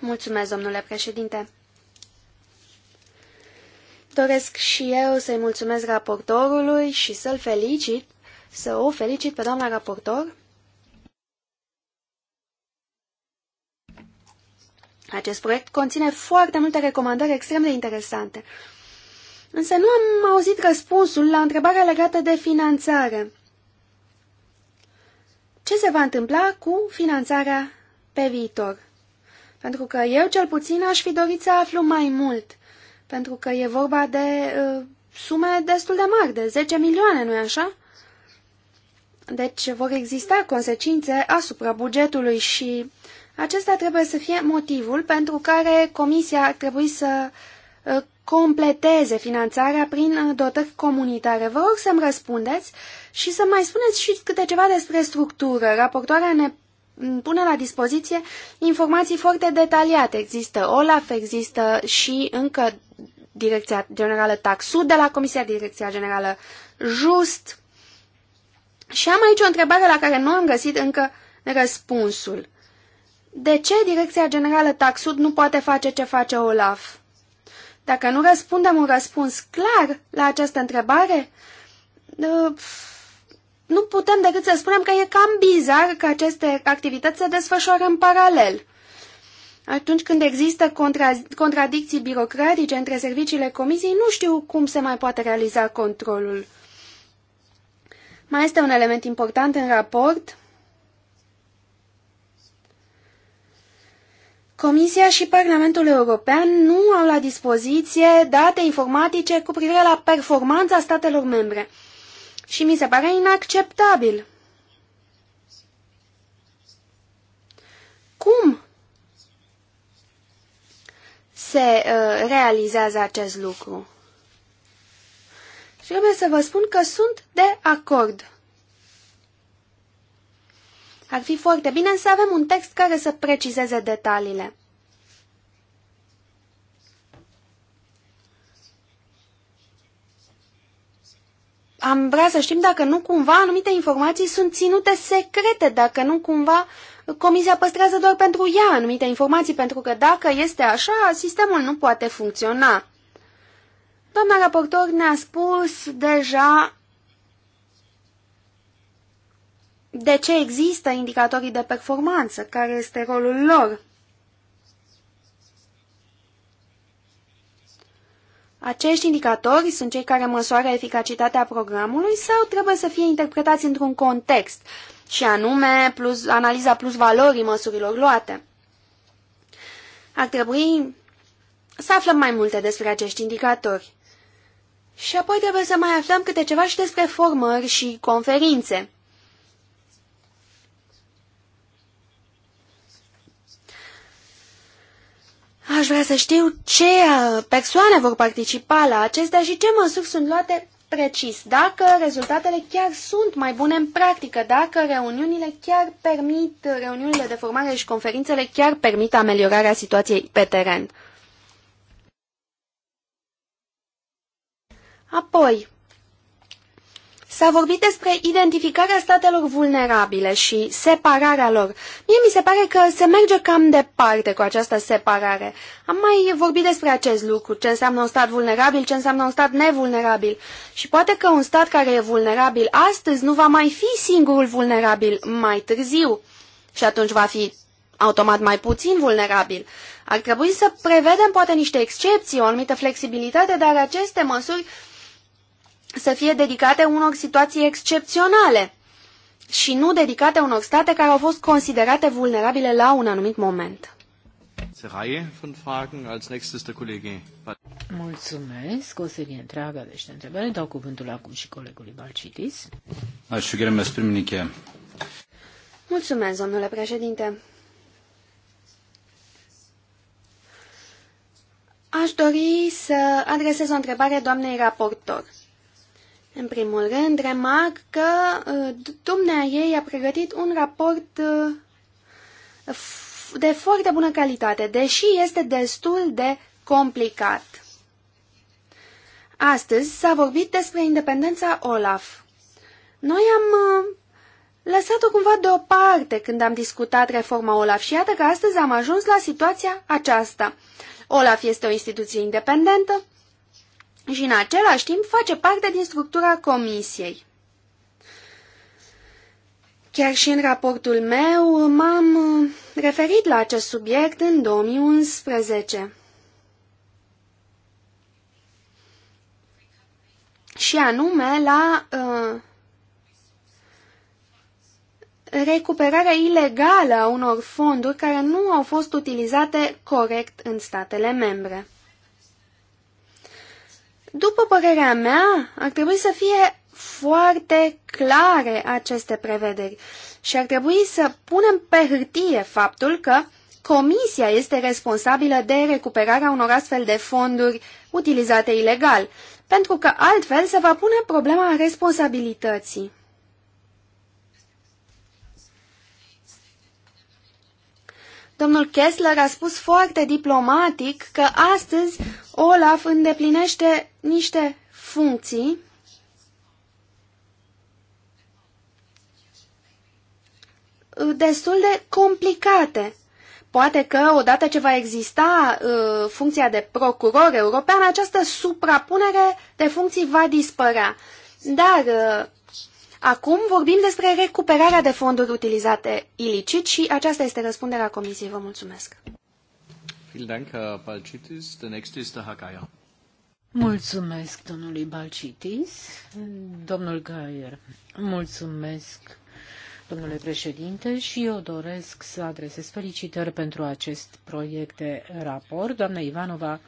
Mulțumesc, domnule președinte. Doresc și eu să-i mulțumesc raportorului și să-l felicit, să o felicit pe doamna raportor Acest proiect conține foarte multe recomandări extrem de interesante. Însă nu am auzit răspunsul la întrebarea legată de finanțare. Ce se va întâmpla cu finanțarea pe viitor? Pentru că eu, cel puțin, aș fi dorit să aflu mai mult. Pentru că e vorba de uh, sume destul de mari, de 10 milioane, nu-i așa? Deci vor exista consecințe asupra bugetului și acesta trebuie să fie motivul pentru care Comisia ar trebui să uh, completeze finanțarea prin uh, dotări comunitare. Vă rog să-mi răspundeți și să mai spuneți și câte ceva despre structură. Raportoarea ne mm, pune la dispoziție informații foarte detaliate. Există OLAF, există și încă Direcția Generală Taxud de la Comisia Direcția Generală Just. Și am aici o întrebare la care nu am găsit încă răspunsul. De ce Direcția Generală Taxud nu poate face ce face OLAF? Dacă nu răspundem un răspuns clar la această întrebare, nu putem decât să spunem că e cam bizar că aceste activități se desfășoară în paralel. Atunci când există contra, contradicții birocratice între serviciile comisiei, nu știu cum se mai poate realiza controlul. Mai este un element important în raport, Comisia și Parlamentul European nu au la dispoziție date informatice cu privire la performanța statelor membre. Și mi se pare inacceptabil. Cum se uh, realizează acest lucru? trebuie să vă spun că sunt de acord ar fi foarte bine să avem un text care să precizeze detaliile. Am vrea să știm dacă nu cumva anumite informații sunt ținute secrete, dacă nu cumva comisia păstrează doar pentru ea anumite informații, pentru că dacă este așa, sistemul nu poate funcționa. Doamna raportor ne-a spus deja de ce există indicatorii de performanță, care este rolul lor. Acești indicatori sunt cei care măsoară eficacitatea programului sau trebuie să fie interpretați într-un context, și anume plus, analiza plus valorii măsurilor luate. Ar trebui să aflăm mai multe despre acești indicatori. Și apoi trebuie să mai aflăm câte ceva și despre formări și conferințe. Aș vrea să știu ce uh, persoane vor participa la acestea și ce măsuri sunt luate precis, dacă rezultatele chiar sunt mai bune în practică, dacă reuniunile chiar permit, reuniunile de formare și conferințele chiar permit ameliorarea situației pe teren. Apoi, S-a vorbit despre identificarea statelor vulnerabile și separarea lor. Mie mi se pare că se merge cam departe cu această separare. Am mai vorbit despre acest lucru, ce înseamnă un stat vulnerabil, ce înseamnă un stat nevulnerabil. Și poate că un stat care e vulnerabil astăzi nu va mai fi singurul vulnerabil mai târziu. Și atunci va fi automat mai puțin vulnerabil. Ar trebui să prevedem poate niște excepții, o anumită flexibilitate, dar aceste măsuri să fie dedicate unor situații excepționale și nu dedicate unor state care au fost considerate vulnerabile la un anumit moment. Mulțumesc, o serie întreagă de întrebări. Dau cuvântul acum și colegului Balcitis. Aș Mulțumesc, domnule președinte. Aș dori să adresez o întrebare doamnei raportor. În primul rând, remarc că uh, dumnea ei a pregătit un raport uh, de foarte bună calitate, deși este destul de complicat. Astăzi s-a vorbit despre independența Olaf. Noi am uh, lăsat-o cumva deoparte când am discutat reforma Olaf și iată că astăzi am ajuns la situația aceasta. Olaf este o instituție independentă, și în același timp face parte din structura comisiei. Chiar și în raportul meu m-am uh, referit la acest subiect în 2011. Și anume la uh, recuperarea ilegală a unor fonduri care nu au fost utilizate corect în statele membre. După părerea mea, ar trebui să fie foarte clare aceste prevederi și ar trebui să punem pe hârtie faptul că Comisia este responsabilă de recuperarea unor astfel de fonduri utilizate ilegal, pentru că altfel se va pune problema responsabilității. Domnul Kessler a spus foarte diplomatic că astăzi Olaf îndeplinește niște funcții destul de complicate. Poate că odată ce va exista uh, funcția de procuror european, această suprapunere de funcții va dispărea. Dar uh, acum vorbim despre recuperarea de fonduri utilizate ilicit și aceasta este răspunderea Comisiei. Vă mulțumesc. Vielen Dank, Herr Balcitis. Der nächste ist der Herr Geier. Mulțumesc domnului Balcitis, domnul Gaier. Mulțumesc Domnule președinte, și eu doresc să adresez felicitări pentru acest proiect de raport. Doamna Ivanova,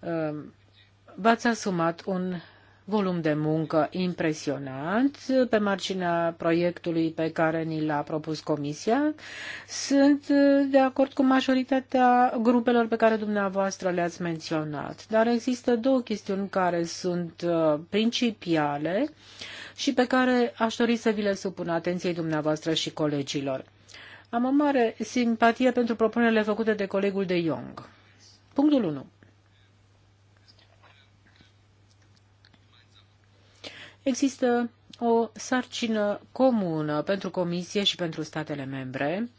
uh, v-ați asumat un volum de muncă impresionant pe marginea proiectului pe care ni l-a propus Comisia. Sunt de acord cu majoritatea grupelor pe care dumneavoastră le-ați menționat, dar există două chestiuni care sunt uh, principiale și pe care aș dori să vi le supun atenției dumneavoastră și colegilor. Am o mare simpatie pentru propunerile făcute de colegul de Young. Punctul 1. Există o sarcină comună pentru Comisie și pentru statele membre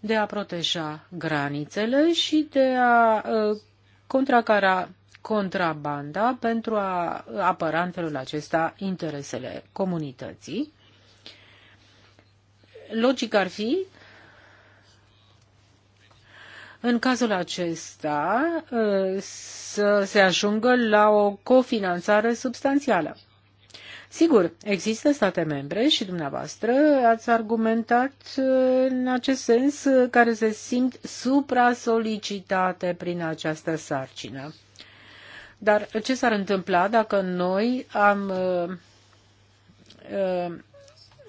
de a proteja granițele și de a ă, contracara contrabanda pentru a apăra în felul acesta interesele comunității. Logic ar fi în cazul acesta ă, să se ajungă la o cofinanțare substanțială. Sigur, există state membre și dumneavoastră ați argumentat uh, în acest sens uh, care se simt supra-solicitate prin această sarcină. Dar ce s-ar întâmpla dacă noi am uh,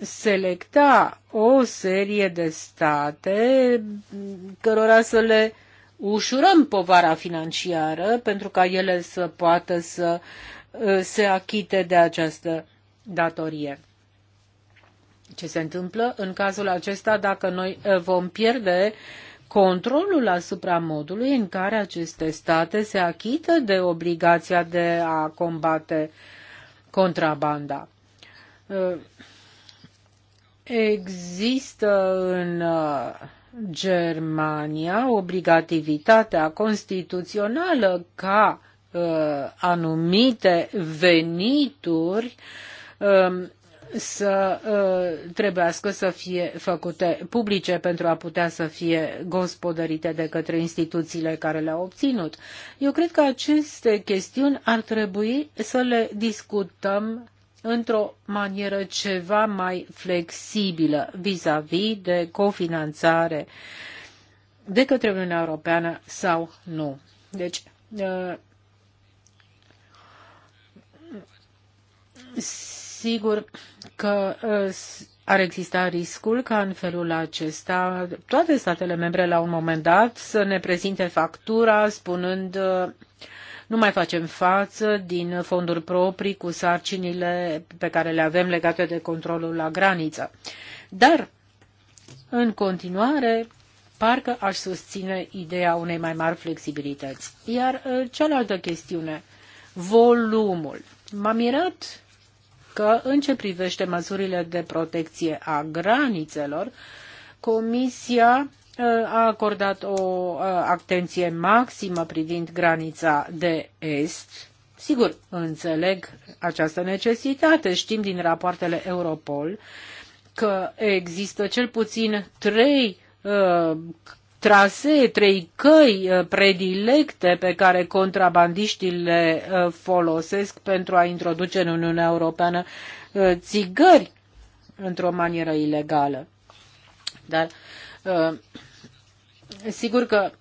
selecta o serie de state cărora să le ușurăm povara financiară pentru ca ele să poată să uh, Uh, se achite de această datorie. Ce se întâmplă în cazul acesta dacă noi uh, vom pierde controlul asupra modului în care aceste state se achită de obligația de a combate contrabanda? Uh, există în Germania obligativitatea constituțională ca Uh, anumite venituri um, să uh, trebuiască să fie făcute publice pentru a putea să fie gospodărite de către instituțiile care le-au obținut. Eu cred că aceste chestiuni ar trebui să le discutăm într-o manieră ceva mai flexibilă vis-a-vis -vis de cofinanțare de către Uniunea Europeană sau nu. Deci, uh, Sigur că uh, ar exista riscul ca în felul acesta toate statele membre la un moment dat să ne prezinte factura spunând uh, nu mai facem față din fonduri proprii cu sarcinile pe care le avem legate de controlul la graniță. Dar, în continuare, parcă aș susține ideea unei mai mari flexibilități. Iar uh, cealaltă chestiune, volumul. M-a mirat că în ce privește măsurile de protecție a granițelor, Comisia uh, a acordat o uh, atenție maximă privind granița de est. Sigur, înțeleg această necesitate. Știm din rapoartele Europol că există cel puțin trei uh, trasee, trei căi uh, predilecte pe care contrabandiștii le uh, folosesc pentru a introduce în Uniunea Europeană uh, țigări într-o manieră ilegală. Dar sigur că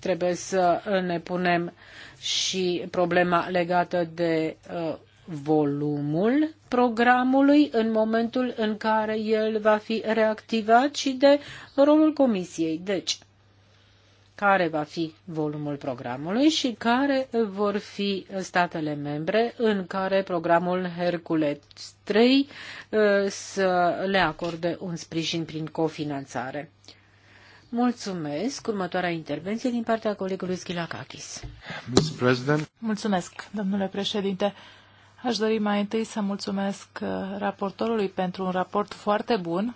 trebuie să ne punem și problema legată de volumul programului în momentul în care el va fi reactivat și de rolul comisiei. Deci, care va fi volumul programului și care vor fi statele membre în care programul Hercule 3 uh, să le acorde un sprijin prin cofinanțare. Mulțumesc. Următoarea intervenție din partea colegului Schilacakis. Mulțumesc, domnule președinte. Aș dori mai întâi să mulțumesc uh, raportorului pentru un raport foarte bun.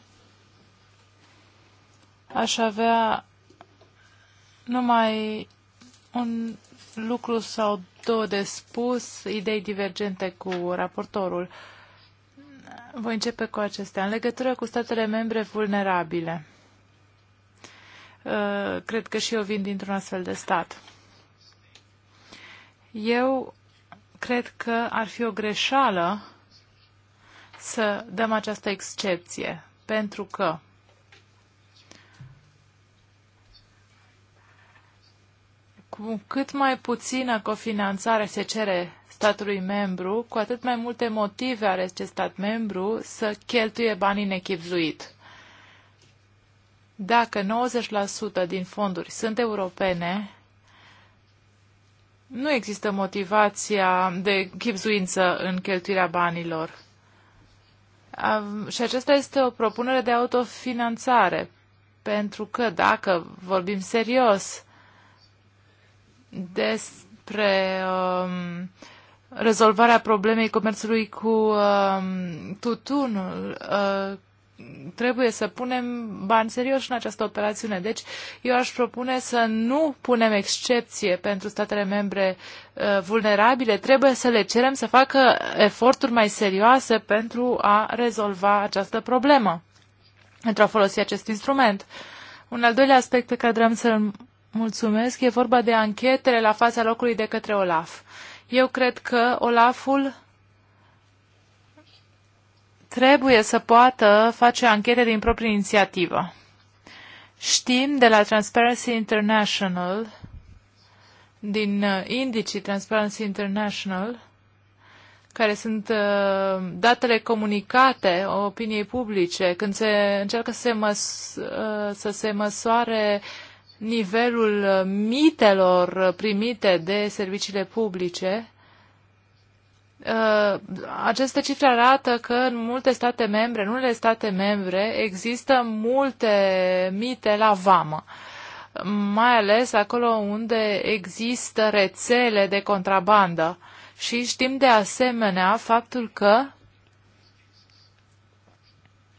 Aș avea numai un lucru sau două de spus, idei divergente cu raportorul. Voi începe cu acestea. În legătură cu statele membre vulnerabile, uh, cred că și eu vin dintr-un astfel de stat. Eu cred că ar fi o greșeală să dăm această excepție, pentru că cu cât mai puțină cofinanțare se cere statului membru, cu atât mai multe motive are acest stat membru să cheltuie banii nechipzuit. Dacă 90% din fonduri sunt europene, nu există motivația de chipzuință în cheltuirea banilor. Și aceasta este o propunere de autofinanțare, pentru că dacă vorbim serios despre um, rezolvarea problemei comerțului cu um, tutunul, uh, trebuie să punem bani serioși în această operațiune. Deci eu aș propune să nu punem excepție pentru statele membre uh, vulnerabile. Trebuie să le cerem să facă eforturi mai serioase pentru a rezolva această problemă, pentru a folosi acest instrument. Un al doilea aspect pe care vreau să-l mulțumesc e vorba de anchetele la fața locului de către OLAF. Eu cred că OLAF-ul trebuie să poată face anchete din proprie inițiativă. Știm de la Transparency International, din uh, indicii Transparency International, care sunt uh, datele comunicate opiniei publice, când se încearcă să se, măs- uh, să se măsoare nivelul mitelor primite de serviciile publice, Uh, aceste cifre arată că în multe state membre, în unele state membre, există multe mite la vamă mai ales acolo unde există rețele de contrabandă. Și știm de asemenea faptul că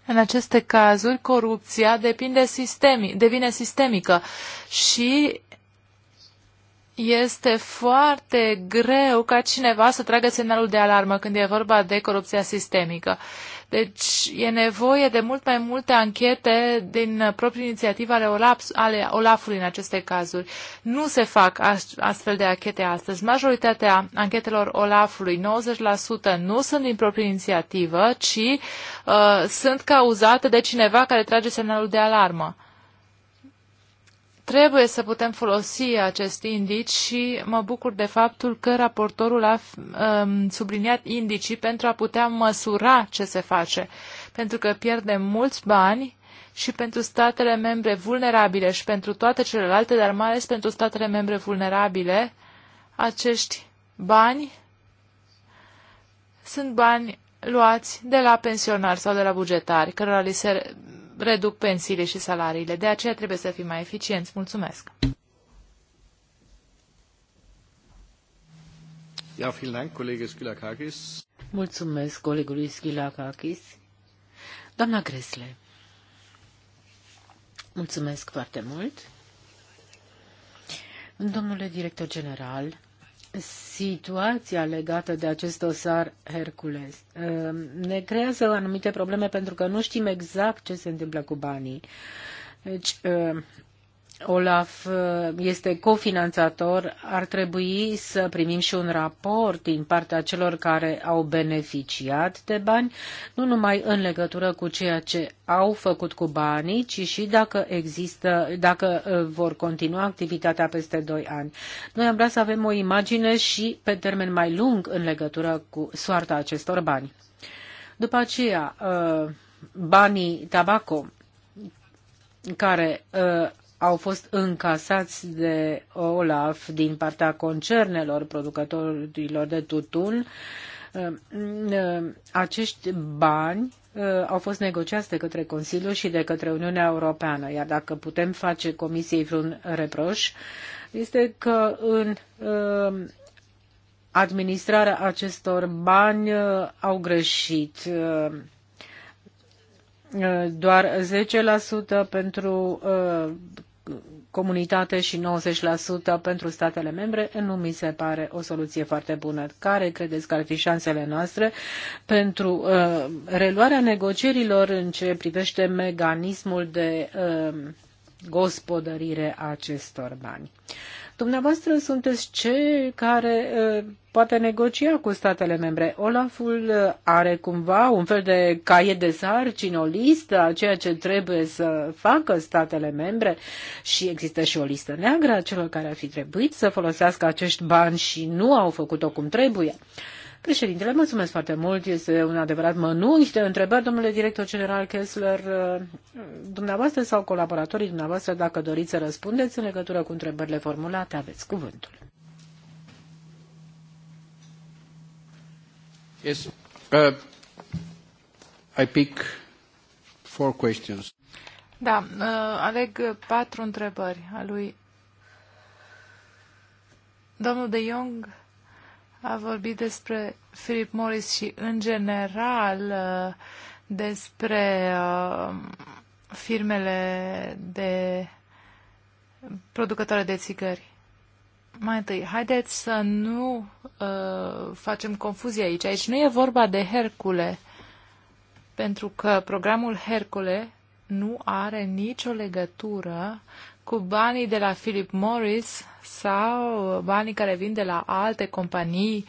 în aceste cazuri corupția depinde sistemi, devine sistemică și este foarte greu ca cineva să tragă semnalul de alarmă când e vorba de corupția sistemică. Deci e nevoie de mult mai multe anchete din proprie inițiativă ale, Olaf, ale Olafului în aceste cazuri. Nu se fac astfel de anchete astăzi. Majoritatea anchetelor Olafului, 90%, nu sunt din proprie inițiativă, ci uh, sunt cauzate de cineva care trage semnalul de alarmă. Trebuie să putem folosi acest indici și mă bucur de faptul că raportorul a um, subliniat indicii pentru a putea măsura ce se face, pentru că pierdem mulți bani și pentru statele membre vulnerabile și pentru toate celelalte, dar mai ales pentru statele membre vulnerabile, acești bani sunt bani luați de la pensionari sau de la bugetari, cărora li se reduc pensiile și salariile. De aceea trebuie să fim mai eficienți. Mulțumesc! Ja, vielen Dank, Kollege Skylakakis. Mulțumesc colegului Schilacachis. Doamna Gresle, mulțumesc foarte mult. Domnule director general, situația legată de acest dosar Hercules ehm, ne creează anumite probleme pentru că nu știm exact ce se întâmplă cu banii. Deci, ehm, Olaf uh, este cofinanțator, ar trebui să primim și un raport din partea celor care au beneficiat de bani, nu numai în legătură cu ceea ce au făcut cu banii, ci și dacă există, dacă uh, vor continua activitatea peste doi ani. Noi am vrea să avem o imagine și pe termen mai lung în legătură cu soarta acestor bani. După aceea, uh, banii tabaco care au fost încasați de Olaf din partea concernelor producătorilor de tutun, acești bani uh, au fost negociați de către Consiliu și de către Uniunea Europeană. Iar dacă putem face Comisiei vreun reproș, este că în uh, administrarea acestor bani uh, au greșit doar 10% pentru comunitate și 90% pentru statele membre, nu mi se pare o soluție foarte bună. Care credeți că ar fi șansele noastre pentru uh, reluarea negocierilor în ce privește mecanismul de uh, gospodărire a acestor bani? Dumneavoastră sunteți cei care poate negocia cu statele membre. Olaful are cumva un fel de caiet de sarcini, o listă a ceea ce trebuie să facă statele membre și există și o listă neagră a celor care ar fi trebuit să folosească acești bani și nu au făcut-o cum trebuie. Uh, Președintele, mulțumesc foarte mult. Este un adevărat mănunchi de întrebări, domnule director general Kessler. Dumneavoastră sau colaboratorii dumneavoastră, dacă doriți să răspundeți în legătură cu întrebările formulate, aveți cuvântul. Yes. Uh, I pick four questions. Da, uh, aleg patru întrebări a lui domnul de Jong a vorbit despre Philip Morris și, în general, uh, despre uh, firmele de producătoare de țigări. Mai întâi, haideți să nu uh, facem confuzie aici. Aici nu e vorba de Hercule, pentru că programul Hercule nu are nicio legătură cu banii de la Philip Morris sau banii care vin de la alte companii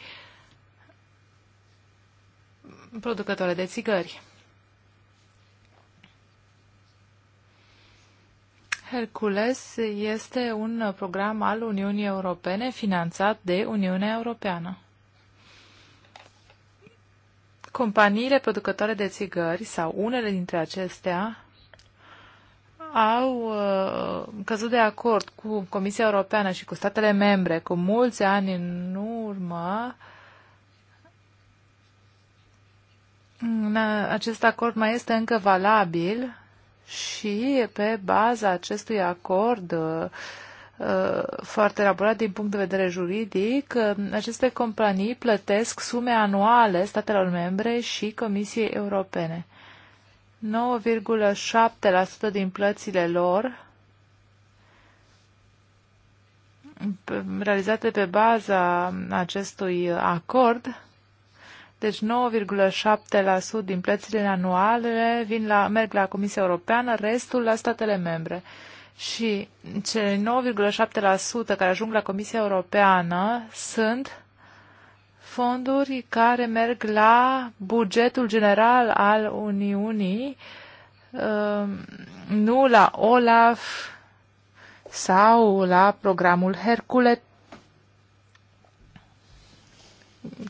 producătoare de țigări. Hercules este un program al Uniunii Europene finanțat de Uniunea Europeană. Companiile producătoare de țigări sau unele dintre acestea au uh, căzut de acord cu Comisia Europeană și cu statele membre cu mulți ani în urmă, acest acord mai este încă valabil și pe baza acestui acord uh, uh, foarte elaborat din punct de vedere juridic, aceste companii plătesc sume anuale statelor membre și Comisiei Europene. 9,7% din plățile lor realizate pe baza acestui acord, deci 9,7% din plățile anuale vin la, merg la Comisia Europeană, restul la statele membre. Și cele 9,7% care ajung la Comisia Europeană sunt fonduri care merg la bugetul general al Uniunii, um, nu la OLAF sau la programul Hercule.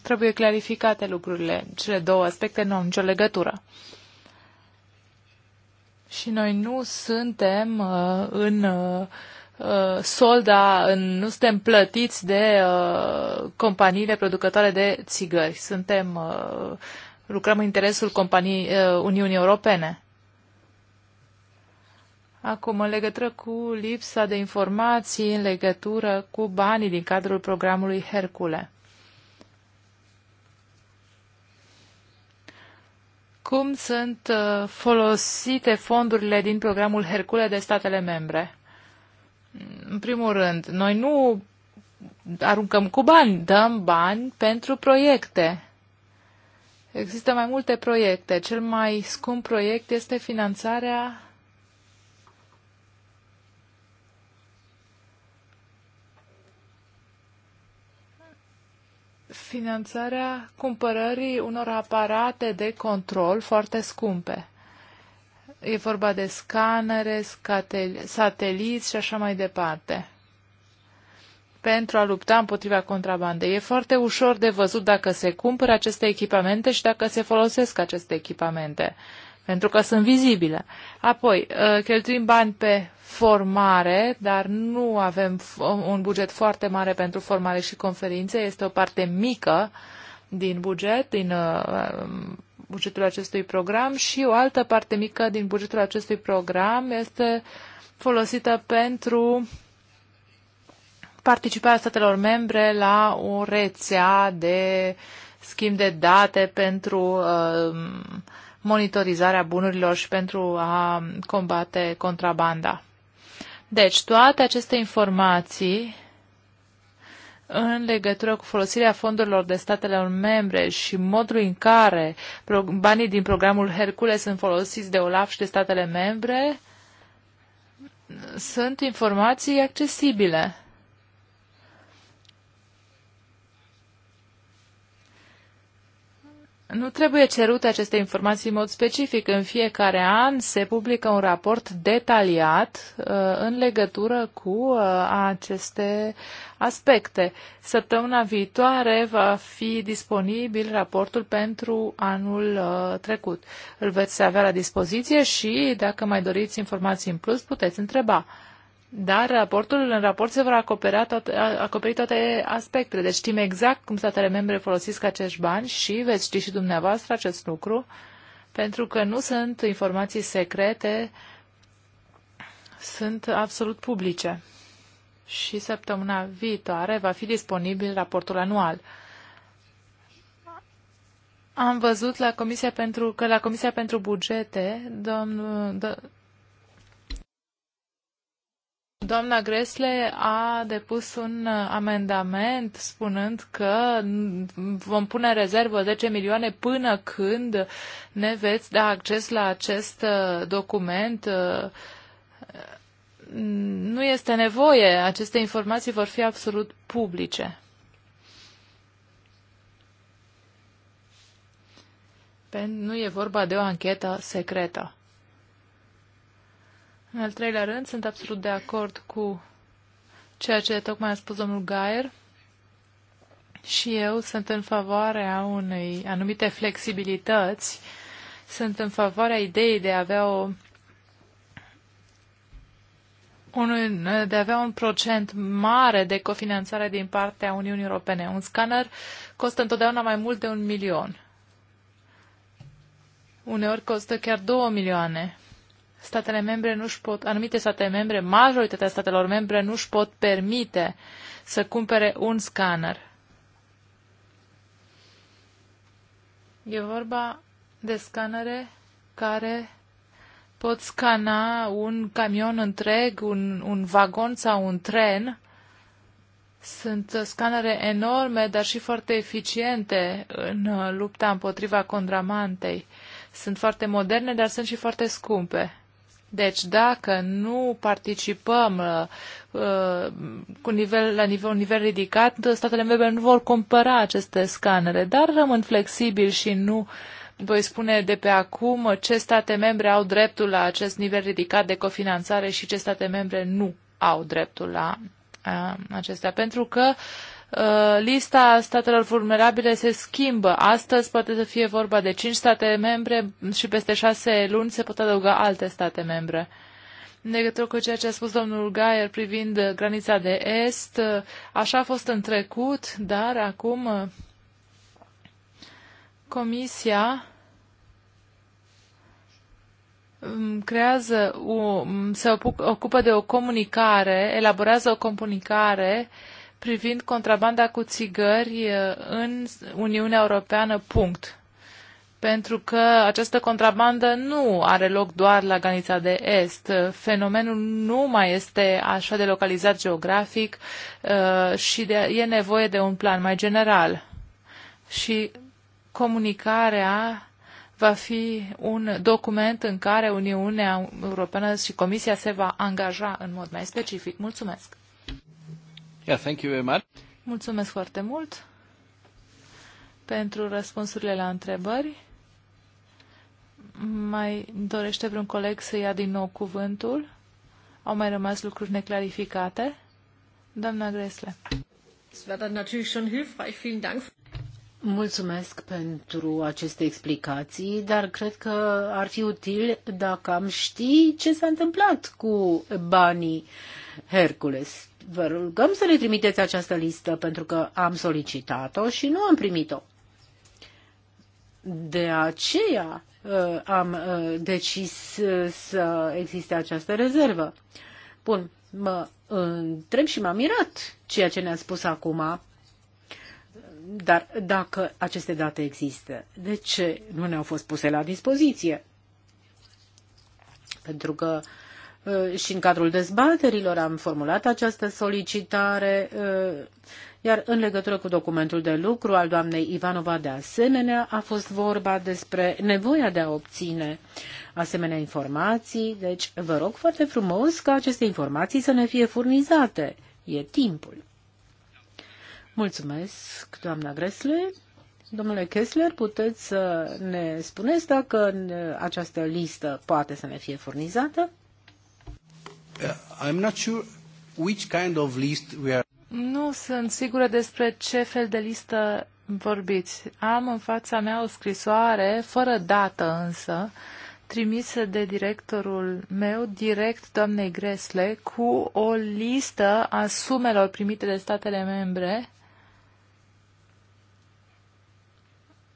Trebuie clarificate lucrurile. Cele două aspecte nu au nicio legătură. Și noi nu suntem uh, în uh, Uh, solda, în, nu suntem plătiți de uh, companiile producătoare de țigări. Suntem, uh, lucrăm în interesul companii, uh, Uniunii Europene. Acum, în legătură cu lipsa de informații în legătură cu banii din cadrul programului Hercule. Cum sunt uh, folosite fondurile din programul Hercule de statele membre? În primul rând, noi nu aruncăm cu bani, dăm bani pentru proiecte. Există mai multe proiecte. Cel mai scump proiect este finanțarea finanțarea cumpărării unor aparate de control foarte scumpe. E vorba de scanere, sateliți și așa mai departe pentru a lupta împotriva contrabandei. E foarte ușor de văzut dacă se cumpără aceste echipamente și dacă se folosesc aceste echipamente, pentru că sunt vizibile. Apoi, ă, cheltuim bani pe formare, dar nu avem un buget foarte mare pentru formare și conferințe, este o parte mică din buget, din ă, bugetul acestui program și o altă parte mică din bugetul acestui program este folosită pentru participarea statelor membre la o rețea de schimb de date pentru uh, monitorizarea bunurilor și pentru a combate contrabanda. Deci, toate aceste informații în legătură cu folosirea fondurilor de statele membre și modul în care banii din programul Hercule sunt folosiți de OLAF și de statele membre, sunt informații accesibile. Nu trebuie cerute aceste informații în mod specific. În fiecare an se publică un raport detaliat uh, în legătură cu uh, aceste aspecte. Săptămâna viitoare va fi disponibil raportul pentru anul uh, trecut. Îl veți avea la dispoziție și, dacă mai doriți informații în plus, puteți întreba. Dar raportul, în raport se vor acoperi toate, acoperi toate aspectele. Deci știm exact cum statele membre folosesc acești bani și veți ști și dumneavoastră acest lucru, pentru că nu sunt informații secrete, sunt absolut publice. Și săptămâna viitoare va fi disponibil raportul anual. Am văzut la Comisia pentru, că la Comisia pentru Bugete, domnul, Doamna Gresle a depus un amendament spunând că vom pune în rezervă 10 milioane până când ne veți da acces la acest uh, document. Uh, nu este nevoie, aceste informații vor fi absolut publice. Nu e vorba de o anchetă secretă. În al treilea rând, sunt absolut de acord cu ceea ce tocmai a spus domnul Gaier și eu sunt în favoarea unei anumite flexibilități, sunt în favoarea ideii de a avea o un, de a avea un procent mare de cofinanțare din partea Uniunii Europene. Un scanner costă întotdeauna mai mult de un milion. Uneori costă chiar două milioane statele membre nu își pot, anumite state membre, majoritatea statelor membre nu își pot permite să cumpere un scanner. E vorba de scanere care pot scana un camion întreg, un, un vagon sau un tren. Sunt scanere enorme, dar și foarte eficiente în lupta împotriva contramantei. Sunt foarte moderne, dar sunt și foarte scumpe. Deci dacă nu participăm uh, uh, cu nivel, la nivel, un nivel ridicat, statele membre nu vor cumpăra aceste scanere, dar rămân flexibili și nu voi spune de pe acum ce state membre au dreptul la acest nivel ridicat de cofinanțare și ce state membre nu au dreptul la uh, acestea. Pentru că uh, Uh, lista statelor vulnerabile se schimbă. Astăzi poate să fie vorba de 5 state membre și peste 6 luni se pot adăuga alte state membre. În legătură cu ceea ce a spus domnul Gaier privind granița de est, uh, așa a fost în trecut, dar acum uh, Comisia um, creează, o, um, se ocupă de o comunicare, elaborează o comunicare uh, privind contrabanda cu țigări uh, în Uniunea Europeană, punct. Pentru că această contrabandă nu are loc doar la granița de est. Fenomenul nu mai este așa de localizat geografic uh, și de, e nevoie de un plan mai general. Și comunicarea va fi un document în care Uniunea Europeană și Comisia se va angaja în mod mai specific. Mulțumesc! Yeah, thank you very much. Mulțumesc foarte mult pentru răspunsurile la întrebări. Mai dorește vreun coleg să ia din nou cuvântul? Au mai rămas lucruri neclarificate? Doamna Gresle. Mulțumesc pentru aceste explicații, dar cred că ar fi util dacă am ști ce s-a întâmplat cu banii Hercules. Vă rugăm să ne trimiteți această listă pentru că am solicitat-o și nu am primit-o. De aceea uh, am uh, decis uh, să existe această rezervă. Bun, mă întreb și m-am mirat ceea ce ne-a spus acum, dar dacă aceste date există, de ce nu ne-au fost puse la dispoziție? Pentru că uh, Uh, și în cadrul dezbaterilor am formulat această solicitare, uh, iar în legătură cu documentul de lucru al doamnei Ivanova de asemenea a fost vorba despre nevoia de a obține asemenea informații, deci vă rog foarte frumos ca aceste informații să ne fie furnizate. E timpul. Mulțumesc, doamna Gresle. Domnule Kessler, puteți să ne spuneți dacă uh, această listă poate să ne fie furnizată? Uh, I'm not sure which kind of list we are... Nu sunt sigură despre ce fel de listă vorbiți. Am în fața mea o scrisoare, fără dată însă, trimisă de directorul meu direct doamnei Gresle cu o listă a sumelor primite de statele membre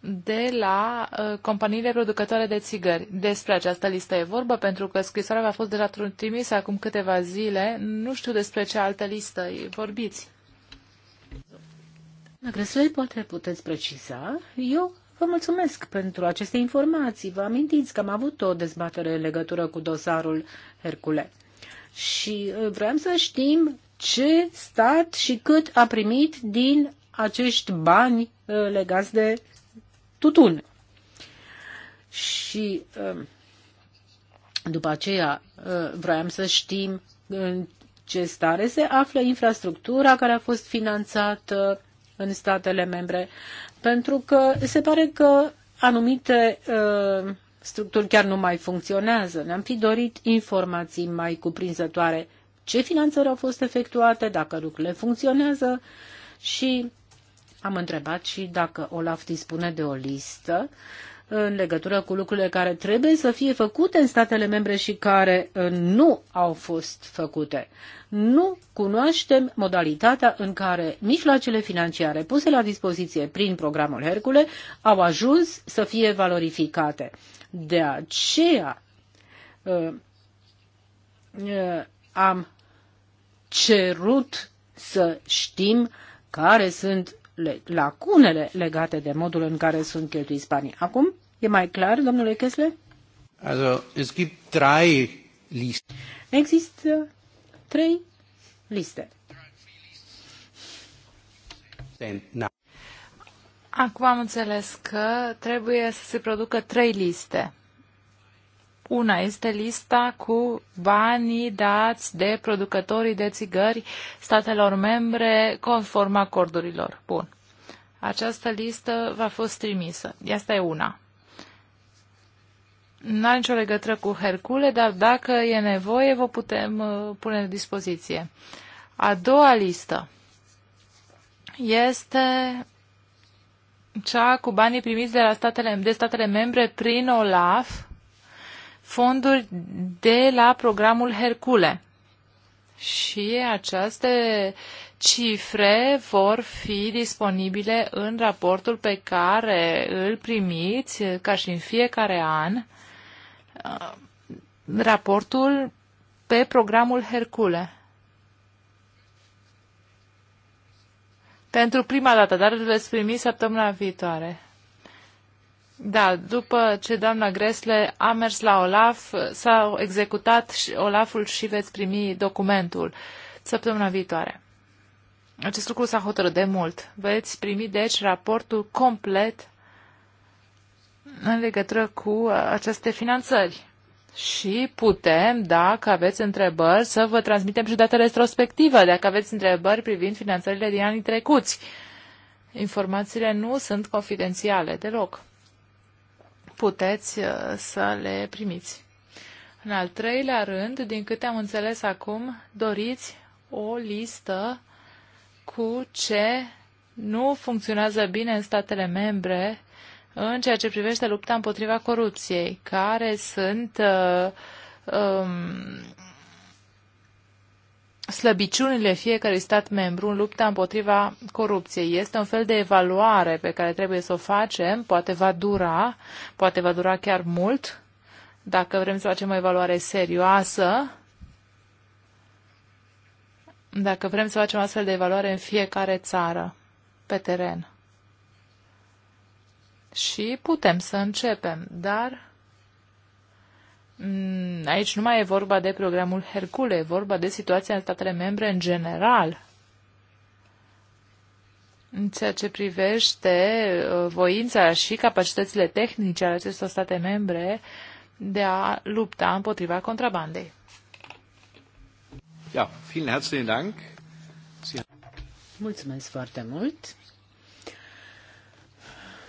de la uh, companiile producătoare de țigări. Despre această listă e vorba, pentru că scrisoarea a fost deja trimisă acum câteva zile. Nu știu despre ce altă listă vorbiți. Agresul, poate puteți preciza. Eu Vă mulțumesc pentru aceste informații. Vă amintiți că am avut o dezbatere în legătură cu dosarul Hercule. Și uh, vrem să știm ce stat și cât a primit din acești bani uh, legați de tutun. Și um, după aceea uh, vroiam să știm în ce stare se află infrastructura care a fost finanțată în statele membre, pentru că se pare că anumite uh, structuri chiar nu mai funcționează. Ne-am fi dorit informații mai cuprinzătoare ce finanțări au fost efectuate, dacă lucrurile funcționează și am întrebat și dacă Olaf dispune de o listă în legătură cu lucrurile care trebuie să fie făcute în statele membre și care uh, nu au fost făcute. Nu cunoaștem modalitatea în care mijloacele financiare puse la dispoziție prin programul Hercule au ajuns să fie valorificate. De aceea uh, uh, am cerut să știm care sunt lacunele legate de modul în care sunt cheltuiți banii. Acum, e mai clar, domnule Kessler? Also, es gibt drei liste. Există trei liste. Acum am înțeles că trebuie să se producă trei liste. Una este lista cu banii dați de producătorii de țigări statelor membre conform acordurilor. Bun. Această listă va fost trimisă. Asta e una. N-are nicio legătură cu Hercule, dar dacă e nevoie, vă putem uh, pune la dispoziție. A doua listă este cea cu banii primiți de, la statele, de statele membre prin OLAF fonduri de la programul Hercule. Și aceste cifre vor fi disponibile în raportul pe care îl primiți, ca și în fiecare an, raportul pe programul Hercule. Pentru prima dată, dar îl veți primi săptămâna viitoare. Da, după ce doamna Gresle a mers la Olaf, s-au executat și Olaful și veți primi documentul săptămâna viitoare. Acest lucru s-a hotărât de mult. Veți primi, deci, raportul complet în legătură cu uh, aceste finanțări. Și putem, dacă aveți întrebări, să vă transmitem și data retrospectivă, dacă aveți întrebări privind finanțările din anii trecuți. Informațiile nu sunt confidențiale deloc puteți uh, să le primiți. În al treilea rând, din câte am înțeles acum, doriți o listă cu ce nu funcționează bine în statele membre în ceea ce privește lupta împotriva corupției, care sunt uh, um, slăbiciunile fiecărui stat membru în lupta împotriva corupției. Este un fel de evaluare pe care trebuie să o facem, poate va dura, poate va dura chiar mult, dacă vrem să facem o evaluare serioasă, dacă vrem să facem astfel de evaluare în fiecare țară, pe teren. Și putem să începem, dar Mm, aici nu mai e vorba de programul Hercule, e vorba de situația în statele membre în general. În ceea ce privește uh, voința și capacitățile tehnice ale acestor state membre de a lupta împotriva contrabandei. Ja, vielen herzlichen Dank. Sie... Mulțumesc foarte mult.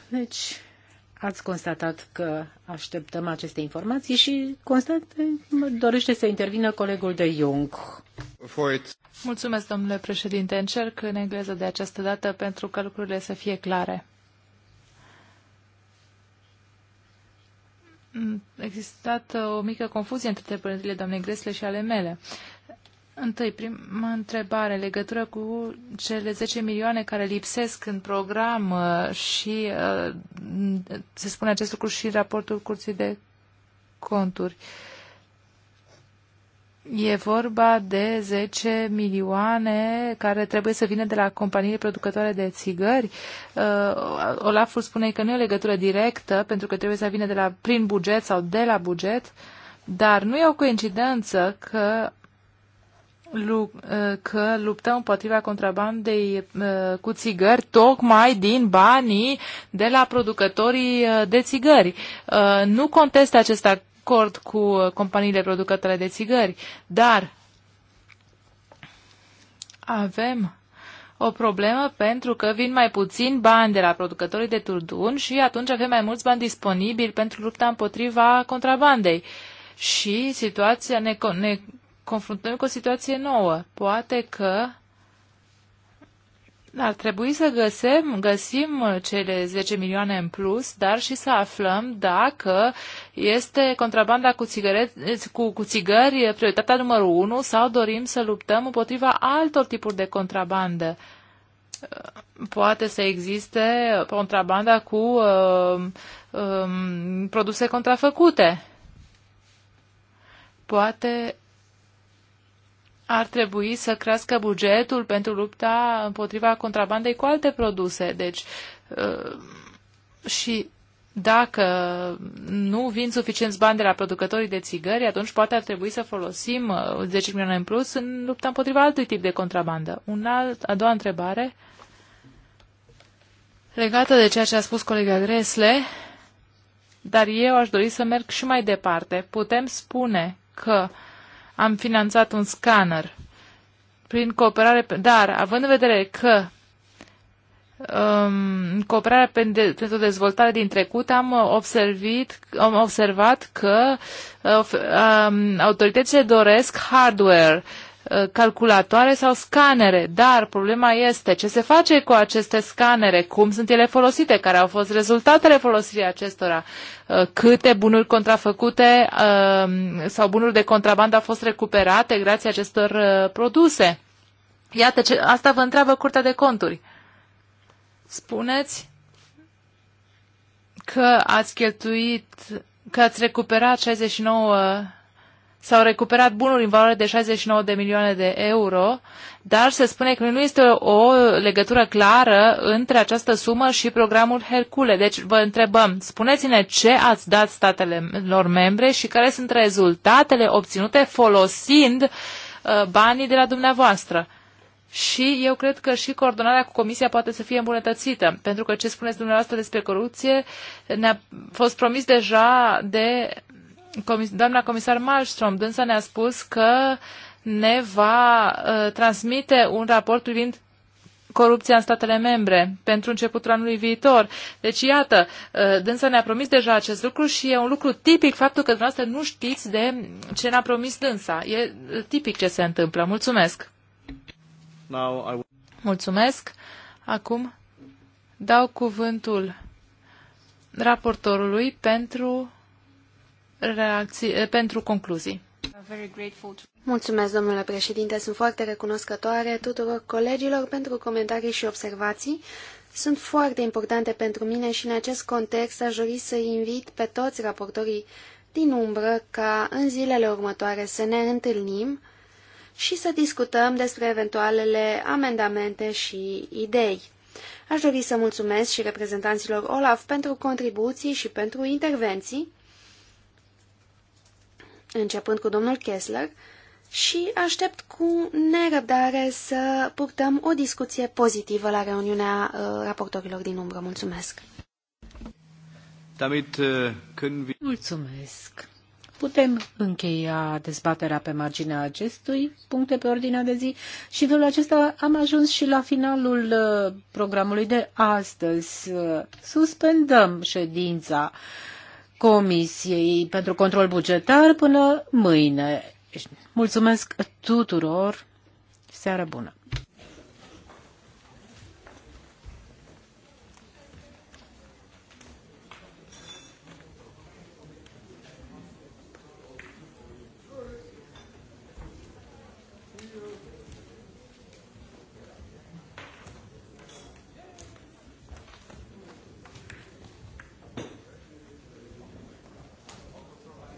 Deci, Ați constatat că așteptăm aceste informații și constat dorește să intervină colegul de Jung. Mulțumesc, domnule președinte. Încerc în engleză de această dată pentru că lucrurile să fie clare. Mm, existat uh, o mică confuzie între părintele doamnei Gresle și ale mele. Întâi, prima întrebare, legătură cu cele 10 milioane care lipsesc în program uh, și uh, se spune acest lucru și în raportul Curții de Conturi. E vorba de 10 milioane care trebuie să vină de la companiile producătoare de țigări. Uh, Olaful spune că nu e o legătură directă pentru că trebuie să vină de la, prin buget sau de la buget, dar nu e o coincidență că Uh, că luptăm împotriva contrabandei uh, cu țigări tocmai din banii de la producătorii uh, de țigări. Nu contestă acest acord cu companiile producătoare de țigări, dar avem o problemă pentru că vin mai puțin bani de la producătorii de turdun și atunci avem mai mulți bani disponibili pentru lupta împotriva contrabandei. Și situația ne, ne confruntăm cu o situație nouă. Poate că ar trebui să găsim, găsim cele 10 milioane în plus, dar și să aflăm dacă este contrabanda cu, țigăre, cu, cu țigări prioritatea numărul 1 sau dorim să luptăm împotriva altor tipuri de contrabandă. Poate să existe contrabanda cu uh, um, produse contrafăcute. Poate ar trebui să crească bugetul pentru lupta împotriva contrabandei cu alte produse. Deci, uh, și dacă nu vin suficienți bani de la producătorii de țigări, atunci poate ar trebui să folosim 10 uh, milioane în plus în lupta împotriva altui tip de contrabandă. Un alt, a doua întrebare, legată de ceea ce a spus colega Gresle, dar eu aș dori să merg și mai departe. Putem spune că uh, am finanțat un scanner prin cooperare, dar având în vedere că um, cooperarea pentru dezvoltare din trecut am uh, observit, am observat că uh, um, autoritățile doresc hardware Uh, calculatoare sau scanere, dar problema este ce se face cu aceste scanere, cum sunt ele folosite, care au fost rezultatele folosirii acestora, uh, câte bunuri contrafăcute uh, sau bunuri de contrabandă au fost recuperate grație acestor produse. Iată, ce, asta vă întreabă Curtea de Conturi. Spuneți că ați cheltuit, că ați recuperat 69 s-au recuperat bunuri în valoare de 69 de milioane de euro, dar se spune că nu este o legătură clară între această sumă și programul Hercule. Deci vă întrebăm, spuneți-ne ce ați dat statelor membre și care sunt rezultatele obținute folosind uh, banii de la dumneavoastră. Și eu cred că și coordonarea cu Comisia poate să fie îmbunătățită, pentru că ce spuneți dumneavoastră despre corupție ne-a fost promis deja de doamna comisar Malmström, dânsa ne-a spus că ne va uh, transmite un raport privind corupția în statele membre pentru începutul anului viitor. Deci, iată, uh, dânsa ne-a promis deja acest lucru și e un lucru tipic faptul că dumneavoastră nu știți de ce ne-a promis dânsa. E uh, tipic ce se întâmplă. Mulțumesc! Now I... Mulțumesc! Acum dau cuvântul raportorului pentru reacții, eh, pentru concluzii. Mulțumesc, domnule președinte. Sunt foarte recunoscătoare tuturor colegilor pentru comentarii și observații. Sunt foarte importante pentru mine și în acest context aș dori să invit pe toți raportorii din umbră ca în zilele următoare să ne întâlnim și să discutăm despre eventualele amendamente și idei. Aș dori să mulțumesc și reprezentanților OLAF pentru contribuții și pentru intervenții începând cu domnul Kessler, și aștept cu nerăbdare să purtăm o discuție pozitivă la reuniunea uh, raportorilor din umbră. Mulțumesc! Uh, Mulțumesc! Putem încheia dezbaterea pe marginea acestui puncte pe ordinea de zi și felul acesta am ajuns și la finalul uh, programului de astăzi. Suspendăm ședința. Comisiei pentru Control Bugetar până mâine. Mulțumesc tuturor. Seară bună!